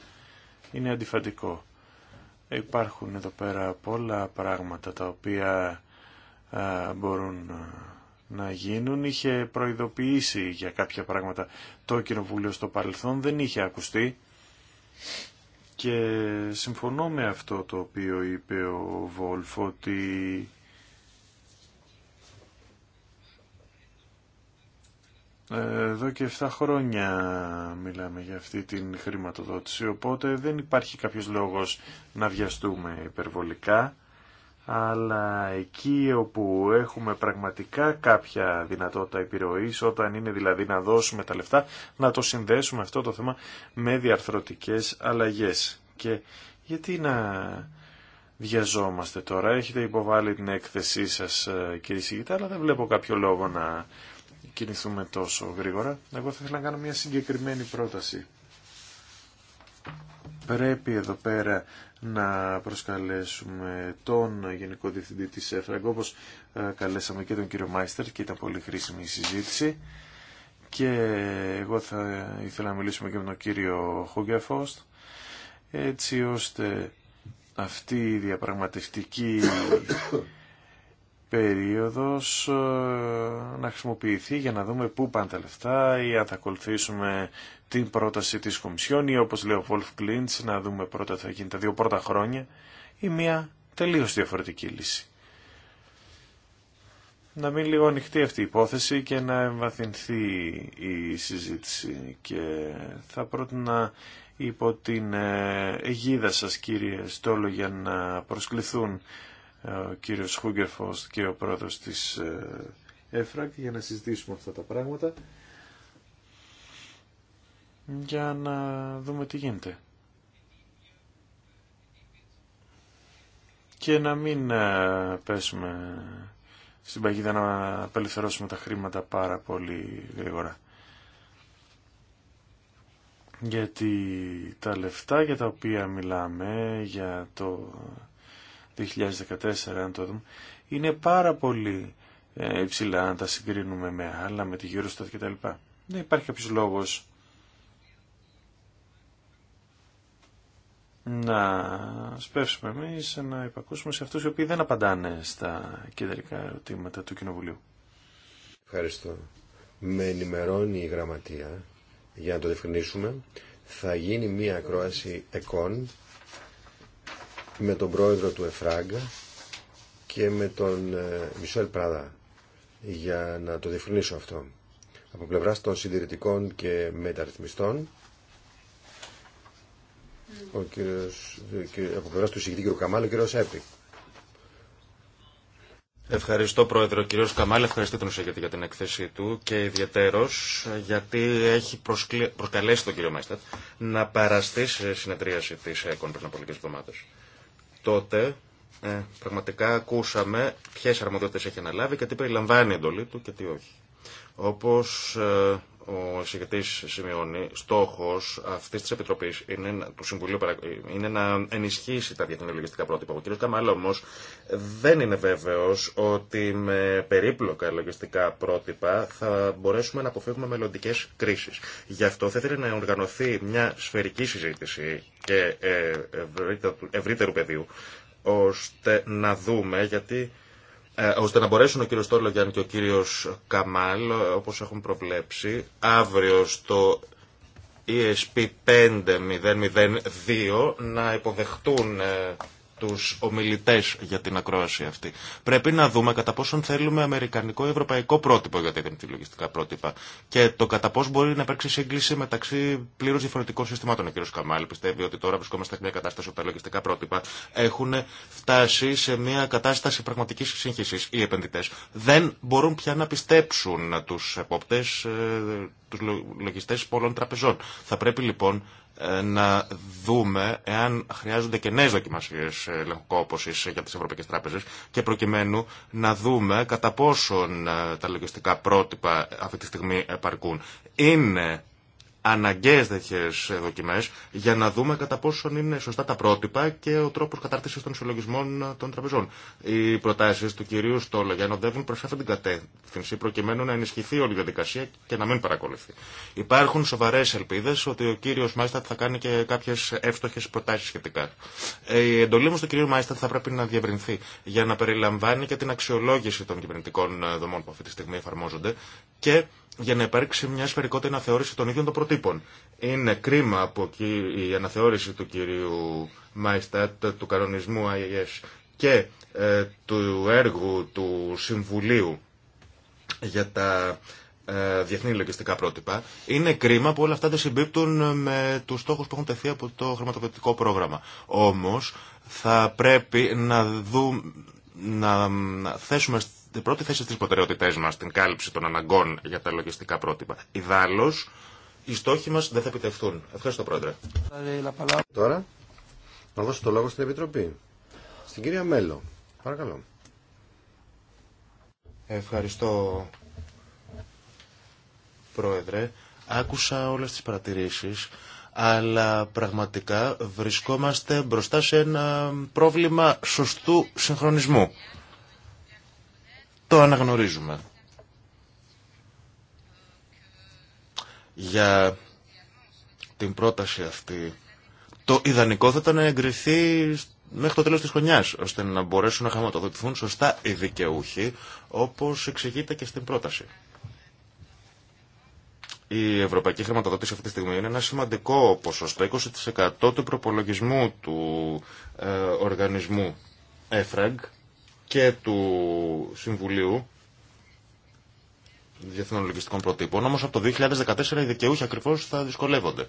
Είναι αντιφαντικό. Υπάρχουν εδώ πέρα πολλά πράγματα τα οποία μπορούν να γίνουν. Είχε προειδοποιήσει για κάποια πράγματα το Κοινοβούλιο στο παρελθόν, δεν είχε ακουστεί. Και συμφωνώ με αυτό το οποίο είπε ο Βόλφ, ότι ε, εδώ και 7 χρόνια μιλάμε για αυτή την χρηματοδότηση, οπότε δεν υπάρχει κάποιος λόγος να βιαστούμε υπερβολικά αλλά εκεί όπου έχουμε πραγματικά κάποια δυνατότητα επιρροής, όταν είναι δηλαδή να δώσουμε τα λεφτά, να το συνδέσουμε αυτό το θέμα με διαρθρωτικές αλλαγές. Και γιατί να βιαζόμαστε τώρα, έχετε υποβάλει την έκθεσή σας ε, κύριε Σιγητά, αλλά δεν βλέπω κάποιο λόγο να κινηθούμε τόσο γρήγορα. Εγώ θα ήθελα να κάνω μια συγκεκριμένη πρόταση πρέπει εδώ πέρα να προσκαλέσουμε τον Γενικό Διευθυντή της ΕΦΡΑΓΟ, όπως ε, καλέσαμε και τον κύριο Μάιστερ και ήταν πολύ χρήσιμη η συζήτηση. Και εγώ θα ήθελα να μιλήσουμε και με τον κύριο Χόγκεφόστ, έτσι ώστε αυτή η διαπραγματευτική περίοδος ε, να χρησιμοποιηθεί για να δούμε πού πάνε τα λεφτά ή αν θα ακολουθήσουμε την πρόταση της Κομισιόν ή όπως λέει ο Βολφ να δούμε πρώτα θα γίνει τα δύο πρώτα χρόνια ή μια τελείως διαφορετική λύση. Να μην λίγο ανοιχτεί αυτή η υπόθεση και να εμβαθυνθεί η συζήτηση και θα πρότεινα υπό την ε, αιγίδα σας κύριε Στόλο για να προσκληθούν ο κύριος Χούγκερφος και ο πρόεδρος της ΕΦΡΑΚ για να συζητήσουμε αυτά τα πράγματα για να δούμε τι γίνεται. Και να μην ε, πέσουμε στην παγίδα να απελευθερώσουμε τα χρήματα πάρα πολύ γρήγορα. Γιατί τα λεφτά για τα οποία μιλάμε, για το 2014 αν το δούμε, είναι πάρα πολύ ε, υψηλά αν τα συγκρίνουμε με άλλα, με τη Eurostat κτλ. Δεν ναι, υπάρχει κάποιο λόγος να σπεύσουμε εμείς να υπακούσουμε σε αυτούς οι οποίοι δεν απαντάνε στα κεντρικά ερωτήματα του Κοινοβουλίου. Ευχαριστώ. Με ενημερώνει η γραμματεία για να το διευκρινίσουμε. Θα γίνει μία ακρόαση εκών με τον πρόεδρο του ΕΦΡΑΓΚΑ και με τον ε, Μισελ Πράδα για να το διευκρινίσω αυτό. Από πλευρά των συντηρητικών και μεταρρυθμιστών, ο κύριος, από πλευρά του συγκεκριτή κ. Καμάλ, ο κύριος Έπη. Ευχαριστώ Πρόεδρο κύριος Καμάλ, ευχαριστώ τον συγκεκριτή για την εκθέσή του και ιδιαίτερος γιατί έχει προσκαλέσει τον κύριο Μέστατ να παραστεί σε συνεδρίαση της ΕΚΟΝ πριν από λίγες εβδομάδες τότε ε, πραγματικά ακούσαμε ποιε αρμοδιότητε έχει αναλάβει και τι περιλαμβάνει η εντολή του και τι όχι. Όπω ε, ο συγκεκριτή σημειώνει, στόχο αυτή τη Επιτροπή είναι, του Συμβουλίου είναι να ενισχύσει τα διεθνή λογιστικά πρότυπα. Ο κ. Καμάλ όμω δεν είναι βέβαιο ότι με περίπλοκα λογιστικά πρότυπα θα μπορέσουμε να αποφύγουμε μελλοντικέ κρίσει. Γι' αυτό θα ήθελε να οργανωθεί μια σφαιρική συζήτηση και ε, ευρύτερου πεδίου ώστε να δούμε γιατί ε, ώστε να μπορέσουν ο κύριος Τόρλογιαν και ο κύριος Καμάλ, όπως έχουν προβλέψει, αύριο στο ESP 5002 να υποδεχτούν ε, τους ομιλητές για την ακρόαση αυτή. Πρέπει να δούμε κατά πόσον θέλουμε αμερικανικό ευρωπαϊκό πρότυπο για τα λογιστικά πρότυπα και το κατά πώς μπορεί να υπάρξει σύγκληση μεταξύ πλήρως διαφορετικών συστημάτων. Ο κ. Καμάλ πιστεύει ότι τώρα βρισκόμαστε σε μια κατάσταση όπου τα λογιστικά πρότυπα έχουν φτάσει σε μια κατάσταση πραγματικής σύγχυσης. Οι επενδυτές δεν μπορούν πια να πιστέψουν τους επόπτες, ε, τους λογιστέ πολλών τραπεζών. Θα πρέπει λοιπόν ε, να δούμε εάν χρειάζονται και νέε δοκιμασίε ε, λεγκόπωση ε, για τι Ευρωπαϊκέ Τράπεζε και προκειμένου να δούμε κατά πόσον τα λογιστικά πρότυπα αυτή τη στιγμή επαρκούν. Είναι αναγκαίε τέτοιε δοκιμέ για να δούμε κατά πόσον είναι σωστά τα πρότυπα και ο τρόπο κατάρτιση των συλλογισμών των τραπεζών. Οι προτάσει του κυρίου να οδεύουν προ αυτή την κατεύθυνση προκειμένου να ενισχυθεί όλη η διαδικασία και να μην παρακολουθεί. Υπάρχουν σοβαρέ ελπίδε ότι ο κύριο Μάιστατ θα κάνει και κάποιε εύστοχε προτάσει σχετικά. Ε, η εντολή μου στον κύριο Μάιστατ θα πρέπει να διευρυνθεί για να περιλαμβάνει και την αξιολόγηση των κυβερνητικών δομών που αυτή τη στιγμή εφαρμόζονται και για να υπάρξει μια σφαιρικότητα αναθεώρηση των ίδιων των προτύπων. Είναι κρίμα που η αναθεώρηση του κυρίου Μάιστατ, του κανονισμού ΑΕΣ και ε, του έργου του Συμβουλίου για τα ε, διεθνή λογιστικά πρότυπα, είναι κρίμα που όλα αυτά δεν συμπίπτουν με τους στόχους που έχουν τεθεί από το χρηματοδοτικό πρόγραμμα. Όμως θα πρέπει να, δούμε να θέσουμε την πρώτη θέση στι προτεραιότητέ μα την κάλυψη των αναγκών για τα λογιστικά πρότυπα. Ιδάλω, οι στόχοι μα δεν θα επιτευχθούν. Ευχαριστώ, Πρόεδρε. Τώρα, να δώσω το λόγο στην Επιτροπή. Στην κυρία Μέλλο. Παρακαλώ. Ευχαριστώ, Πρόεδρε. Άκουσα όλες τις παρατηρήσεις αλλά πραγματικά βρισκόμαστε μπροστά σε ένα πρόβλημα σωστού συγχρονισμού. Το αναγνωρίζουμε. Για την πρόταση αυτή, το ιδανικό θα ήταν να εγκριθεί μέχρι το τέλος της χρονιάς, ώστε να μπορέσουν να χρηματοδοτηθούν σωστά οι δικαιούχοι, όπως εξηγείται και στην πρόταση. Η ευρωπαϊκή χρηματοδότηση αυτή τη στιγμή είναι ένα σημαντικό ποσοστό, 20% του προπολογισμού του ε, οργανισμού Efrag και του Συμβουλίου Διεθνών Λογιστικών Προτύπων, όμως από το 2014 οι δικαιούχοι ακριβώς θα δυσκολεύονται.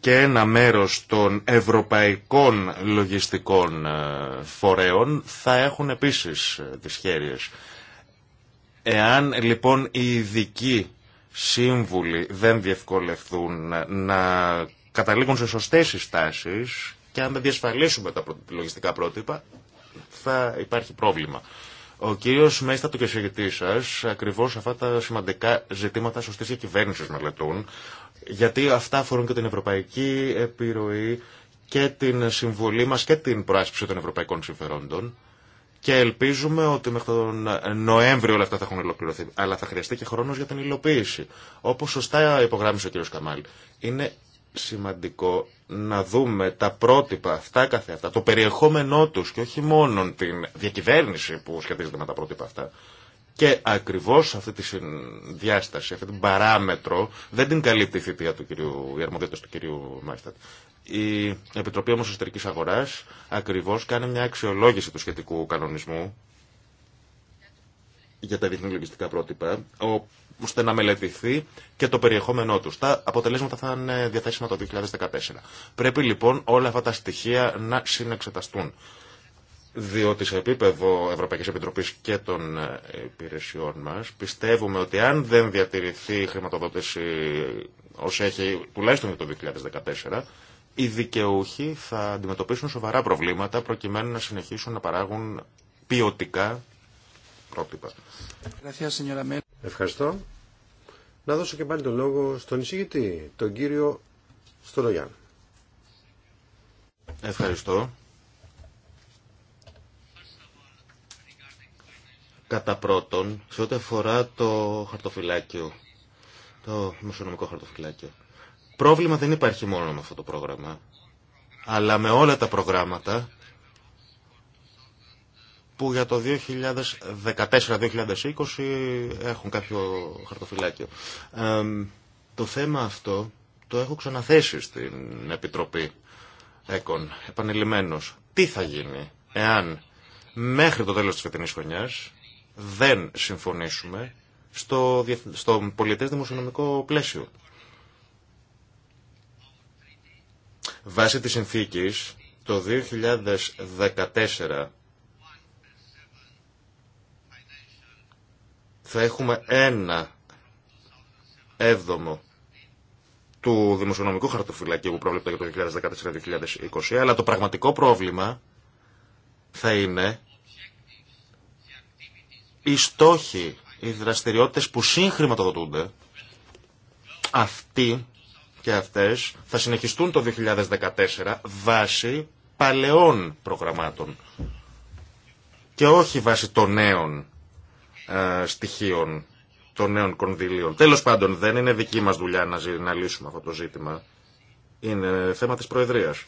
και ένα μέρος των ευρωπαϊκών λογιστικών ε, φορέων θα έχουν επίσης ε, τις χέρειες. Εάν λοιπόν οι ειδικοί σύμβουλοι δεν διευκολευθούν να καταλήγουν σε σωστές συστάσεις και αν δεν διασφαλίσουμε τα λογιστικά πρότυπα θα υπάρχει πρόβλημα. Ο κύριο Μέστα και ο συγκεκριτή σα ακριβώ αυτά τα σημαντικά ζητήματα σωστή διακυβέρνηση μελετούν, γιατί αυτά αφορούν και την ευρωπαϊκή επιρροή και την συμβολή μα και την προάσπιση των ευρωπαϊκών συμφερόντων και ελπίζουμε ότι μέχρι τον Νοέμβριο όλα αυτά θα έχουν ολοκληρωθεί. Αλλά θα χρειαστεί και χρόνο για την υλοποίηση. Όπω σωστά υπογράμμισε ο κ. Καμάλ, είναι σημαντικό να δούμε τα πρότυπα αυτά καθε το περιεχόμενό του και όχι μόνο την διακυβέρνηση που σχετίζεται με τα πρότυπα αυτά. Και ακριβώ αυτή τη διάσταση, αυτή την παράμετρο, δεν την καλύπτει η θητεία του κ. του Μάιστατ. Η Επιτροπή όμως Εσωτερικής Αγοράς ακριβώς κάνει μια αξιολόγηση του σχετικού κανονισμού για τα διεθνή λογιστικά πρότυπα, ώστε να μελετηθεί και το περιεχόμενό του. Τα αποτελέσματα θα είναι διαθέσιμα το 2014. Πρέπει λοιπόν όλα αυτά τα στοιχεία να συνεξεταστούν. Διότι σε επίπεδο Ευρωπαϊκή Επιτροπή και των ε, υπηρεσιών μα πιστεύουμε ότι αν δεν διατηρηθεί η χρηματοδότηση ω έχει τουλάχιστον το 2014, οι δικαιούχοι θα αντιμετωπίσουν σοβαρά προβλήματα προκειμένου να συνεχίσουν να παράγουν ποιοτικά πρότυπα. Ευχαριστώ. Να δώσω και πάλι τον λόγο στον εισηγητή, τον κύριο Στολογιάν. Ευχαριστώ. Κατά πρώτον, σε ό,τι αφορά το χαρτοφυλάκιο, το μεσονομικό χαρτοφυλάκιο. Πρόβλημα δεν υπάρχει μόνο με αυτό το πρόγραμμα, αλλά με όλα τα προγράμματα που για το 2014-2020 έχουν κάποιο χαρτοφυλάκιο. το θέμα αυτό το έχω ξαναθέσει στην Επιτροπή ΕΚΟΝ, επανειλημμένος. Τι θα γίνει εάν μέχρι το τέλος της φετινής χρονιάς δεν συμφωνήσουμε στο, στο πολιτές δημοσιονομικό πλαίσιο. Βάσει της συνθήκης, το 2014 θα έχουμε ένα έβδομο του δημοσιονομικού χαρτοφυλακίου που προβλέπεται για το 2014-2020, αλλά το πραγματικό πρόβλημα θα είναι οι στόχοι, οι δραστηριότητες που συγχρηματοδοτούνται, αυτοί και αυτές θα συνεχιστούν το 2014 βάσει παλαιών προγραμμάτων και όχι βάσει των νέων ε, στοιχείων, των νέων κονδυλίων. Τέλος πάντων, δεν είναι δική μας δουλειά να, να λύσουμε αυτό το ζήτημα. Είναι θέμα της Προεδρίας.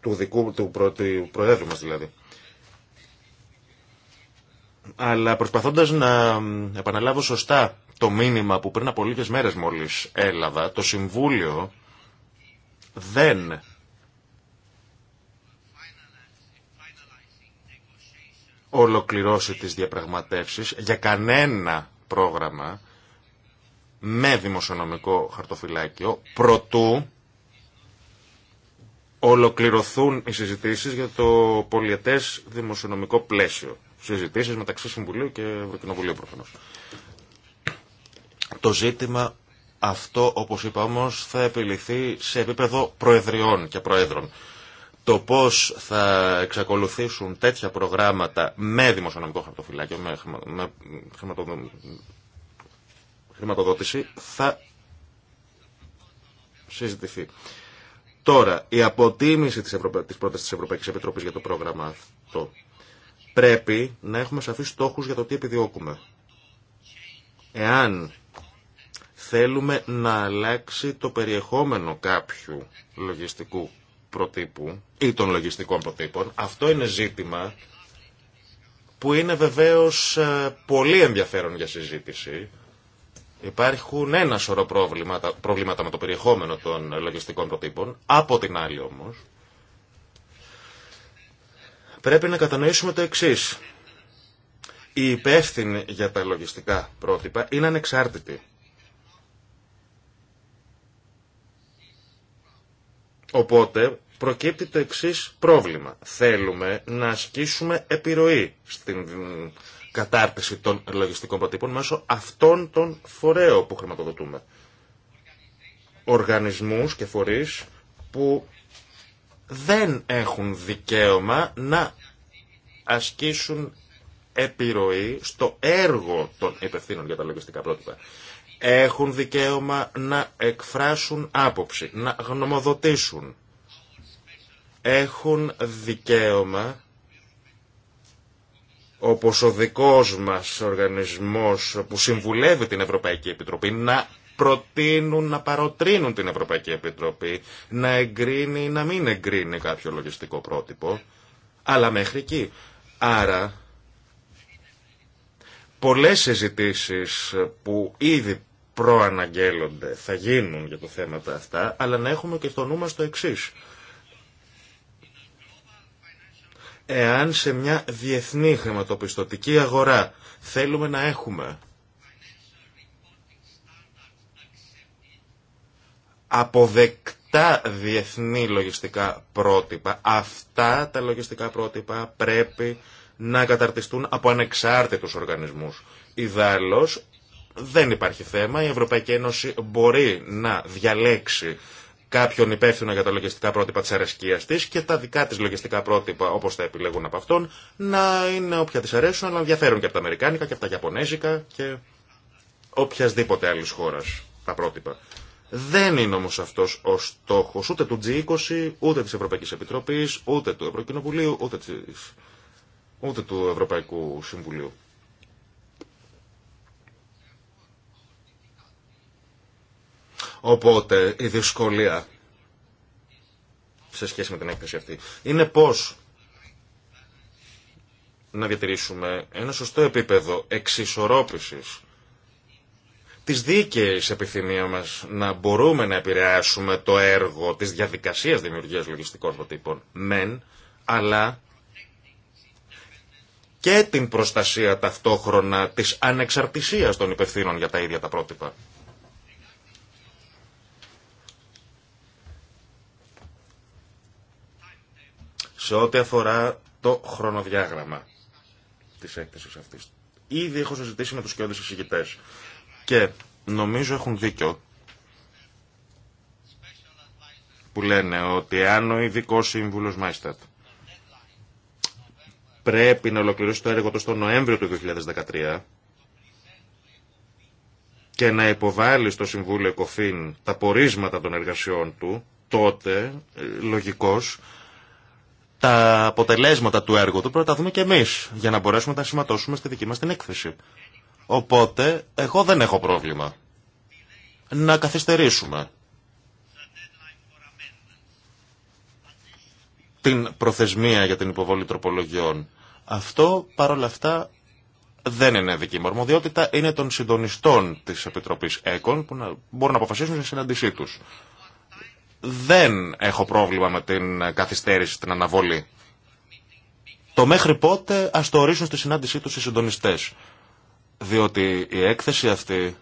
Του, δικού, του, προ, του Προέδρου μας δηλαδή. Αλλά προσπαθώντας να επαναλάβω σωστά το μήνυμα που πριν από λίγες μέρες μόλις έλαβα, το Συμβούλιο δεν ολοκληρώσει τις διαπραγματεύσεις για κανένα πρόγραμμα με δημοσιονομικό χαρτοφυλάκιο προτού ολοκληρωθούν οι συζητήσεις για το πολιετές δημοσιονομικό πλαίσιο. Συζητήσεις μεταξύ Συμβουλίου και Ευρωκοινοβουλίου προφανώς. Το ζήτημα αυτό, όπως είπα όμως, θα επιληθεί σε επίπεδο προεδριών και προέδρων. Το πώς θα εξακολουθήσουν τέτοια προγράμματα με δημοσιονομικό χαρτοφυλάκιο, με, χρηματοδότηση, θα συζητηθεί. Τώρα, η αποτίμηση της, Ευρωπα... της της Ευρωπαϊκής Επιτροπής για το πρόγραμμα αυτό. Πρέπει να έχουμε σαφείς στόχους για το τι επιδιώκουμε. Εάν θέλουμε να αλλάξει το περιεχόμενο κάποιου λογιστικού προτύπου ή των λογιστικών προτύπων. Αυτό είναι ζήτημα που είναι βεβαίως ε, πολύ ενδιαφέρον για συζήτηση. Υπάρχουν ένα σωρό προβλήματα, προβλήματα με το περιεχόμενο των λογιστικών προτύπων. Από την άλλη όμως, πρέπει να κατανοήσουμε το εξής. Οι υπεύθυνοι για τα λογιστικά πρότυπα είναι ανεξάρτητοι. Οπότε προκύπτει το εξής πρόβλημα. Θέλουμε να ασκήσουμε επιρροή στην κατάρτιση των λογιστικών προτύπων μέσω αυτών των φορέων που χρηματοδοτούμε. Οργανισμούς και φορείς που δεν έχουν δικαίωμα να ασκήσουν επιρροή στο έργο των υπευθύνων για τα λογιστικά πρότυπα έχουν δικαίωμα να εκφράσουν άποψη, να γνωμοδοτήσουν. Έχουν δικαίωμα, όπως ο δικός μας οργανισμός που συμβουλεύει την Ευρωπαϊκή Επιτροπή, να προτείνουν, να παροτρύνουν την Ευρωπαϊκή Επιτροπή, να εγκρίνει ή να μην εγκρίνει κάποιο λογιστικό πρότυπο, αλλά μέχρι εκεί. Άρα, πολλές συζητήσει που ήδη προαναγγέλλονται, θα γίνουν για το τα αυτά, αλλά να έχουμε και στο νου μας το εξής. Εάν σε μια διεθνή χρηματοπιστωτική αγορά θέλουμε να έχουμε αποδεκτά διεθνή λογιστικά πρότυπα, αυτά τα λογιστικά πρότυπα πρέπει να καταρτιστούν από ανεξάρτητους οργανισμούς. Ιδάλλως δεν υπάρχει θέμα. Η Ευρωπαϊκή Ένωση μπορεί να διαλέξει κάποιον υπεύθυνο για τα λογιστικά πρότυπα τη αρεσκία τη και τα δικά τη λογιστικά πρότυπα, όπω τα επιλέγουν από αυτόν, να είναι όποια τη αρέσουν, αλλά να και από τα Αμερικάνικα και από τα Ιαπωνέζικα και οποιασδήποτε άλλη χώρα τα πρότυπα. Δεν είναι όμω αυτό ο στόχο ούτε του G20, ούτε τη Ευρωπαϊκή Επιτροπή, ούτε του Ευρωκοινοβουλίου, ούτε, της... ούτε του Ευρωπαϊκού Συμβουλίου. Οπότε η δυσκολία σε σχέση με την έκθεση αυτή είναι πώς να διατηρήσουμε ένα σωστό επίπεδο εξισορρόπησης της δίκαιης επιθυμία μας να μπορούμε να επηρεάσουμε το έργο της διαδικασίας δημιουργίας λογιστικών προτύπων μεν, αλλά και την προστασία ταυτόχρονα της ανεξαρτησίας των υπευθύνων για τα ίδια τα πρότυπα. σε ό,τι αφορά το χρονοδιάγραμμα της έκθεση αυτή. Ήδη έχω συζητήσει με τους κοιόντες εισηγητές και νομίζω έχουν δίκιο που λένε ότι αν ο ειδικό σύμβουλο Μάιστατ πρέπει να ολοκληρώσει το έργο του στο Νοέμβριο του 2013 και να υποβάλει στο Συμβούλιο Εκοφήν τα πορίσματα των εργασιών του, τότε, ε, λογικός, τα αποτελέσματα του έργου του πρέπει να τα δούμε και εμείς για να μπορέσουμε να τα σηματώσουμε στη δική μας την έκθεση. Οπότε εγώ δεν έχω πρόβλημα να καθυστερήσουμε την προθεσμία για την υποβολή τροπολογιών. Αυτό παρόλα αυτά δεν είναι δική μου αρμοδιότητα, είναι των συντονιστών της Επιτροπής ΕΚΟΝ που μπορούν να αποφασίσουν σε συνάντησή τους δεν έχω πρόβλημα με την καθυστέρηση, την αναβολή. Το μέχρι πότε ας το ορίσουν στη συνάντησή τους οι συντονιστές. Διότι η έκθεση αυτή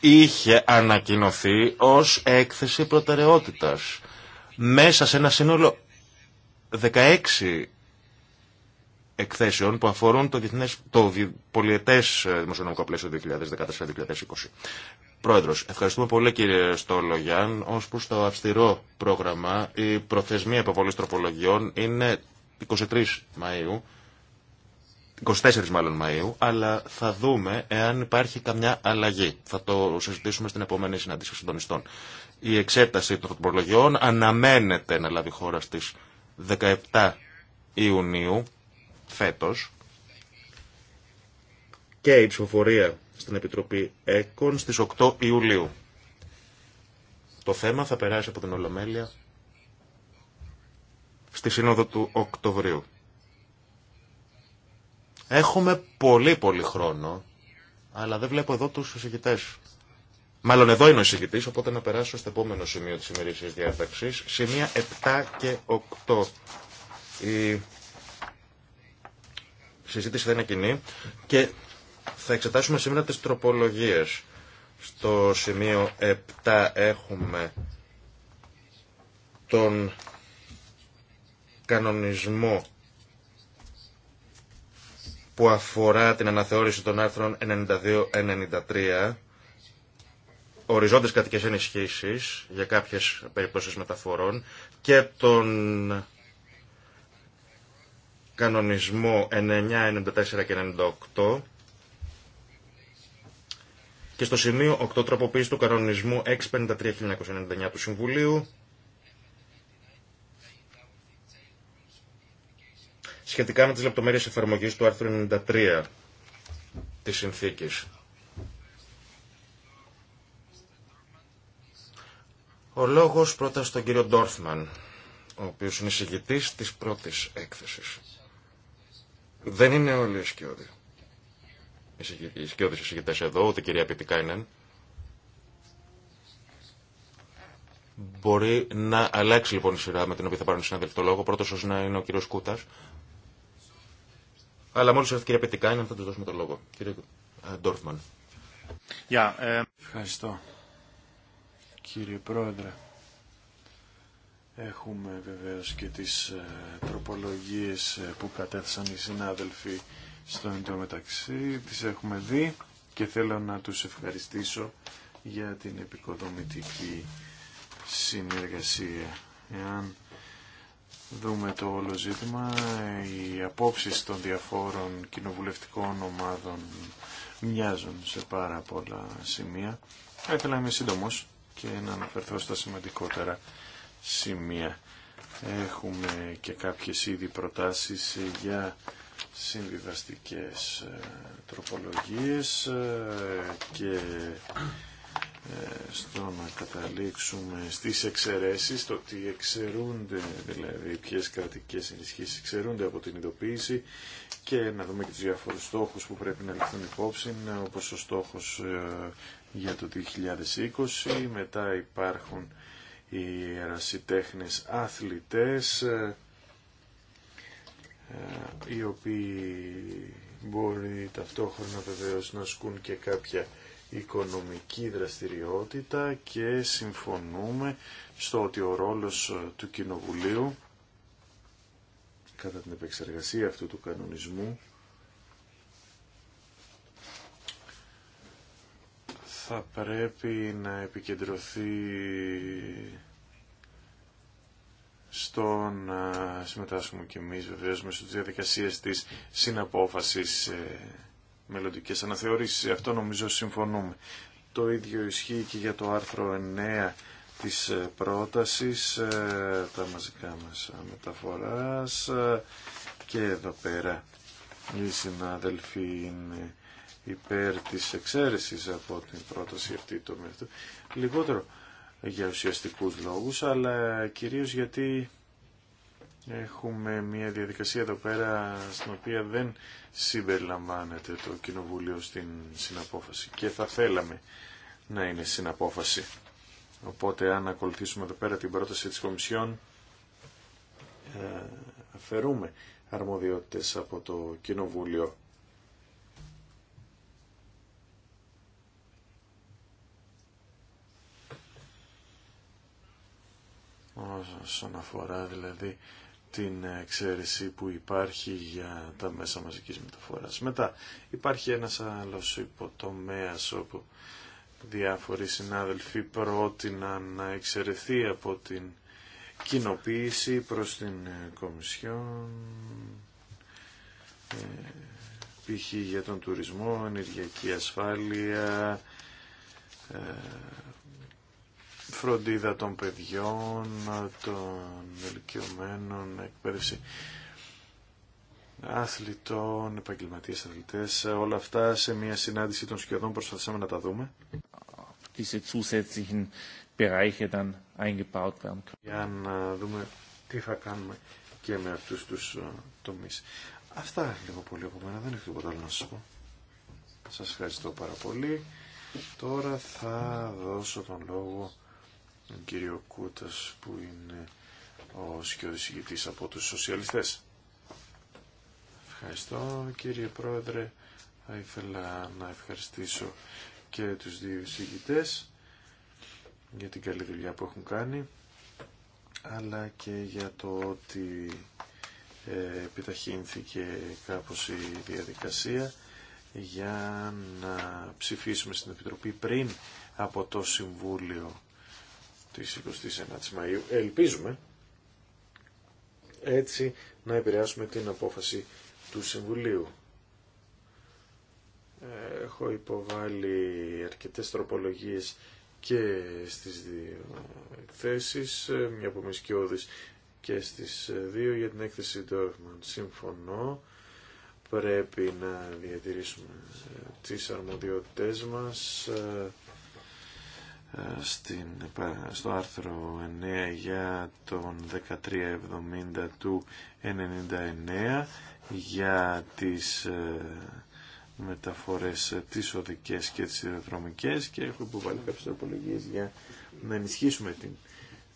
είχε ανακοινωθεί ως έκθεση προτεραιότητας μέσα σε ένα σύνολο 16 εκθέσεων που αφορούν το, διεθνές, το πολιετές ε, δημοσιονομικό πλαίσιο 2014-2020. Πρόεδρος, ευχαριστούμε πολύ κύριε Στολογιάν. Ως προ το αυστηρό πρόγραμμα, η προθεσμία υποβολή τροπολογιών είναι 23 Μαΐου, 24 μάλλον Μαΐου, αλλά θα δούμε εάν υπάρχει καμιά αλλαγή. Θα το συζητήσουμε στην επόμενη συνάντηση συντονιστών. Η εξέταση των τροπολογιών αναμένεται να λάβει χώρα στις 17 Ιουνίου φέτος και η ψηφοφορία στην Επιτροπή ΕΚΟΝ στις 8 Ιουλίου. Το θέμα θα περάσει από την Ολομέλεια στη Σύνοδο του Οκτωβρίου. Έχουμε πολύ πολύ χρόνο, αλλά δεν βλέπω εδώ τους συζητητές. Μάλλον εδώ είναι ο εισηγητή, οπότε να περάσω στο επόμενο σημείο τη ημερήσια σε σημεία 7 και 8. Η συζήτηση θα είναι κοινή και θα εξετάσουμε σήμερα τις τροπολογίες. Στο σημείο 7 έχουμε τον κανονισμό που αφορά την αναθεώρηση των άρθρων 92-93 οριζόντες κατοικές ενισχύσεις για κάποιες περιπτώσεις μεταφορών και τον κανονισμό 994 και 98 και στο σημείο 8 τροποποίηση του κανονισμού 653-1999 του Συμβουλίου σχετικά με τις λεπτομέρειες εφαρμογής του άρθρου 93 της συνθήκης. Ο λόγος πρώτα στον κύριο Ντόρφμαν, ο οποίος είναι συγγητής της πρώτης έκθεσης. Δεν είναι όλοι οι σκιώδοι. Οι σκιώδεις εισηγητές εδώ, ούτε η κυρία Πιτικάινεν. Μπορεί να αλλάξει λοιπόν η σειρά με την οποία θα πάρουν οι συνάδελφοι το λόγο. Πρώτος ως να είναι ο κύριος Κούτας. Αλλά μόλις έρθει η κυρία Πιτικάινεν θα τους δώσουμε το λόγο. Κύριε ε, Ντόρφμαν. Yeah, uh... Ευχαριστώ. Κύριε Πρόεδρε. Έχουμε βεβαίως και τις ε, τροπολογίες ε, που κατέθεσαν οι συνάδελφοι στο εντωμεταξύ. Τις έχουμε δει και θέλω να τους ευχαριστήσω για την επικοδομητική συνεργασία. Εάν δούμε το όλο ζήτημα, οι απόψεις των διαφόρων κοινοβουλευτικών ομάδων μοιάζουν σε πάρα πολλά σημεία. Θα ήθελα να είμαι σύντομος και να αναφερθώ στα σημαντικότερα σημεία. Έχουμε και κάποιες ήδη προτάσεις για συμβιβαστικές ε, τροπολογίες ε, και ε, στο να καταλήξουμε στις εξαιρέσεις, το ότι εξαιρούνται, δηλαδή ποιες κρατικές ενισχύσεις εξαιρούνται από την ειδοποίηση και να δούμε και τους διαφορούς στόχους που πρέπει να ληφθούν υπόψη, όπως ο στόχος για το 2020, μετά υπάρχουν οι ερασιτέχνες αθλητές ε, ε, οι οποίοι μπορεί ταυτόχρονα βεβαίως να ασκούν και κάποια οικονομική δραστηριότητα και συμφωνούμε στο ότι ο ρόλος του Κοινοβουλίου κατά την επεξεργασία αυτού του κανονισμού θα πρέπει να επικεντρωθεί στο να συμμετάσχουμε και εμείς βεβαίως με στις διαδικασίες της συναπόφασης μελωδικές μελλοντικές αναθεωρήσεις. Αυτό νομίζω συμφωνούμε. Το ίδιο ισχύει και για το άρθρο 9 της ε, πρότασης, ε, τα μαζικά μας μεταφοράς ε, και εδώ πέρα οι συνάδελφοι είναι υπέρ της εξαίρεσης από την πρόταση αυτή του Λιγότερο για ουσιαστικούς λόγους, αλλά κυρίως γιατί έχουμε μια διαδικασία εδώ πέρα στην οποία δεν συμπεριλαμβάνεται το Κοινοβούλιο στην συναπόφαση και θα θέλαμε να είναι συναπόφαση. Οπότε αν ακολουθήσουμε εδώ πέρα την πρόταση της Κομισιόν ε, αφαιρούμε αρμοδιότητες από το Κοινοβούλιο όσον αφορά δηλαδή την εξαίρεση που υπάρχει για τα μέσα μαζικής μεταφοράς. Μετά υπάρχει ένας άλλος υποτομέας όπου διάφοροι συνάδελφοι πρότειναν να εξαιρεθεί από την κοινοποίηση προς την ε, Κομισιόν ε, π.χ. για τον τουρισμό, ενεργειακή ασφάλεια, ε, φροντίδα των παιδιών, των ηλικιωμένων, εκπαίδευση αθλητών, επαγγελματίες αθλητές, όλα αυτά σε μια συνάντηση των σχεδόν προσπαθήσαμε να τα δούμε. Για να δούμε τι θα κάνουμε και με αυτούς τους ε, τομείς. Αυτά λίγο πολύ από μένα, δεν έχω τίποτα άλλο να σας πω. Σας ευχαριστώ πάρα πολύ. Τώρα θα δώσω τον λόγο τον κύριο Κούτας που είναι ο σκιοδησηγητής από τους σοσιαλιστές. Ευχαριστώ κύριε Πρόεδρε. Θα ήθελα να ευχαριστήσω και τους δύο εισηγητές για την καλή δουλειά που έχουν κάνει αλλά και για το ότι ε, επιταχύνθηκε κάπως η διαδικασία για να ψηφίσουμε στην Επιτροπή πριν από το Συμβούλιο της 29ης Μαΐου. Ελπίζουμε έτσι να επηρεάσουμε την απόφαση του Συμβουλίου. Έχω υποβάλει αρκετές τροπολογίες και στις δύο εκθέσεις, μια από είμαι και στις δύο για την έκθεση Dorfman. Συμφωνώ, πρέπει να διατηρήσουμε τις αρμοδιότητές μας ε, ε, στην, στο άρθρο 9 για τον 1370 του 99 για τις ε, μεταφορές ε, τις οδικές και τις ιδεοδρομικές και έχω υποβάλει κάποιες τροπολογίες για να ενισχύσουμε την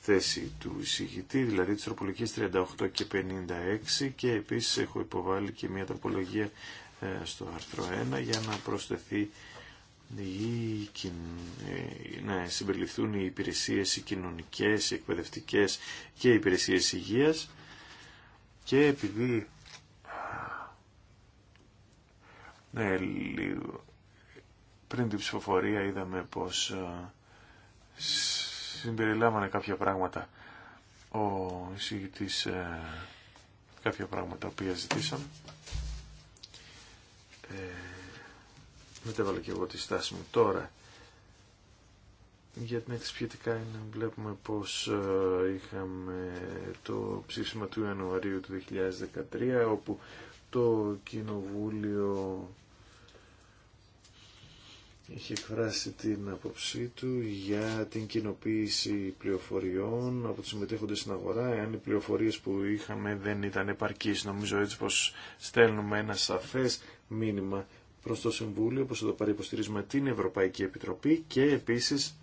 θέση του εισηγητή, δηλαδή τις τροπολογίες 38 και 56 και επίσης έχω υποβάλει και μια τροπολογία στο άρθρο 1 για να προσθεθεί ε, να συμπεριληφθούν οι υπηρεσίες οι κοινωνικές, οι εκπαιδευτικές και οι υπηρεσίες υγείας και επειδή ναι, λίγο, πριν την ψηφοφορία είδαμε πως ε, συμπεριλάμβανε κάποια πράγματα ο εισηγητής κάποια πράγματα οποία ζητήσαμε μετέβαλα και εγώ τη στάση μου τώρα για την εξυπηρετικά είναι βλέπουμε πως ε, είχαμε το ψήφισμα του Ιανουαρίου του 2013 όπου το Κοινοβούλιο είχε εκφράσει την άποψή του για την κοινοποίηση πληροφοριών από τους συμμετέχοντες στην αγορά, εάν οι πληροφορίες που είχαμε δεν ήταν επαρκείς. Νομίζω έτσι πως στέλνουμε ένα σαφές μήνυμα προς το Συμβούλιο, όπως εδώ πάρει, υποστηρίζουμε την Ευρωπαϊκή Επιτροπή και επίσης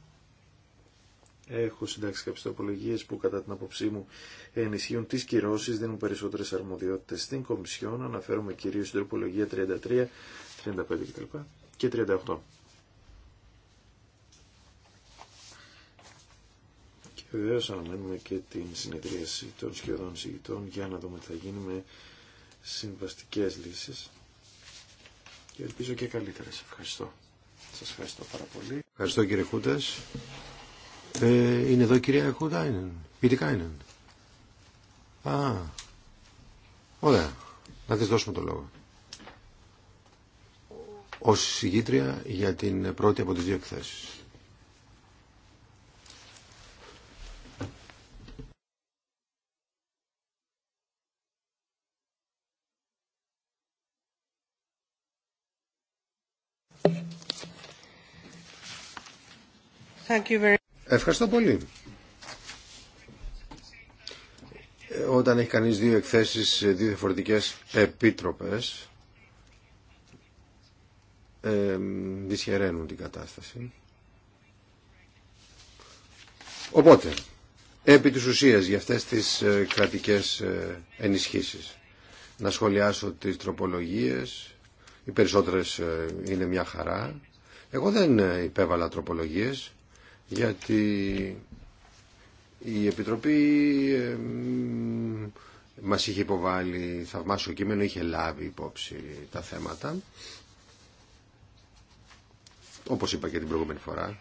έχω συντάξει κάποιες τροπολογίες που κατά την απόψή μου ενισχύουν τις κυρώσεις, δίνουν περισσότερες αρμοδιότητες στην Κομισιόν, αναφέρομαι κυρίως στην τροπολογία 33, 35 κτλ. και 38. Και βεβαίω αναμένουμε και την συνεδρίαση των σχεδόν συγητών για να δούμε τι θα γίνει με συμβαστικές λύσεις και ελπίζω και καλύτερες. Ευχαριστώ. Σας ευχαριστώ πάρα πολύ. Ευχαριστώ κύριε Χούντας. Ε, είναι εδώ η κυρία Χούντα, είναι. Α, ωραία. Να της δώσουμε το λόγο. Ως συγκήτρια για την πρώτη από τις δύο εκθέσεις. Ευχαριστώ πολύ. Όταν έχει κανείς δύο εκθέσεις, δύο διαφορετικές επίτροπες, ε, δυσχεραίνουν την κατάσταση. Οπότε, επί της ουσίας για αυτές τις ε, κρατικές ε, ενισχύσεις, να σχολιάσω τις τροπολογίες, οι περισσότερες ε, είναι μια χαρά. Εγώ δεν υπέβαλα τροπολογίες, γιατί η Επιτροπή μας είχε υποβάλει θαυμάσιο κείμενο, είχε λάβει υπόψη τα θέματα, όπως είπα και την προηγούμενη φορά.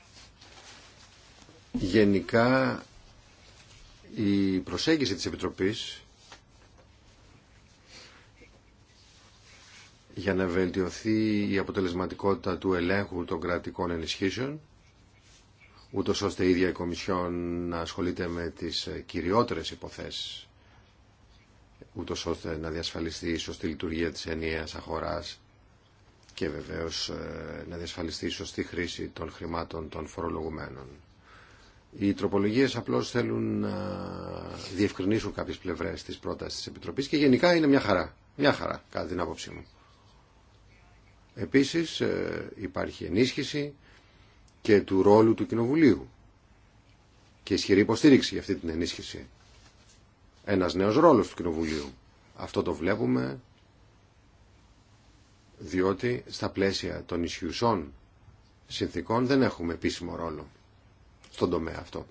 Γενικά η προσέγγιση της Επιτροπής για να βελτιωθεί η αποτελεσματικότητα του ελέγχου των κρατικών ενισχύσεων ούτως ώστε η ίδια η Κομισιόν να ασχολείται με τις κυριότερες υποθέσεις, ούτως ώστε να διασφαλιστεί η σωστή λειτουργία της ενιαία αγορά και βεβαίως ε, να διασφαλιστεί η σωστή χρήση των χρημάτων των φορολογουμένων. Οι τροπολογίε απλώς θέλουν να διευκρινίσουν κάποιε πλευρές της πρόταση τη Επιτροπή και γενικά είναι μια χαρά. Μια χαρά, κατά την άποψή μου. Επίσης ε, υπάρχει ενίσχυση και του ρόλου του Κοινοβουλίου και ισχυρή υποστήριξη για αυτή την ενίσχυση. Ένα νέο ρόλο του Κοινοβουλίου. Αυτό το βλέπουμε διότι στα πλαίσια των ισχυουσών συνθήκων δεν έχουμε επίσημο ρόλο στον τομέα αυτό.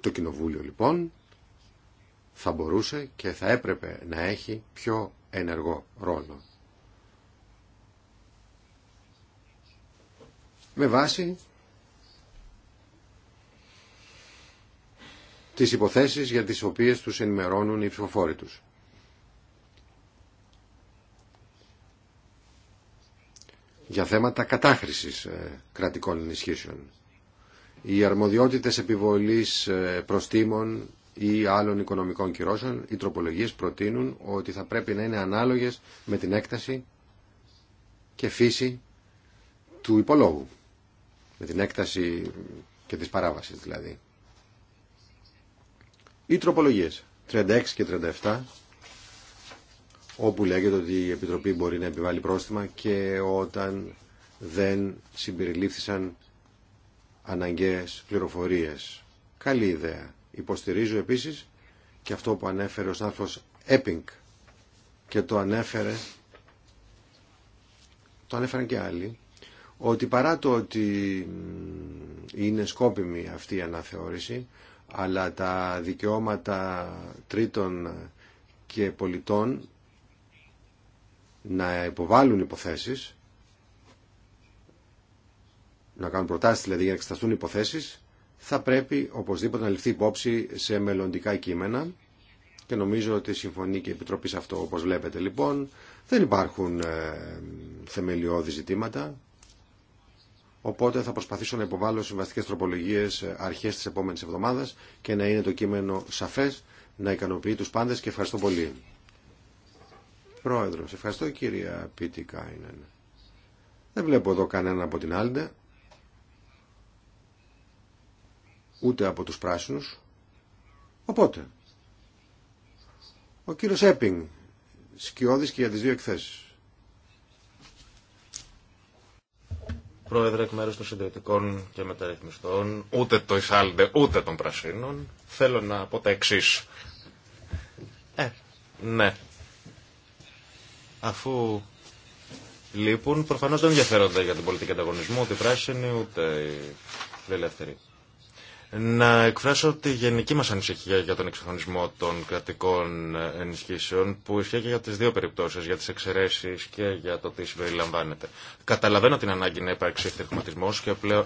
Το Κοινοβούλιο λοιπόν θα μπορούσε και θα έπρεπε να έχει πιο ενεργό ρόλο. με βάση τις υποθέσεις για τις οποίες τους ενημερώνουν οι ψηφοφόροι τους. για θέματα κατάχρησης ε, κρατικών ενισχύσεων. Οι αρμοδιότητες επιβολής ε, προστήμων ή άλλων οικονομικών κυρώσεων, οι τροπολογίες προτείνουν ότι θα πρέπει να είναι ανάλογες με την έκταση και φύση του υπολόγου με την έκταση και της παράβασης δηλαδή. Οι τροπολογίες 36 και 37 όπου λέγεται ότι η Επιτροπή μπορεί να επιβάλλει πρόστιμα και όταν δεν συμπεριλήφθησαν αναγκαίες πληροφορίες. Καλή ιδέα. Υποστηρίζω επίσης και αυτό που ανέφερε ο συνάδελφος Έπινγκ και το ανέφερε το ανέφεραν και άλλοι ότι παρά το ότι είναι σκόπιμη αυτή η αναθεώρηση, αλλά τα δικαιώματα τρίτων και πολιτών να υποβάλουν υποθέσεις, να κάνουν προτάσεις δηλαδή για να εξεταστούν υποθέσεις, θα πρέπει οπωσδήποτε να ληφθεί υπόψη σε μελλοντικά κείμενα και νομίζω ότι συμφωνεί και η Επιτροπή σε αυτό όπως βλέπετε λοιπόν. Δεν υπάρχουν ε, θεμελιώδη ζητήματα Οπότε θα προσπαθήσω να υποβάλω συμβαστικέ τροπολογίες ε, αρχέ τη επόμενη εβδομάδας και να είναι το κείμενο σαφές, να ικανοποιεί του πάντε και ευχαριστώ πολύ. Πρόεδρος, ευχαριστώ κυρία Πίτη Κάινεν. Δεν βλέπω εδώ κανέναν από την Άλντε, ούτε από τους πράσινους. Οπότε, ο κύριος Έπινγκ, σκιώδης και για τις δύο εκθέσεις. Πρόεδρε, εκ μέρου των συντηρητικών και μεταρρυθμιστών, ούτε το Ισάλντε, ούτε των Πρασίνων, θέλω να πω τα εξή. Ε, ναι. Αφού λείπουν, προφανώ δεν ενδιαφέρονται για την πολιτική ανταγωνισμού, ούτε οι πράσινοι, ούτε οι ελεύθεροι να εκφράσω τη γενική μας ανησυχία για τον εξαφανισμό των κρατικών ενισχύσεων που ισχύει και για τις δύο περιπτώσεις, για τις εξαιρέσεις και για το τι συμπεριλαμβάνεται. Καταλαβαίνω την ανάγκη να υπάρξει ευθυγραμμισμός και, πλέον,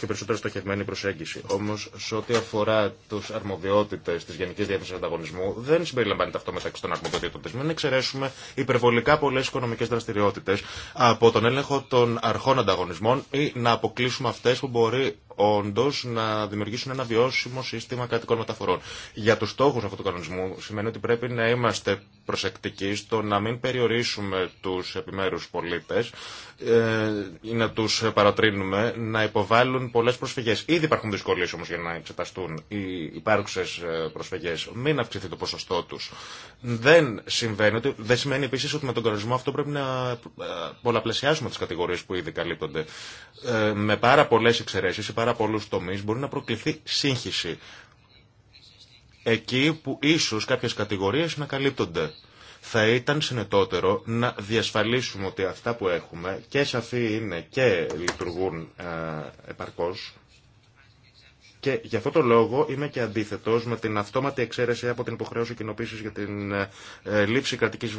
και περισσότερο στοχευμένη προσέγγιση. Όμως σε ό,τι αφορά τους αρμοδιότητες της Γενικής Διεύθυνσης Ανταγωνισμού δεν συμπεριλαμβάνεται αυτό μεταξύ των αρμοδιότητων της. Μην εξαιρέσουμε υπερβολικά πολλές οικονομικές δραστηριότητες από τον έλεγχο των αρχών ανταγωνισμών ή να αποκλείσουμε αυτές που μπορεί όντω να δημιουργήσουν ένα βιώσιμο σύστημα κρατικών μεταφορών. Για του στόχου αυτού του κανονισμού σημαίνει ότι πρέπει να είμαστε προσεκτικοί στο να μην περιορίσουμε του επιμέρου πολίτε ε, ή να του παρατρύνουμε να υποβάλουν πολλέ προσφυγέ. Ήδη υπάρχουν δυσκολίε όμω για να εξεταστούν οι υπάρξε προσφυγέ. Μην αυξηθεί το ποσοστό του. Δεν, συμβαίνει, δεν σημαίνει επίση ότι με τον κανονισμό αυτό πρέπει να ε, πολλαπλασιάσουμε τι κατηγορίε που ήδη καλύπτονται. Ε, με πάρα πολλέ εξαιρέσει πάρα πολλού τομεί μπορεί να προκληθεί σύγχυση. Εκεί που ίσω κάποιε κατηγορίε να καλύπτονται. Θα ήταν συνετότερο να διασφαλίσουμε ότι αυτά που έχουμε και σαφή είναι και λειτουργούν ε, επαρκώς και γι' αυτό το λόγο είμαι και αντίθετο με την αυτόματη εξαίρεση από την υποχρέωση κοινοποίηση για την ε, λήψη κρατική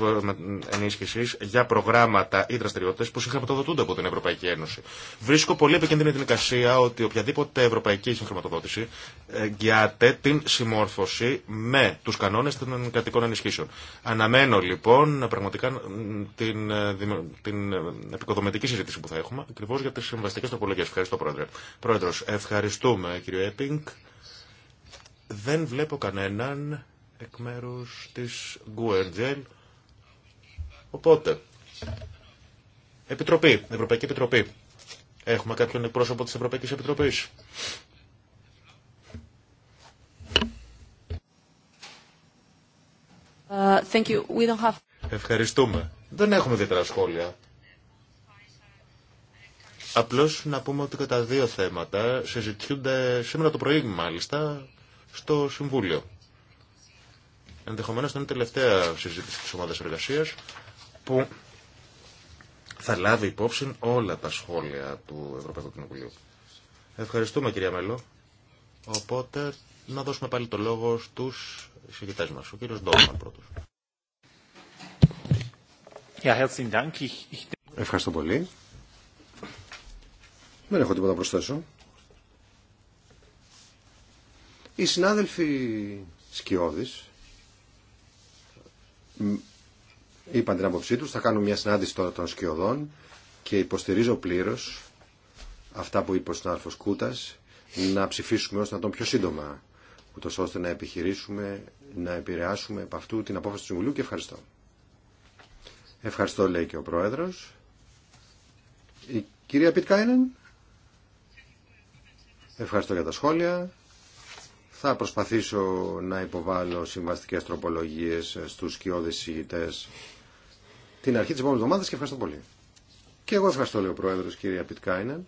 ενίσχυση για προγράμματα ή δραστηριότητε που συγχρηματοδοτούνται από την Ευρωπαϊκή Ένωση. Βρίσκω πολύ επικίνδυνη την εικασία ότι οποιαδήποτε ευρωπαϊκή συγχρηματοδότηση εγγυάται την συμμόρφωση με του κανόνε των κρατικών ενισχύσεων. Αναμένω λοιπόν πραγματικά την, ε, την ε, επικοδομητική συζήτηση που θα έχουμε ακριβώ για τι συμβαστικέ τοπολογίε. Ευχαριστώ, Πρόεδρε. Πρόεδρο, ευχαριστούμε, κύριε δεν βλέπω κανέναν εκ μέρους της Γκουερτζέλ. Οπότε, Επιτροπή, Ευρωπαϊκή Επιτροπή. Έχουμε κάποιον εκπρόσωπο της Ευρωπαϊκής Επιτροπής. Uh, thank you. We don't have... Ευχαριστούμε. Δεν έχουμε ιδιαίτερα σχόλια. Απλώς να πούμε ότι και τα δύο θέματα συζητιούνται σήμερα το πρωί μάλιστα στο Συμβούλιο. Ενδεχομένως να είναι τελευταία συζήτηση της ομάδας εργασίας που θα λάβει υπόψη όλα τα σχόλια του Ευρωπαϊκού Κοινοβουλίου. Ευχαριστούμε κυρία Μέλο. Οπότε να δώσουμε πάλι το λόγο στους συγκεκριτές μας. Ο κύριος Ντόρμαν πρώτος. Ευχαριστώ πολύ. Δεν έχω τίποτα να προσθέσω. Οι συνάδελφοι Σκιώδης είπαν την άποψή τους, θα κάνουν μια συνάντηση τώρα των Σκιωδών και υποστηρίζω πλήρως αυτά που είπε ο συνάδελφος Κούτας να ψηφίσουμε ώστε να τον πιο σύντομα ούτως ώστε να επιχειρήσουμε να επηρεάσουμε από αυτού την απόφαση του Συμβουλίου και ευχαριστώ. Ευχαριστώ λέει και ο Πρόεδρος. Η κυρία Πιτκάινεν. Ευχαριστώ για τα σχόλια. Θα προσπαθήσω να υποβάλω συμβαστικές τροπολογίες στους σκιώδες συγητές την αρχή της επόμενης εβδομάδας και ευχαριστώ πολύ. Και εγώ ευχαριστώ, λέει ο Πρόεδρος, κύριε Πιτκάινεν.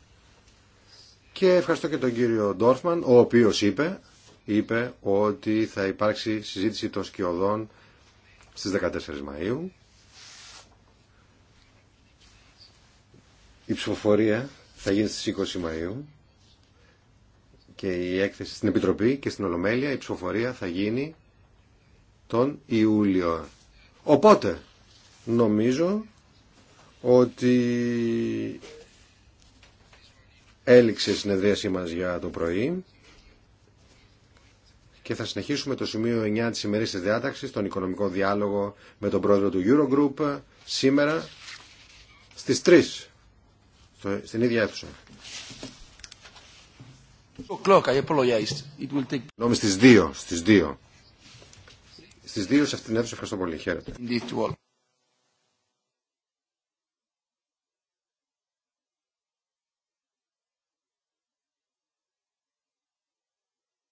Και ευχαριστώ και τον κύριο Ντόρφμαν, ο οποίος είπε, είπε ότι θα υπάρξει συζήτηση των σκιωδών στις 14 Μαΐου. Η ψηφοφορία θα γίνει στις 20 Μαΐου και η έκθεση στην Επιτροπή και στην Ολομέλεια η ψηφοφορία θα γίνει τον Ιούλιο. Οπότε νομίζω ότι έληξε η συνεδρίασή μας για το πρωί και θα συνεχίσουμε το σημείο 9 της ημερής της διάταξης, τον οικονομικό διάλογο με τον πρόεδρο του Eurogroup, σήμερα στις 3, στην ίδια αίθουσα. Νόμι στις 2, στις 2. Στις 2 σε αυτήν την αίθουσα. Ευχαριστώ πολύ. Χαίρετε.